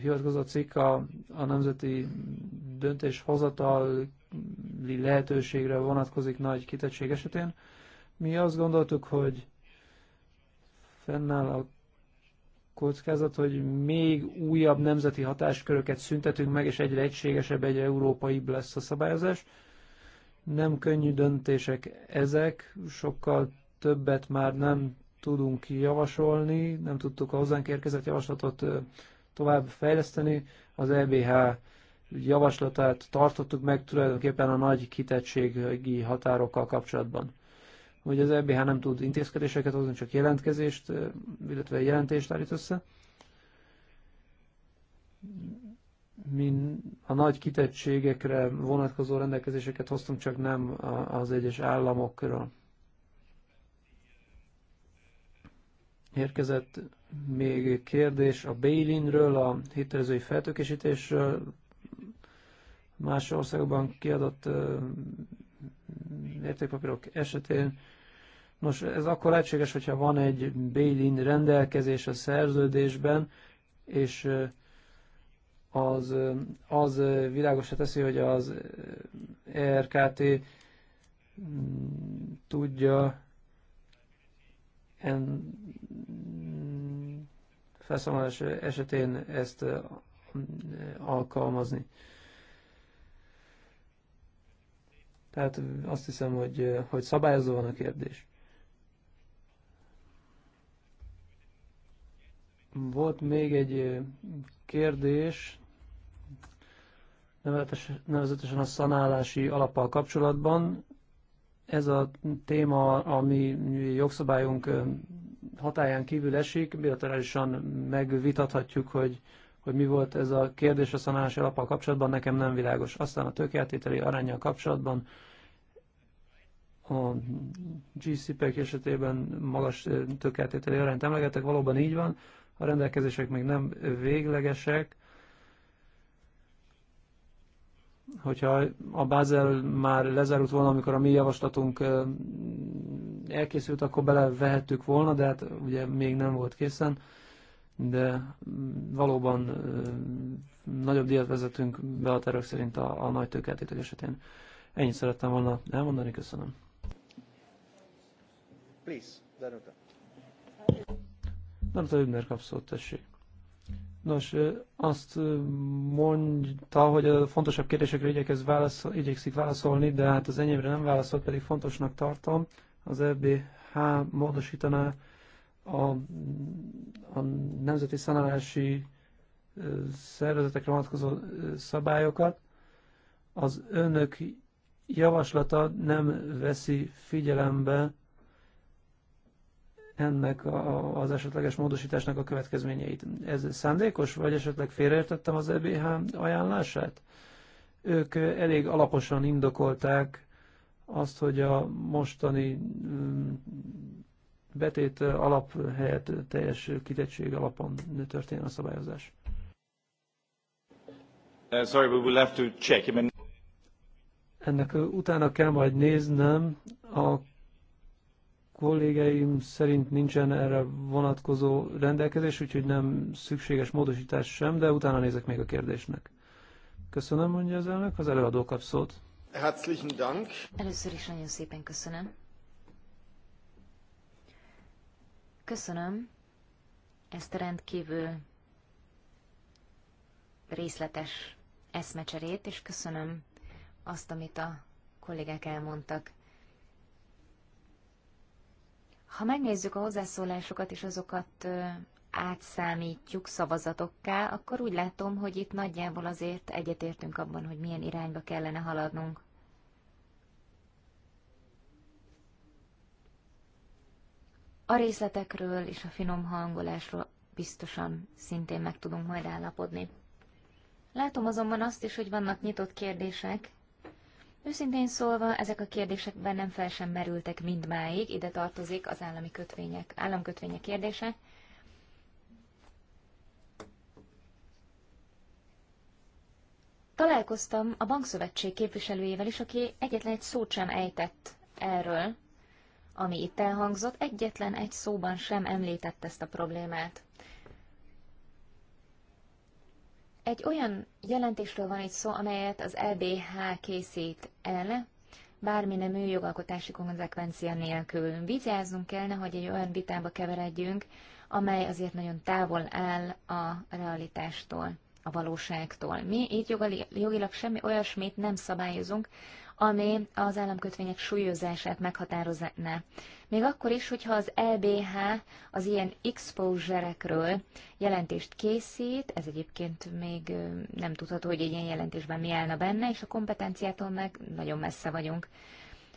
hivatkozott cikk a, a nemzeti döntéshozatali lehetőségre vonatkozik nagy kitettség esetén. Mi azt gondoltuk, hogy fennáll a kockázat, hogy még újabb nemzeti hatásköröket szüntetünk meg, és egyre egységesebb, egy európaibb lesz a szabályozás. Nem könnyű döntések ezek, sokkal többet már nem tudunk javasolni, nem tudtuk a hozzánk érkezett javaslatot tovább fejleszteni. Az EBH javaslatát tartottuk meg tulajdonképpen a nagy kitettségi határokkal kapcsolatban hogy az EBH nem tud intézkedéseket hozni, csak jelentkezést, illetve jelentést állít össze. Mi a nagy kitettségekre vonatkozó rendelkezéseket hoztunk, csak nem az egyes államokra. Érkezett még kérdés a Bélinről, a hitelezői feltökésítésről, más országokban kiadott értékpapírok esetén Nos, ez akkor lehetséges, hogyha van egy bail-in rendelkezés a szerződésben, és az, az világosra teszi, hogy az ERKT mm, tudja en felszámolás esetén ezt alkalmazni. Tehát azt hiszem, hogy, hogy szabályozó van a kérdés. Volt még egy kérdés, nevezetesen a szanálási alappal kapcsolatban. Ez a téma, ami jogszabályunk hatáján kívül esik, bilaterálisan megvitathatjuk, hogy, hogy mi volt ez a kérdés a szanálási alappal kapcsolatban, nekem nem világos. Aztán a tökéletételi arányjal kapcsolatban a GCPEC esetében magas tökéletételi arányt emlegetek, valóban így van. A rendelkezések még nem véglegesek. Hogyha a Bázel már lezárult volna, amikor a mi javaslatunk elkészült, akkor belevehettük volna, de hát ugye még nem volt készen de valóban nagyobb díjat vezetünk be a tervek szerint a, a nagy tőkeltétek esetén. Ennyit szerettem volna elmondani, köszönöm. Please, nem tudom miért kap szót, tessék. Nos, azt mondta, hogy a fontosabb kérdésekre igyekez válaszol, igyekszik válaszolni, de hát az enyémre nem válaszolt, pedig fontosnak tartom. Az EBH módosítaná a, a nemzeti szanálási szervezetekre vonatkozó szabályokat. Az önök javaslata nem veszi figyelembe ennek a, az esetleges módosításnak a következményeit. Ez szándékos, vagy esetleg félreértettem az EBH ajánlását? Ők elég alaposan indokolták azt, hogy a mostani mm, betét alap helyett teljes kitettség alapon történ a szabályozás. Uh, sorry, we will have to check. Ennek utána kell majd néznem a kollégeim szerint nincsen erre vonatkozó rendelkezés, úgyhogy nem szükséges módosítás sem, de utána nézek még a kérdésnek. Köszönöm, mondja az elnök, az előadó kap szót. Herzlichen Dank. Először is nagyon szépen köszönöm. Köszönöm ezt a rendkívül részletes eszmecserét, és köszönöm azt, amit a kollégák elmondtak. Ha megnézzük a hozzászólásokat és azokat átszámítjuk szavazatokká, akkor úgy látom, hogy itt nagyjából azért egyetértünk abban, hogy milyen irányba kellene haladnunk. A részletekről és a finom hangolásról biztosan szintén meg tudunk majd állapodni. Látom azonban azt is, hogy vannak nyitott kérdések, Őszintén szólva, ezek a kérdések bennem fel sem merültek mindmáig, ide tartozik az állami kötvények, államkötvények kérdése. Találkoztam a bankszövetség képviselőjével is, aki egyetlen egy szót sem ejtett erről, ami itt elhangzott, egyetlen egy szóban sem említett ezt a problémát. Egy olyan jelentésről van itt szó, amelyet az LBH készít el, bármi nemű jogalkotási konzekvencia nélkül. Vigyázzunk kellene, hogy egy olyan vitába keveredjünk, amely azért nagyon távol áll a realitástól, a valóságtól. Mi itt jogilag semmi olyasmit nem szabályozunk, ami az államkötvények súlyozását meghatározná. Még akkor is, hogyha az LBH e az ilyen exposure-ekről jelentést készít, ez egyébként még nem tudható, hogy egy ilyen jelentésben mi állna benne, és a kompetenciától meg nagyon messze vagyunk.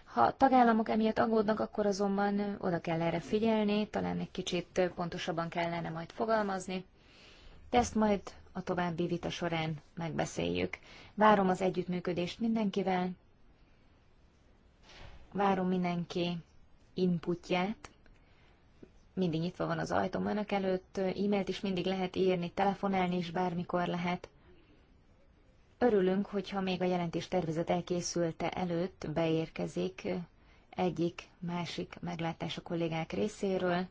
Ha a tagállamok emiatt aggódnak, akkor azonban oda kell erre figyelni, talán egy kicsit pontosabban kellene majd fogalmazni, de ezt majd a további vita során megbeszéljük. Várom az együttműködést mindenkivel, várom mindenki inputját. Mindig nyitva van az ajtóm önök előtt, e-mailt is mindig lehet írni, telefonálni is bármikor lehet. Örülünk, hogyha még a jelentés tervezet elkészülte előtt beérkezik egyik, másik meglátás a kollégák részéről.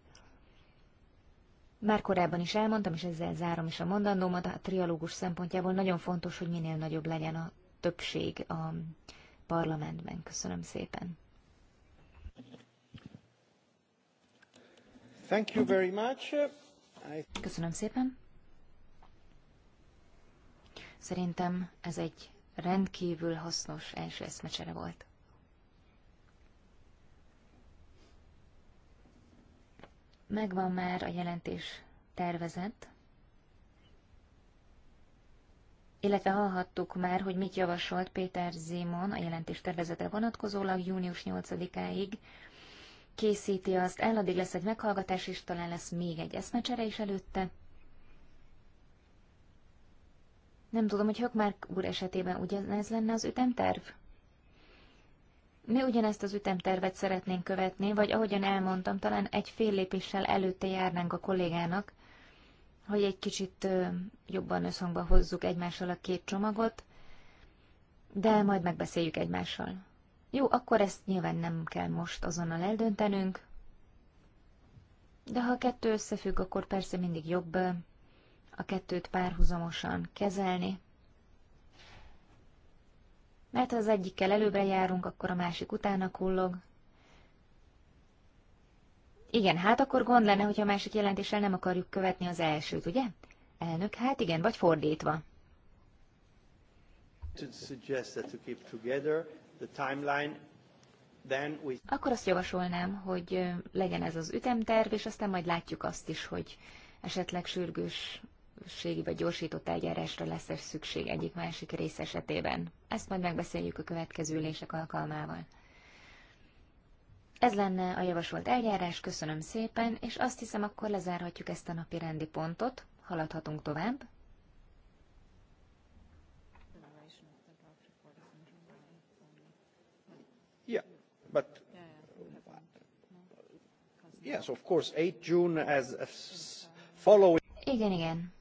Már korábban is elmondtam, és ezzel zárom is a mondandómat, a trialógus szempontjából nagyon fontos, hogy minél nagyobb legyen a többség a parlamentben. Köszönöm szépen. Köszönöm szépen. Szerintem ez egy rendkívül hasznos első eszmecsere volt. Megvan már a jelentés tervezet, illetve hallhattuk már, hogy mit javasolt Péter Zimon a jelentés tervezete vonatkozólag június 8-áig készíti azt el, addig lesz egy meghallgatás, és talán lesz még egy eszmecsere is előtte. Nem tudom, hogy Hökmárk úr esetében ugyanez lenne az ütemterv? Mi ugyanezt az ütemtervet szeretnénk követni, vagy ahogyan elmondtam, talán egy fél lépéssel előtte járnánk a kollégának, hogy egy kicsit jobban összhangba hozzuk egymással a két csomagot, de majd megbeszéljük egymással. Jó, akkor ezt nyilván nem kell most azonnal eldöntenünk, de ha a kettő összefügg, akkor persze mindig jobb a kettőt párhuzamosan kezelni. Mert ha az egyikkel előbbre járunk, akkor a másik utána kullog. Igen, hát akkor gond lenne, hogy a másik jelentéssel nem akarjuk követni az elsőt, ugye? Elnök, hát igen, vagy fordítva. Akkor azt javasolnám, hogy legyen ez az ütemterv, és aztán majd látjuk azt is, hogy esetleg sürgősségi vagy gyorsított eljárásra lesz szükség egyik másik rész esetében. Ezt majd megbeszéljük a következő ülések alkalmával. Ez lenne a javasolt eljárás, köszönöm szépen, és azt hiszem, akkor lezárhatjuk ezt a napi rendi pontot, haladhatunk tovább. But yes, of course, 8 June as a following. Igen, igen.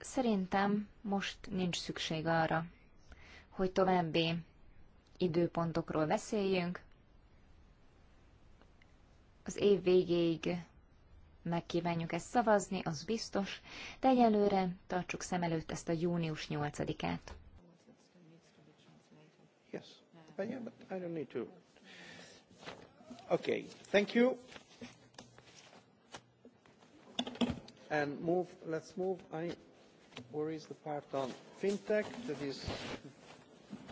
Szerintem most nincs szükség arra, hogy további időpontokról beszéljünk. Az év végéig megkívánjuk ezt szavazni, az biztos, de egyelőre tartsuk szem előtt ezt a június 8-át. But but I don't need to. Okay, thank you. And move, let's move. I, where is the part on fintech? That is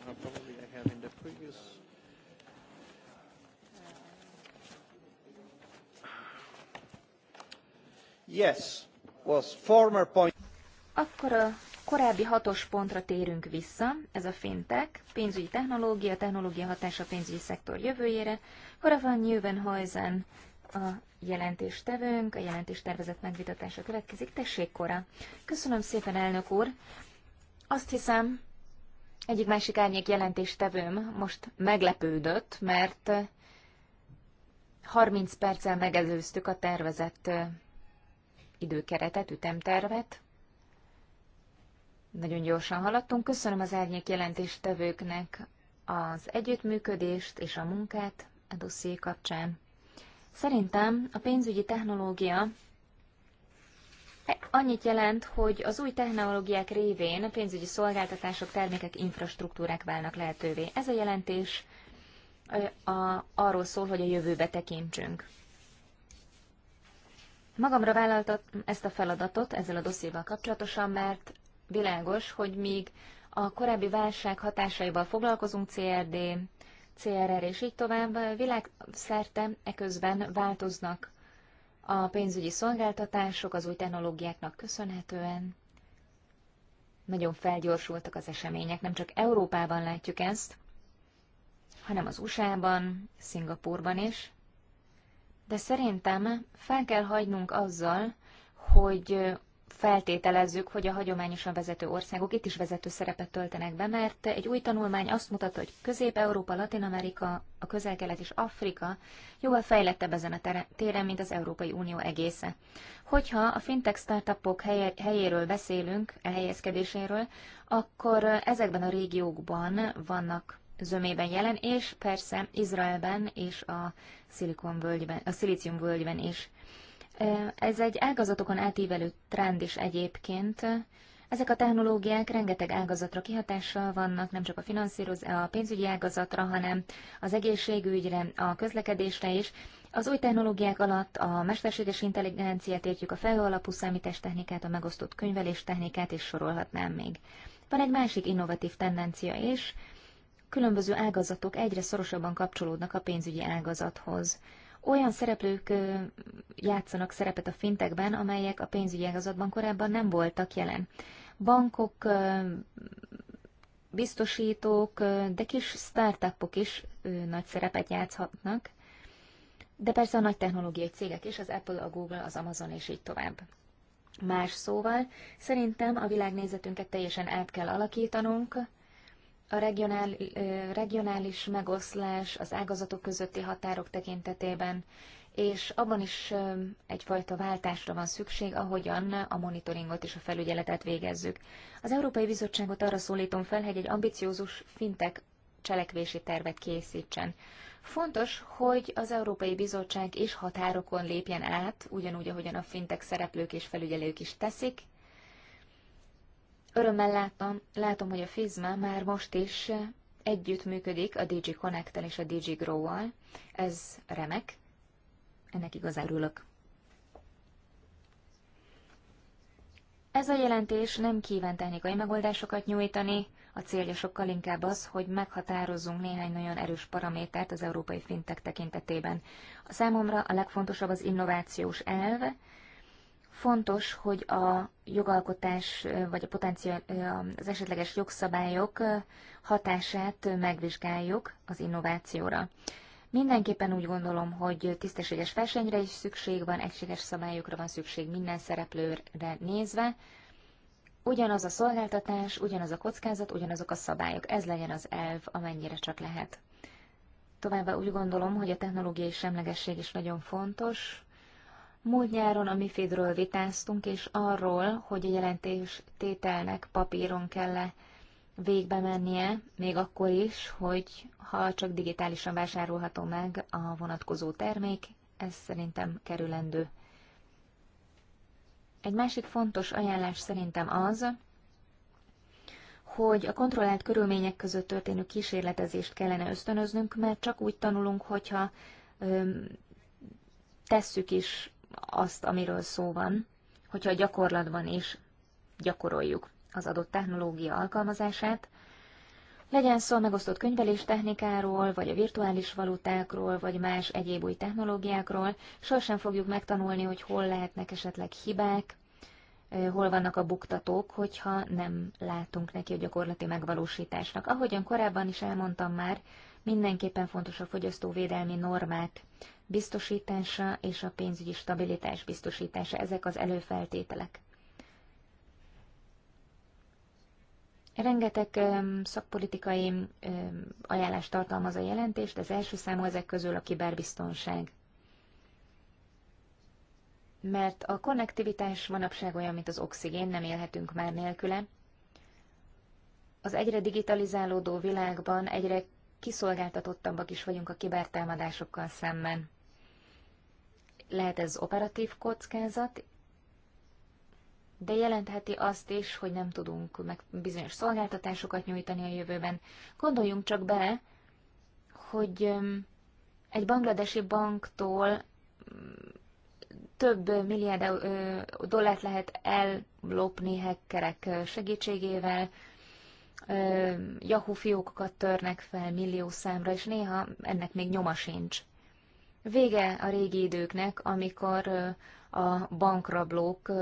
uh, probably I have in the previous. Yes, was former point. Akkor a korábbi hatos pontra térünk vissza, ez a fintek, pénzügyi technológia, technológia hatása a pénzügyi szektor jövőjére. Koraván Nyilvenhajzen a jelentéstevőnk, a jelentéstervezet megvitatása következik. Tessék, Kora! Köszönöm szépen, elnök úr! Azt hiszem, egyik másik árnyék jelentéstevőm most meglepődött, mert 30 perccel megelőztük a tervezett időkeretet, ütemtervet, nagyon gyorsan haladtunk. Köszönöm az árnyék jelentéstevőknek az együttműködést és a munkát a dosszié kapcsán. Szerintem a pénzügyi technológia annyit jelent, hogy az új technológiák révén a pénzügyi szolgáltatások, termékek, infrastruktúrák válnak lehetővé. Ez a jelentés a, arról szól, hogy a jövőbe tekintsünk. Magamra vállaltam ezt a feladatot ezzel a dossziéval kapcsolatosan, mert világos, hogy míg a korábbi válság hatásaival foglalkozunk, CRD, CRR és így tovább, világszerte eközben változnak a pénzügyi szolgáltatások az új technológiáknak köszönhetően. Nagyon felgyorsultak az események, nem csak Európában látjuk ezt, hanem az USA-ban, Szingapurban is. De szerintem fel kell hagynunk azzal, hogy feltételezzük, hogy a hagyományosan vezető országok itt is vezető szerepet töltenek be, mert egy új tanulmány azt mutatta, hogy Közép-Európa, Latin-Amerika, a közel-kelet és Afrika jóval fejlettebb ezen a téren, mint az Európai Unió egésze. Hogyha a fintech startupok helyéről beszélünk, elhelyezkedéséről, akkor ezekben a régiókban vannak zömében jelen, és persze Izraelben és a, a völgyben is. Ez egy ágazatokon átívelő trend is egyébként. Ezek a technológiák rengeteg ágazatra kihatással vannak, nem csak a finanszíroz, a pénzügyi ágazatra, hanem az egészségügyre, a közlekedésre is. Az új technológiák alatt a mesterséges intelligenciát értjük, a felhőalapú számítástechnikát, a megosztott könyvelés technikát is sorolhatnám még. Van egy másik innovatív tendencia is, különböző ágazatok egyre szorosabban kapcsolódnak a pénzügyi ágazathoz olyan szereplők játszanak szerepet a fintekben, amelyek a pénzügyi ágazatban korábban nem voltak jelen. Bankok, biztosítók, de kis startupok is nagy szerepet játszhatnak, de persze a nagy technológiai cégek is, az Apple, a Google, az Amazon és így tovább. Más szóval, szerintem a világnézetünket teljesen át kell alakítanunk, a regionál, regionális megoszlás, az ágazatok közötti határok tekintetében, és abban is egyfajta váltásra van szükség, ahogyan a monitoringot és a felügyeletet végezzük. Az Európai Bizottságot arra szólítom fel, hogy egy ambiciózus fintek cselekvési tervet készítsen. Fontos, hogy az Európai Bizottság is határokon lépjen át, ugyanúgy, ahogyan a fintek szereplők és felügyelők is teszik, Örömmel látom, látom, hogy a FIZMA már most is együttműködik a DG connect és a DG Grow-val. Ez remek. Ennek igazán örülök. Ez a jelentés nem kíván technikai megoldásokat nyújtani, a célja sokkal inkább az, hogy meghatározzunk néhány nagyon erős paramétert az európai fintek tekintetében. A számomra a legfontosabb az innovációs elv, Fontos, hogy a jogalkotás vagy a potenciál, az esetleges jogszabályok hatását megvizsgáljuk az innovációra. Mindenképpen úgy gondolom, hogy tisztességes versenyre is szükség van, egységes szabályokra van szükség minden szereplőre nézve. Ugyanaz a szolgáltatás, ugyanaz a kockázat, ugyanazok a szabályok. Ez legyen az elv, amennyire csak lehet. Továbbá úgy gondolom, hogy a technológiai semlegesség is nagyon fontos. Múlt nyáron a MIFID-ről vitáztunk, és arról, hogy a jelentés tételnek papíron kell -e végbe mennie, még akkor is, hogy ha csak digitálisan vásárolható meg a vonatkozó termék, ez szerintem kerülendő. Egy másik fontos ajánlás szerintem az, hogy a kontrollált körülmények között történő kísérletezést kellene ösztönöznünk, mert csak úgy tanulunk, hogyha öm, tesszük is azt, amiről szó van, hogyha a gyakorlatban is gyakoroljuk az adott technológia alkalmazását, legyen szó a megosztott könyvelés technikáról, vagy a virtuális valutákról, vagy más egyéb új technológiákról, sosem fogjuk megtanulni, hogy hol lehetnek esetleg hibák, hol vannak a buktatók, hogyha nem látunk neki a gyakorlati megvalósításnak. Ahogyan korábban is elmondtam már, Mindenképpen fontos a fogyasztóvédelmi normák biztosítása és a pénzügyi stabilitás biztosítása. Ezek az előfeltételek. Rengeteg szakpolitikai ajánlást tartalmaz a jelentést, az első számú ezek közül a kiberbiztonság. Mert a konnektivitás manapság olyan, mint az oxigén, nem élhetünk már nélküle. Az egyre digitalizálódó világban egyre kiszolgáltatottabbak is vagyunk a kibertámadásokkal szemben. Lehet ez operatív kockázat, de jelentheti azt is, hogy nem tudunk meg bizonyos szolgáltatásokat nyújtani a jövőben. Gondoljunk csak bele, hogy egy bangladesi banktól több milliárd dollárt lehet ellopni hekkerek segítségével, Yahoo fiókokat törnek fel millió számra, és néha ennek még nyoma sincs. Vége a régi időknek, amikor a bankrablók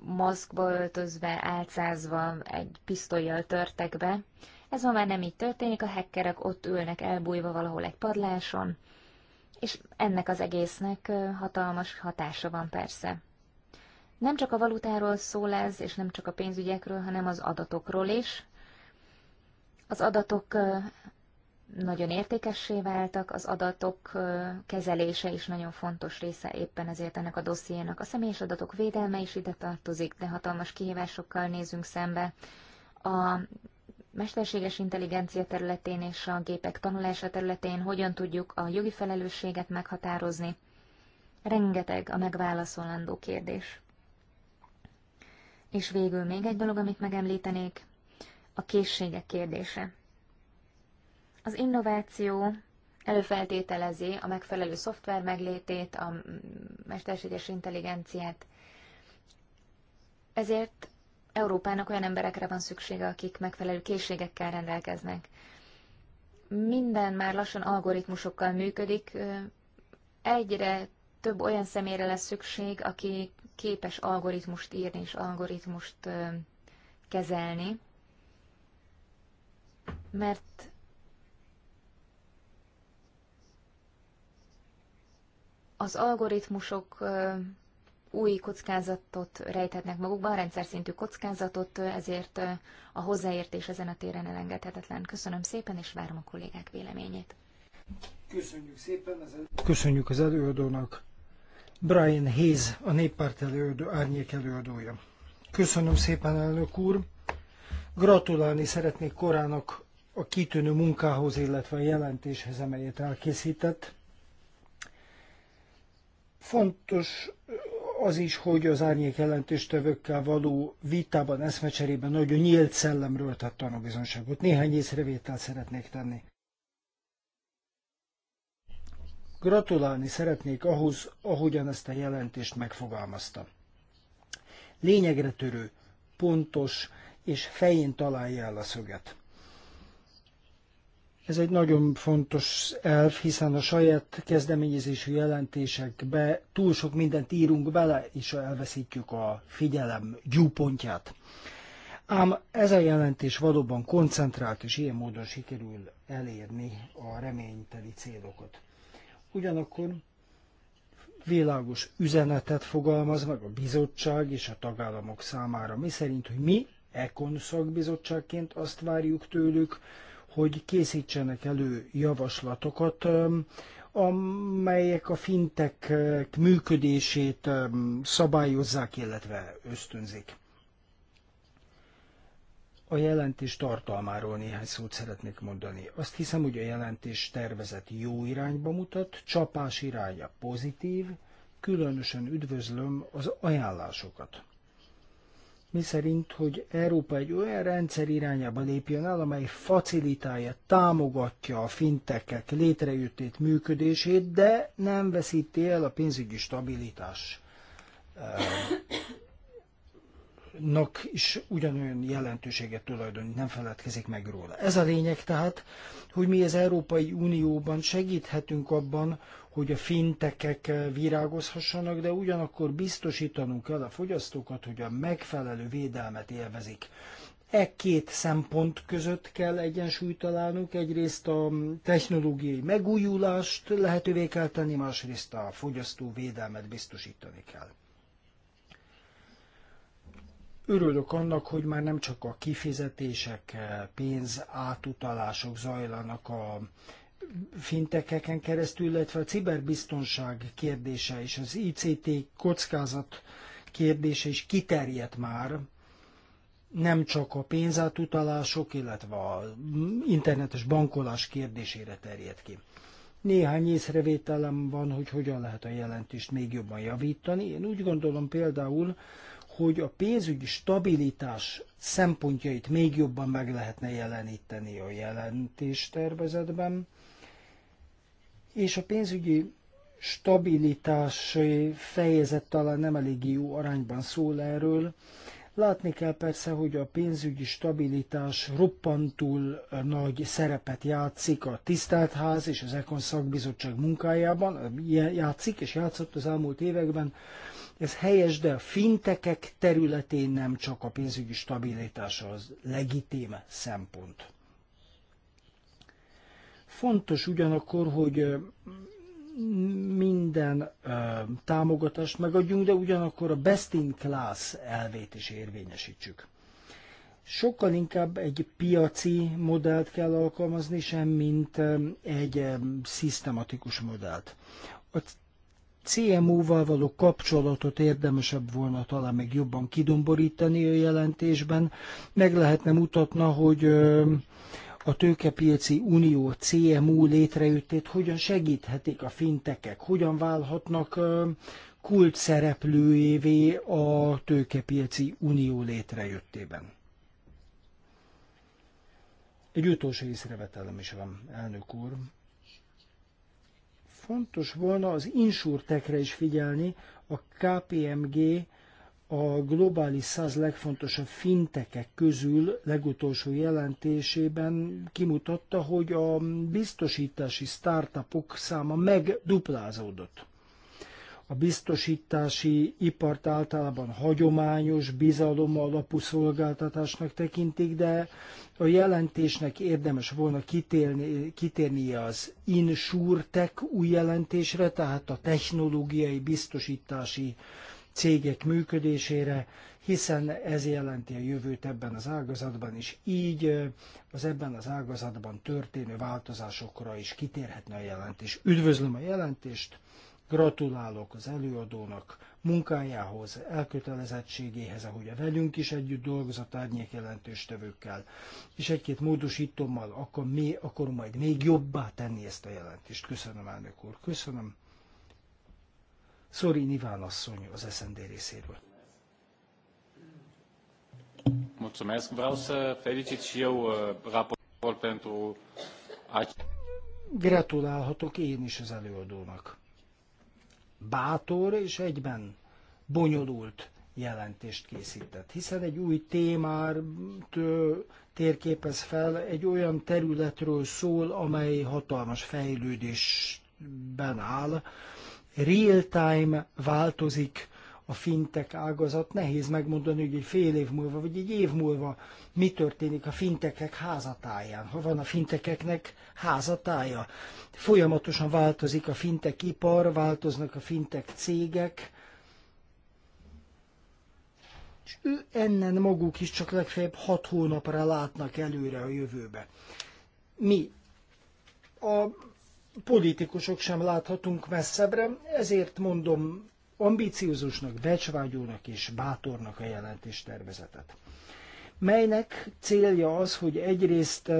maszkba öltözve, álcázva, egy pisztolyjal törtek be. Ez ma már nem így történik, a hackerek ott ülnek elbújva valahol egy padláson, és ennek az egésznek hatalmas hatása van persze. Nem csak a valutáról szól ez, és nem csak a pénzügyekről, hanem az adatokról is. Az adatok nagyon értékessé váltak, az adatok kezelése is nagyon fontos része éppen ezért ennek a dossziénak. A személyes adatok védelme is ide tartozik, de hatalmas kihívásokkal nézünk szembe. A mesterséges intelligencia területén és a gépek tanulása területén hogyan tudjuk a jogi felelősséget meghatározni. Rengeteg a megválaszolandó kérdés. És végül még egy dolog, amit megemlítenék, a készségek kérdése. Az innováció előfeltételezi a megfelelő szoftver meglétét, a mesterséges intelligenciát. Ezért Európának olyan emberekre van szüksége, akik megfelelő készségekkel rendelkeznek. Minden már lassan algoritmusokkal működik, egyre több olyan személyre lesz szükség, aki képes algoritmust írni és algoritmust kezelni, mert az algoritmusok új kockázatot rejthetnek magukban, rendszer szintű kockázatot, ezért a hozzáértés ezen a téren elengedhetetlen. Köszönöm szépen, és várom a kollégák véleményét. Köszönjük szépen, az, el... Köszönjük az előadónak. Brian Hayes, a néppárt előadó, árnyék előadója. Köszönöm szépen, elnök úr! Gratulálni szeretnék korának a kitűnő munkához, illetve a jelentéshez, amelyet elkészített. Fontos az is, hogy az árnyék jelentéstevőkkel való vitában, eszmecserében nagyon nyílt szellemről tett tanúbizonságot. Néhány észrevételt szeretnék tenni. Gratulálni szeretnék ahhoz, ahogyan ezt a jelentést megfogalmazta. Lényegre törő, pontos és fején találja el a szöget. Ez egy nagyon fontos elv, hiszen a saját kezdeményezésű jelentésekbe túl sok mindent írunk bele, és elveszítjük a figyelem gyúpontját. Ám ez a jelentés valóban koncentrált, és ilyen módon sikerül elérni a reményteli célokat. Ugyanakkor világos üzenetet fogalmaz meg a bizottság és a tagállamok számára, mi szerint, hogy mi Ekon szakbizottságként azt várjuk tőlük, hogy készítsenek elő javaslatokat, amelyek a fintek működését szabályozzák, illetve ösztönzik a jelentés tartalmáról néhány szót szeretnék mondani. Azt hiszem, hogy a jelentés tervezet jó irányba mutat, csapás iránya pozitív, különösen üdvözlöm az ajánlásokat. Mi szerint, hogy Európa egy olyan rendszer irányába lépjen el, amely facilitálja, támogatja a fintekek létrejöttét, működését, de nem veszíti el a pénzügyi stabilitás eh, nak is ugyanolyan jelentőséget tulajdonít, nem feledkezik meg róla. Ez a lényeg tehát, hogy mi az Európai Unióban segíthetünk abban, hogy a fintekek virágozhassanak, de ugyanakkor biztosítanunk kell a fogyasztókat, hogy a megfelelő védelmet élvezik. E két szempont között kell egyensúlyt találnunk, egyrészt a technológiai megújulást lehetővé kell tenni, másrészt a fogyasztó védelmet biztosítani kell. Örülök annak, hogy már nem csak a kifizetések, pénz átutalások zajlanak a fintekeken keresztül, illetve a ciberbiztonság kérdése és az ICT kockázat kérdése is kiterjedt már, nem csak a pénzátutalások, illetve a internetes bankolás kérdésére terjed ki. Néhány észrevételem van, hogy hogyan lehet a jelentést még jobban javítani. Én úgy gondolom például, hogy a pénzügyi stabilitás szempontjait még jobban meg lehetne jeleníteni a jelentéstervezetben, és a pénzügyi stabilitás fejezet talán nem elég jó arányban szól erről. Látni kell persze, hogy a pénzügyi stabilitás roppantul nagy szerepet játszik a tisztelt ház és az Ekon szakbizottság munkájában, játszik és játszott az elmúlt években, ez helyes, de a fintekek területén nem csak a pénzügyi stabilitás az legitim szempont. Fontos ugyanakkor, hogy minden ö, támogatást megadjunk, de ugyanakkor a best in class elvét is érvényesítsük. Sokkal inkább egy piaci modellt kell alkalmazni, sem mint egy szisztematikus modellt. A CMO-val való kapcsolatot érdemesebb volna talán még jobban kidomborítani a jelentésben. Meg lehetne mutatna, hogy a tőkepiaci unió CMU létrejöttét hogyan segíthetik a fintekek, hogyan válhatnak kult szereplőjévé a tőkepiaci unió létrejöttében. Egy utolsó észrevetelem is van, elnök úr fontos volna az insurtekre is figyelni, a KPMG a globális száz legfontosabb fintekek közül legutolsó jelentésében kimutatta, hogy a biztosítási startupok száma megduplázódott. A biztosítási ipart általában hagyományos, bizalom alapú szolgáltatásnak tekintik, de a jelentésnek érdemes volna kitérni, kitérnie az insurtech új jelentésre, tehát a technológiai biztosítási cégek működésére, hiszen ez jelenti a jövőt ebben az ágazatban, és így az ebben az ágazatban történő változásokra is kitérhetne a jelentés. Üdvözlöm a jelentést, Gratulálok az előadónak, munkájához, elkötelezettségéhez, ahogy a velünk is együtt dolgozott árnyék tevőkkel, és egy-két módosítommal, akkor, mi, akkor majd még jobbá tenni ezt a jelentést. Köszönöm, elnök úr, köszönöm. Szóri Iván asszony az SZND részéről. Mulțumesc. Vreau să felicit și eu uh, raport pentru Gratulálhatok én is az előadónak bátor és egyben bonyolult jelentést készített, hiszen egy új témát térképez fel, egy olyan területről szól, amely hatalmas fejlődésben áll, real-time változik, a fintek ágazat, nehéz megmondani, hogy egy fél év múlva, vagy egy év múlva mi történik a fintekek házatáján, ha van a fintekeknek házatája. Folyamatosan változik a fintek ipar, változnak a fintek cégek, és ő ennen maguk is csak legfeljebb hat hónapra látnak előre a jövőbe. Mi a politikusok sem láthatunk messzebbre, ezért mondom ambíciózusnak, becsvágyónak és bátornak a jelentéstervezetet, melynek célja az, hogy egyrészt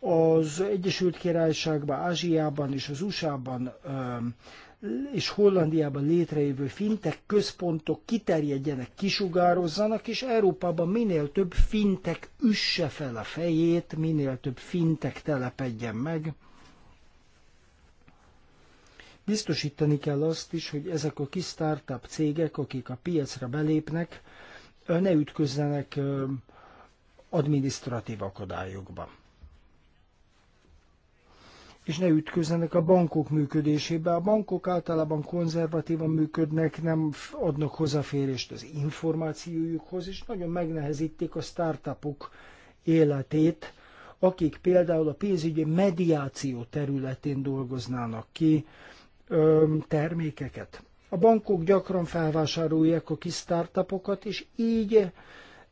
az Egyesült Királyságban, Ázsiában és az USA-ban és Hollandiában létrejövő fintek központok kiterjedjenek, kisugározzanak, és Európában minél több fintek üsse fel a fejét, minél több fintek telepedjen meg, Biztosítani kell azt is, hogy ezek a kis startup cégek, akik a piacra belépnek, ne ütközzenek administratív akadályokba. És ne ütközzenek a bankok működésébe. A bankok általában konzervatívan működnek, nem adnak hozzáférést az információjukhoz, és nagyon megnehezítik a startupok életét, akik például a pénzügyi mediáció területén dolgoznának ki, termékeket. A bankok gyakran felvásárolják a kis startupokat, és így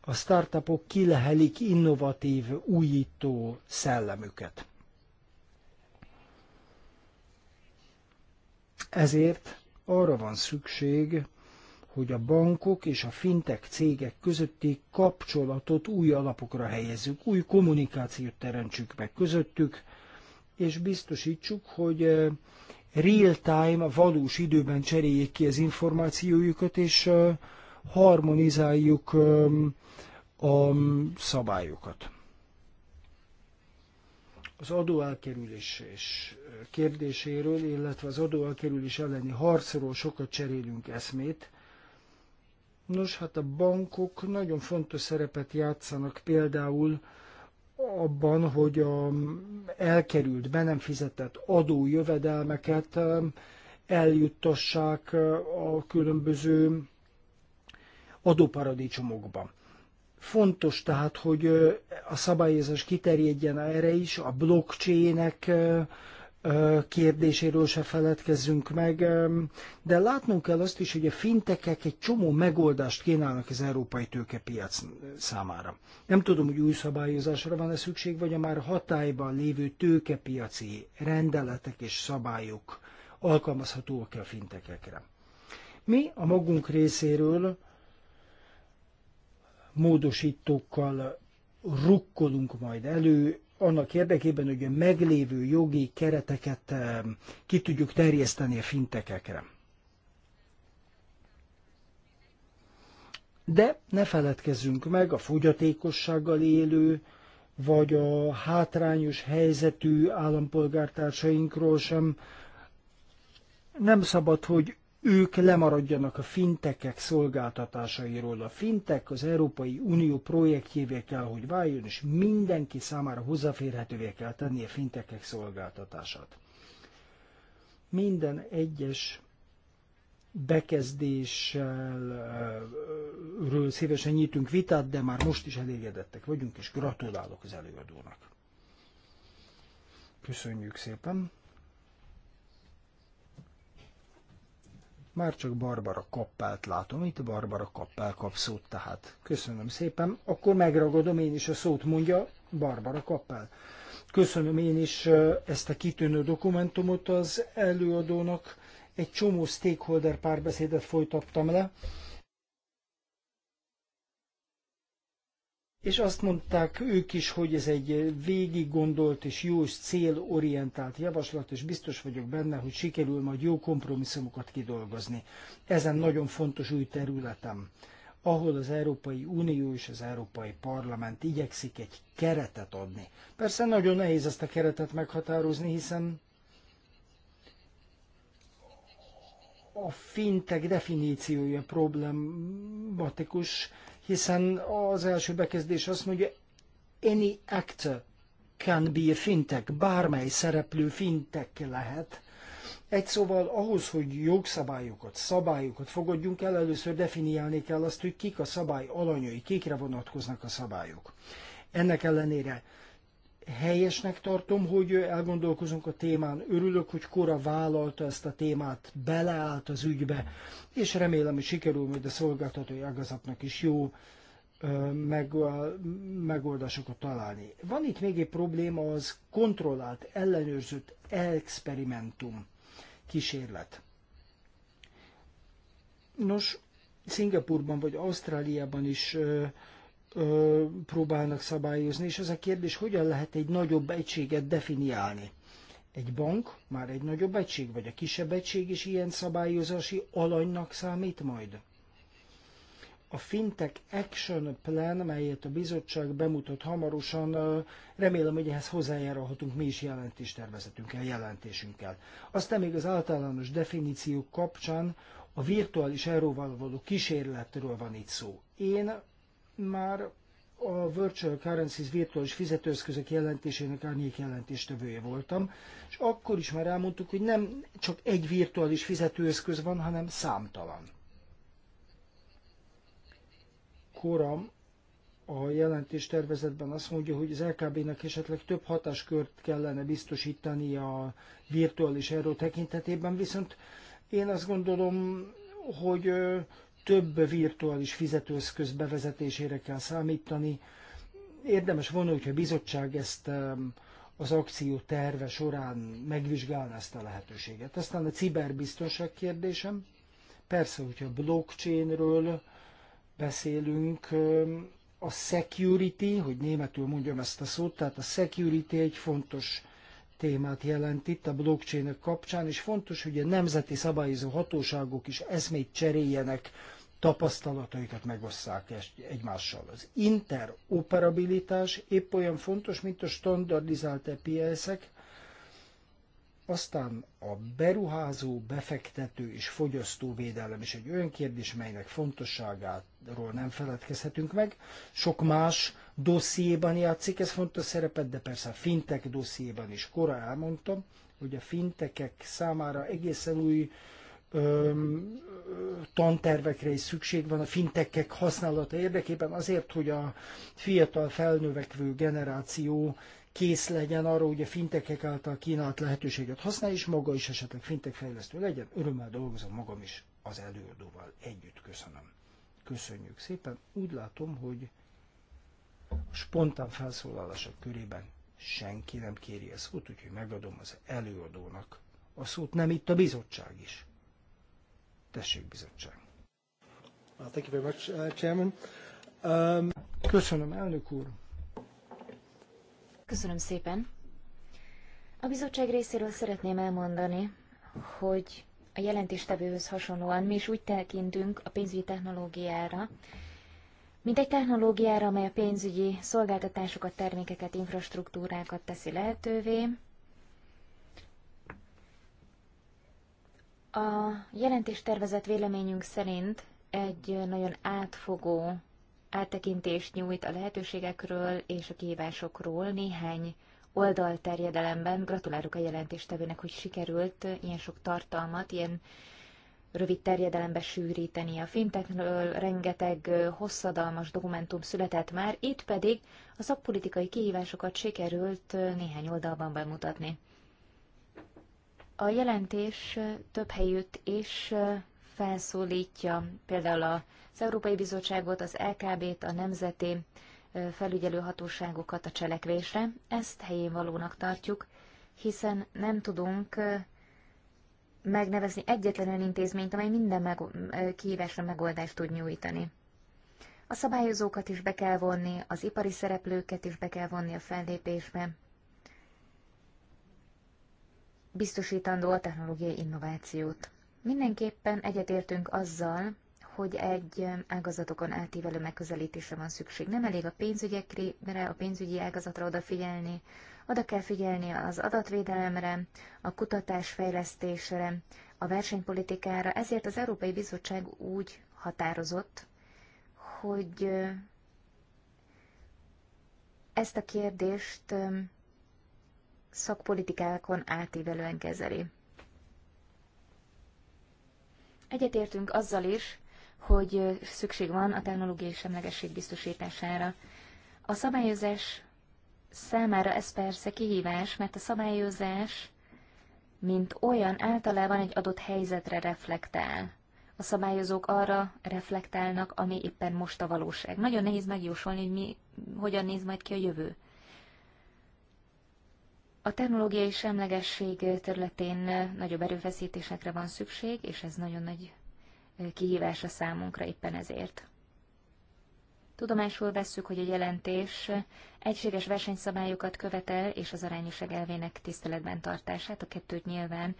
a startupok kilehelik innovatív, újító szellemüket. Ezért arra van szükség, hogy a bankok és a fintek cégek közötti kapcsolatot új alapokra helyezzük, új kommunikációt teremtsük meg közöttük, és biztosítsuk, hogy real-time, valós időben cseréljék ki az információjukat, és harmonizáljuk a szabályokat. Az adóelkerülés és kérdéséről, illetve az adóelkerülés elleni harcról sokat cserélünk eszmét. Nos, hát a bankok nagyon fontos szerepet játszanak például abban, hogy a um, elkerült, be nem fizetett adójövedelmeket um, eljuttassák uh, a különböző adóparadicsomokba. Fontos tehát, hogy uh, a szabályozás kiterjedjen erre is, a blockchainek uh, kérdéséről se feledkezzünk meg, de látnunk kell azt is, hogy a fintekek egy csomó megoldást kínálnak az európai tőkepiac számára. Nem tudom, hogy új szabályozásra van-e szükség, vagy a már hatályban lévő tőkepiaci rendeletek és szabályok alkalmazhatóak-e a fintekekre. Mi a magunk részéről módosítókkal rukkolunk majd elő, annak érdekében, hogy a meglévő jogi kereteket eh, ki tudjuk terjeszteni a fintekekre. De ne feledkezzünk meg a fogyatékossággal élő, vagy a hátrányos helyzetű állampolgártársainkról sem. Nem szabad, hogy ők lemaradjanak a fintekek szolgáltatásairól. A fintek az Európai Unió projektjévé kell, hogy váljon, és mindenki számára hozzáférhetővé kell tenni a fintekek szolgáltatását. Minden egyes bekezdésről szívesen nyitunk vitát, de már most is elégedettek vagyunk, és gratulálok az előadónak. Köszönjük szépen! Már csak Barbara Kappelt látom, itt Barbara Kappel kap szót tehát. Köszönöm szépen, akkor megragadom én is a szót, mondja Barbara Kappel. Köszönöm én is ezt a kitűnő dokumentumot az előadónak. Egy csomó stakeholder párbeszédet folytattam le és azt mondták ők is, hogy ez egy végig gondolt és jó és célorientált javaslat, és biztos vagyok benne, hogy sikerül majd jó kompromisszumokat kidolgozni. Ezen nagyon fontos új területem, ahol az Európai Unió és az Európai Parlament igyekszik egy keretet adni. Persze nagyon nehéz ezt a keretet meghatározni, hiszen a fintek definíciója problematikus, hiszen az első bekezdés azt mondja, any actor can be a fintech, bármely szereplő fintech lehet. Egy szóval ahhoz, hogy jogszabályokat, szabályokat fogadjunk el, először definiálni kell azt, hogy kik a szabály alanyai, kikre vonatkoznak a szabályok. Ennek ellenére helyesnek tartom, hogy elgondolkozunk a témán. Örülök, hogy Kora vállalta ezt a témát, beleállt az ügybe, és remélem, hogy sikerül majd a szolgáltatói ágazatnak is jó meg, megoldásokat találni. Van itt még egy probléma, az kontrollált, ellenőrzött experimentum kísérlet. Nos, Szingapurban vagy Ausztráliában is ö, próbálnak szabályozni, és az a kérdés, hogyan lehet egy nagyobb egységet definiálni. Egy bank már egy nagyobb egység, vagy a kisebb egység is ilyen szabályozási alanynak számít majd? a Fintech Action Plan, melyet a bizottság bemutat hamarosan, remélem, hogy ehhez hozzájárulhatunk mi is tervezetünkkel, jelentésünkkel. Aztán még az általános definíciók kapcsán a virtuális euróval való kísérletről van itt szó. Én már a Virtual Currencies virtuális fizetőeszközök jelentésének árnyék jelentéstevője voltam, és akkor is már elmondtuk, hogy nem csak egy virtuális fizetőeszköz van, hanem számtalan. Koram a jelentés tervezetben azt mondja, hogy az LKB-nek esetleg több hatáskört kellene biztosítani a virtuális erő tekintetében, viszont én azt gondolom, hogy több virtuális fizetőeszköz bevezetésére kell számítani. Érdemes volna, hogyha a bizottság ezt az akció terve során megvizsgálná ezt a lehetőséget. Aztán a ciberbiztonság kérdésem. Persze, hogyha blockchainről beszélünk, a security, hogy németül mondjam ezt a szót, tehát a security egy fontos témát jelent itt a blockchain kapcsán, és fontos, hogy a nemzeti szabályozó hatóságok is eszmét cseréljenek tapasztalataikat megosszák egymással. Az interoperabilitás épp olyan fontos, mint a standardizált EPS-ek, aztán a beruházó, befektető és védelem is egy olyan kérdés, melynek fontosságáról nem feledkezhetünk meg. Sok más dossziéban játszik ez fontos szerepet, de persze a fintek dossziéban is. Kora elmondtam, hogy a fintekek számára egészen új uh, tantervekre is szükség van a fintekek használata érdekében, azért, hogy a fiatal felnövekvő generáció kész legyen arra, hogy a fintekek által kínált lehetőséget használ, és maga is esetleg fintek fejlesztő legyen. Örömmel dolgozom magam is az előadóval együtt. Köszönöm. Köszönjük szépen. Úgy látom, hogy a spontán felszólalások körében senki nem kéri a szót, úgyhogy megadom az előadónak a szót, nem itt a bizottság is. Tessék, bizottság. Thank you very much, uh, Chairman. Um... Köszönöm, elnök úr. Köszönöm szépen. A bizottság részéről szeretném elmondani, hogy a jelentéstevőhöz hasonlóan mi is úgy tekintünk a pénzügyi technológiára, mint egy technológiára, amely a pénzügyi szolgáltatásokat, termékeket, infrastruktúrákat teszi lehetővé, A jelentés tervezett véleményünk szerint egy nagyon átfogó áttekintést nyújt a lehetőségekről és a kihívásokról néhány terjedelemben. Gratulálok a jelentéstevőnek, hogy sikerült ilyen sok tartalmat, ilyen rövid terjedelembe sűríteni. A fintekről rengeteg hosszadalmas dokumentum született már, itt pedig a szakpolitikai kihívásokat sikerült néhány oldalban bemutatni. A jelentés több helyütt is felszólítja például az Európai Bizottságot, az LKB-t, a Nemzeti Felügyelő Hatóságokat a cselekvésre. Ezt helyén valónak tartjuk, hiszen nem tudunk megnevezni egyetlen olyan intézményt, amely minden meg, kihívásra megoldást tud nyújtani. A szabályozókat is be kell vonni, az ipari szereplőket is be kell vonni a fellépésbe biztosítandó a technológiai innovációt. Mindenképpen egyetértünk azzal, hogy egy ágazatokon átívelő megközelítésre van szükség. Nem elég a pénzügyekre, a pénzügyi ágazatra odafigyelni, oda kell figyelni az adatvédelemre, a kutatás fejlesztésre, a versenypolitikára, ezért az Európai Bizottság úgy határozott, hogy ezt a kérdést szakpolitikákon átívelően kezeli. Egyetértünk azzal is, hogy szükség van a technológiai semlegesség biztosítására. A szabályozás számára ez persze kihívás, mert a szabályozás, mint olyan, általában egy adott helyzetre reflektál. A szabályozók arra reflektálnak, ami éppen most a valóság. Nagyon nehéz megjósolni, hogy mi, hogyan néz majd ki a jövő. A technológiai semlegesség területén nagyobb erőfeszítésekre van szükség, és ez nagyon nagy kihívás a számunkra éppen ezért. Tudomásul vesszük, hogy a jelentés egységes versenyszabályokat követel, és az arányoság elvének tiszteletben tartását, a kettőt nyilván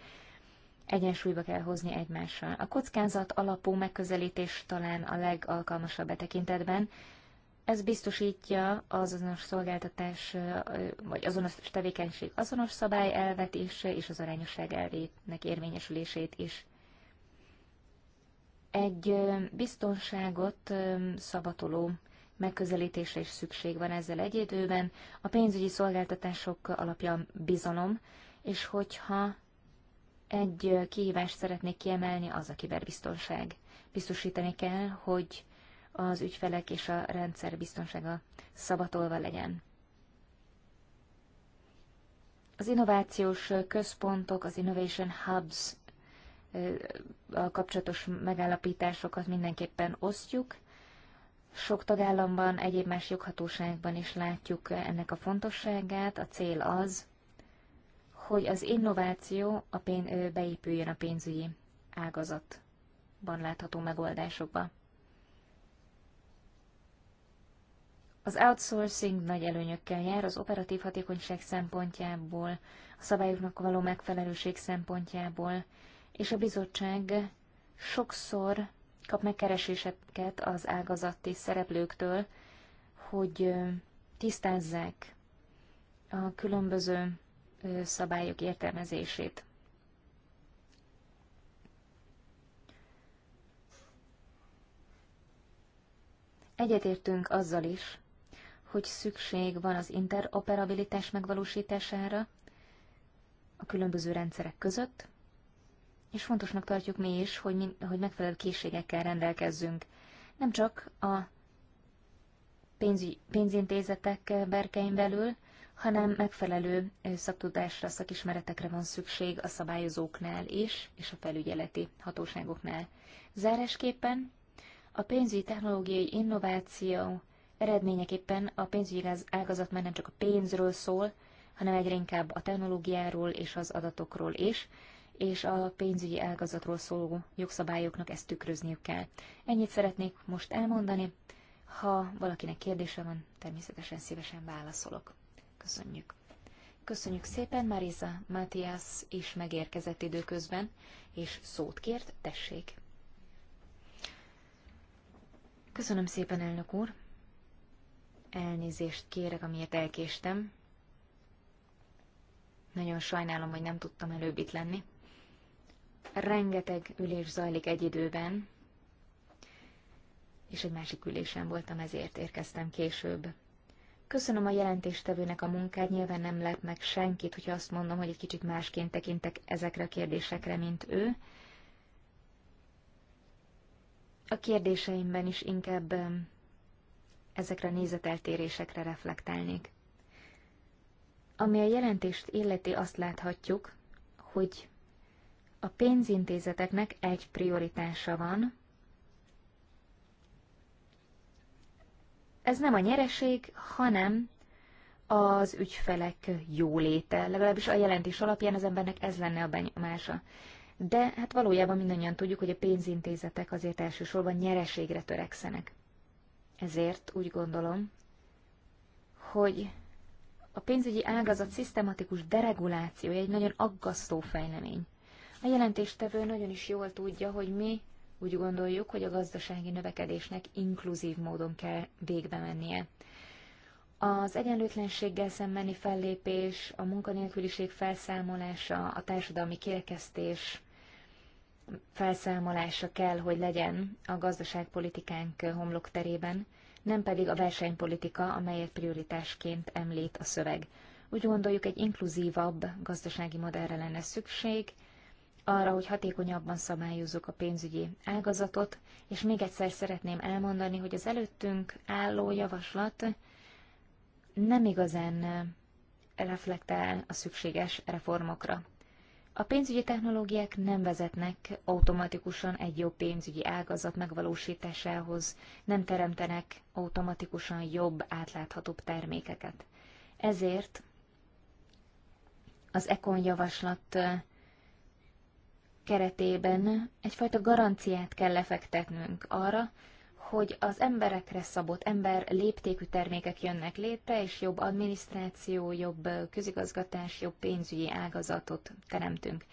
egyensúlyba kell hozni egymással. A kockázat alapú megközelítés talán a legalkalmasabb betekintetben, ez biztosítja az azonos szolgáltatás, vagy azonos tevékenység azonos szabály elvet is, és az arányosság elvének érvényesülését is. Egy biztonságot szavatoló megközelítésre is szükség van ezzel egy időben. A pénzügyi szolgáltatások alapja bizalom, és hogyha egy kihívást szeretnék kiemelni, az a kiberbiztonság. Biztosítani kell, hogy az ügyfelek és a rendszer biztonsága szabatolva legyen. Az innovációs központok, az Innovation Hubs a kapcsolatos megállapításokat mindenképpen osztjuk. Sok tagállamban, egyéb más joghatóságban is látjuk ennek a fontosságát. A cél az, hogy az innováció a pénz, beépüljön a pénzügyi ágazatban látható megoldásokba. Az outsourcing nagy előnyökkel jár az operatív hatékonyság szempontjából, a szabályoknak való megfelelőség szempontjából, és a bizottság sokszor kap megkereséseket az ágazati szereplőktől, hogy tisztázzák a különböző szabályok értelmezését. Egyetértünk azzal is, hogy szükség van az interoperabilitás megvalósítására a különböző rendszerek között, és fontosnak tartjuk mi is, hogy, mi, hogy megfelelő készségekkel rendelkezzünk. Nem csak a pénzügy, pénzintézetek berkein belül, hanem megfelelő szaktudásra, szakismeretekre van szükség a szabályozóknál is, és a felügyeleti hatóságoknál. Zárásképpen a pénzügyi technológiai innováció Eredményeképpen a pénzügyi ágazat már nem csak a pénzről szól, hanem egyre inkább a technológiáról és az adatokról is, és a pénzügyi ágazatról szóló jogszabályoknak ezt tükrözniük kell. Ennyit szeretnék most elmondani. Ha valakinek kérdése van, természetesen szívesen válaszolok. Köszönjük. Köszönjük szépen, Marisa Matthias is megérkezett időközben, és szót kért, tessék. Köszönöm szépen, elnök úr. Elnézést kérek, amiért elkéstem. Nagyon sajnálom, hogy nem tudtam előbb itt lenni. Rengeteg ülés zajlik egy időben, és egy másik ülésen voltam, ezért érkeztem később. Köszönöm a jelentéstevőnek a munkát, nyilván nem lep meg senkit, hogyha azt mondom, hogy egy kicsit másként tekintek ezekre a kérdésekre, mint ő. A kérdéseimben is inkább ezekre a nézeteltérésekre reflektálnék. Ami a jelentést illeti, azt láthatjuk, hogy a pénzintézeteknek egy prioritása van. Ez nem a nyereség, hanem az ügyfelek jóléte. Legalábbis a jelentés alapján az embernek ez lenne a benyomása. De hát valójában mindannyian tudjuk, hogy a pénzintézetek azért elsősorban nyereségre törekszenek. Ezért úgy gondolom, hogy a pénzügyi ágazat szisztematikus deregulációja egy nagyon aggasztó fejlemény. A jelentéstevő nagyon is jól tudja, hogy mi úgy gondoljuk, hogy a gazdasági növekedésnek inkluzív módon kell végbe mennie. Az egyenlőtlenséggel szembeni fellépés, a munkanélküliség felszámolása, a társadalmi kirekesztés felszámolása kell, hogy legyen a gazdaságpolitikánk homlokterében, nem pedig a versenypolitika, amelyet prioritásként említ a szöveg. Úgy gondoljuk, egy inkluzívabb gazdasági modellre lenne szükség, arra, hogy hatékonyabban szabályozzuk a pénzügyi ágazatot, és még egyszer szeretném elmondani, hogy az előttünk álló javaslat nem igazán reflektál a szükséges reformokra. A pénzügyi technológiák nem vezetnek automatikusan egy jobb pénzügyi ágazat megvalósításához, nem teremtenek automatikusan jobb, átláthatóbb termékeket. Ezért az ECON javaslat keretében egyfajta garanciát kell lefektetnünk arra, hogy az emberekre szabott ember léptékű termékek jönnek létre, és jobb adminisztráció, jobb közigazgatás, jobb pénzügyi ágazatot teremtünk.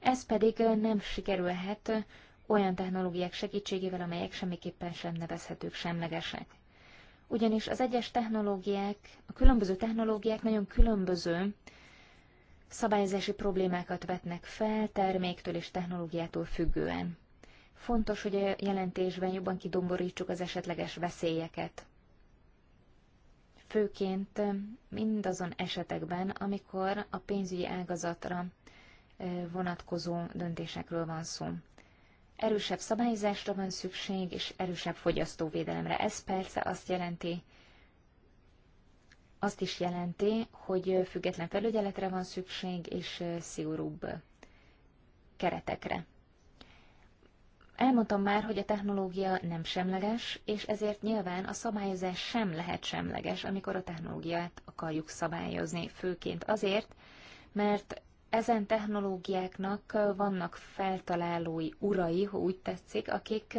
Ez pedig nem sikerülhet olyan technológiák segítségével, amelyek semmiképpen sem nevezhetők semlegesek. Ugyanis az egyes technológiák, a különböző technológiák nagyon különböző szabályozási problémákat vetnek fel terméktől és technológiától függően. Fontos, hogy a jelentésben jobban kidomborítsuk az esetleges veszélyeket. Főként mindazon esetekben, amikor a pénzügyi ágazatra vonatkozó döntésekről van szó. Erősebb szabályozásra van szükség, és erősebb fogyasztóvédelemre. Ez persze azt jelenti, azt is jelenti, hogy független felügyeletre van szükség, és szigorúbb keretekre. Elmondtam már, hogy a technológia nem semleges, és ezért nyilván a szabályozás sem lehet semleges, amikor a technológiát akarjuk szabályozni, főként azért, mert ezen technológiáknak vannak feltalálói urai, ha úgy tetszik, akik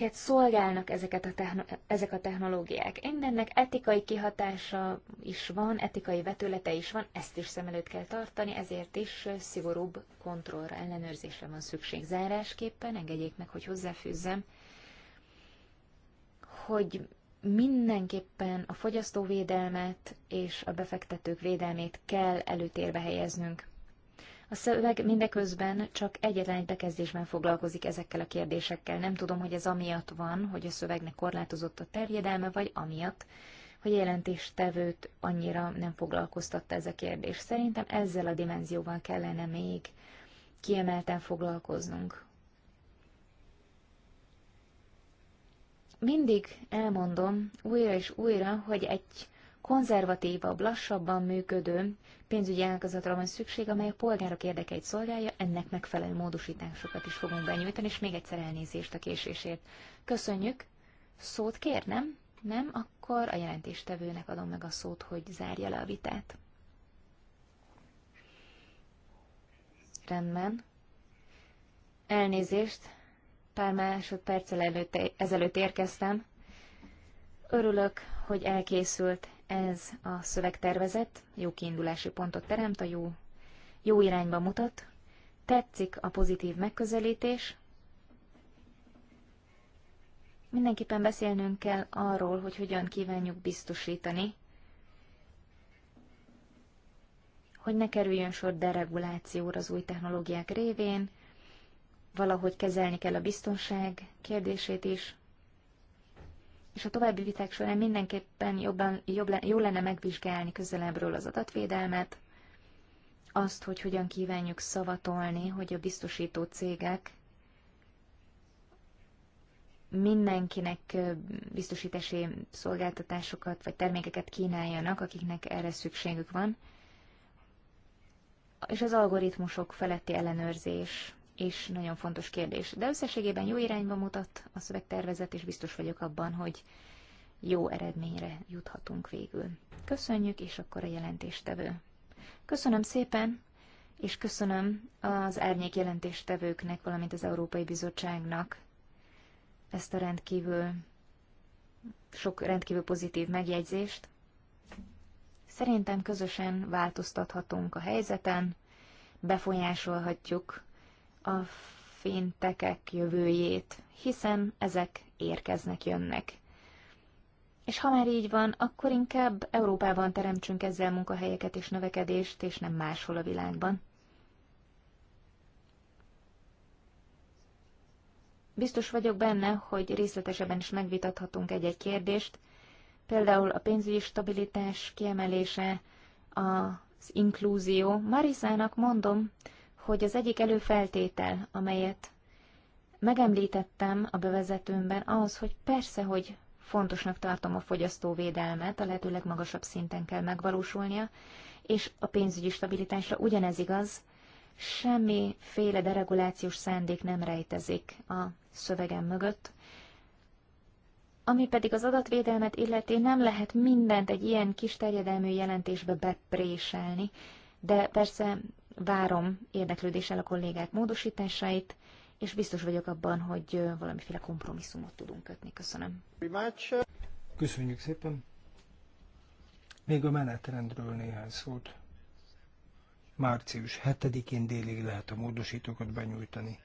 miket szolgálnak ezeket a ezek a technológiák. Mindennek etikai kihatása is van, etikai vetülete is van, ezt is szem előtt kell tartani, ezért is szigorúbb kontrollra, ellenőrzésre van szükség. Zárásképpen engedjék meg, hogy hozzáfűzzem, hogy mindenképpen a fogyasztóvédelmet és a befektetők védelmét kell előtérbe helyeznünk. A szöveg mindeközben csak egyetlen egy bekezdésben foglalkozik ezekkel a kérdésekkel. Nem tudom, hogy ez amiatt van, hogy a szövegnek korlátozott a terjedelme, vagy amiatt, hogy jelentéstevőt annyira nem foglalkoztatta ez a kérdés. Szerintem ezzel a dimenzióval kellene még kiemelten foglalkoznunk. Mindig elmondom újra és újra, hogy egy konzervatívabb, lassabban működő pénzügyi ágazatra van szükség, amely a polgárok érdekeit szolgálja, ennek megfelelő módosításokat is fogunk benyújtani, és még egyszer elnézést a késésért. Köszönjük. Szót kér, nem? Nem? Akkor a jelentéstevőnek adom meg a szót, hogy zárja le a vitát. Rendben. Elnézést. Pár másodperccel előtte ezelőtt érkeztem. Örülök, hogy elkészült ez a szövegtervezet jó kiindulási pontot teremt, a jó, jó irányba mutat. Tetszik a pozitív megközelítés. Mindenképpen beszélnünk kell arról, hogy hogyan kívánjuk biztosítani, hogy ne kerüljön sor deregulációra az új technológiák révén, valahogy kezelni kell a biztonság kérdését is, és a további viták során mindenképpen jobban, jobb, jó lenne megvizsgálni közelebbről az adatvédelmet, azt, hogy hogyan kívánjuk szavatolni, hogy a biztosító cégek mindenkinek biztosítási szolgáltatásokat vagy termékeket kínáljanak, akiknek erre szükségük van, és az algoritmusok feletti ellenőrzés és nagyon fontos kérdés. De összességében jó irányba mutat a szövegtervezet, és biztos vagyok abban, hogy jó eredményre juthatunk végül. Köszönjük, és akkor a jelentéstevő. Köszönöm szépen, és köszönöm az árnyék jelentéstevőknek, valamint az Európai Bizottságnak ezt a rendkívül sok rendkívül pozitív megjegyzést. Szerintem közösen változtathatunk a helyzeten, befolyásolhatjuk a fintekek jövőjét, hiszen ezek érkeznek, jönnek. És ha már így van, akkor inkább Európában teremtsünk ezzel munkahelyeket és növekedést, és nem máshol a világban. Biztos vagyok benne, hogy részletesebben is megvitathatunk egy-egy kérdést, például a pénzügyi stabilitás kiemelése, az inklúzió. Marisának mondom, hogy az egyik előfeltétel, amelyet megemlítettem a bevezetőmben, az, hogy persze, hogy fontosnak tartom a fogyasztóvédelmet, a lehető legmagasabb szinten kell megvalósulnia, és a pénzügyi stabilitásra ugyanez igaz, semmiféle deregulációs szándék nem rejtezik a szövegem mögött. Ami pedig az adatvédelmet illeti, nem lehet mindent egy ilyen kis terjedelmű jelentésbe bepréselni, de persze Várom érdeklődéssel a kollégák módosításait, és biztos vagyok abban, hogy valamiféle kompromisszumot tudunk kötni. Köszönöm. Köszönjük szépen. Még a menetrendről néhány szót. Március 7-én délig lehet a módosítókat benyújtani.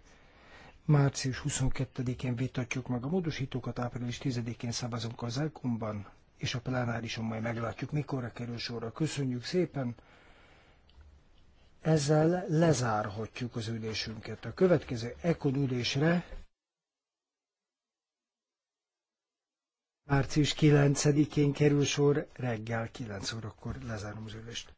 Március 22-én vitatjuk meg a módosítókat, április 10-én szavazunk az elkumban, és a plenárison majd meglátjuk, mikorra kerül sorra. Köszönjük szépen! ezzel lezárhatjuk az ülésünket. A következő ekon ülésre március 9-én kerül sor reggel 9 órakor lezárom az ülést.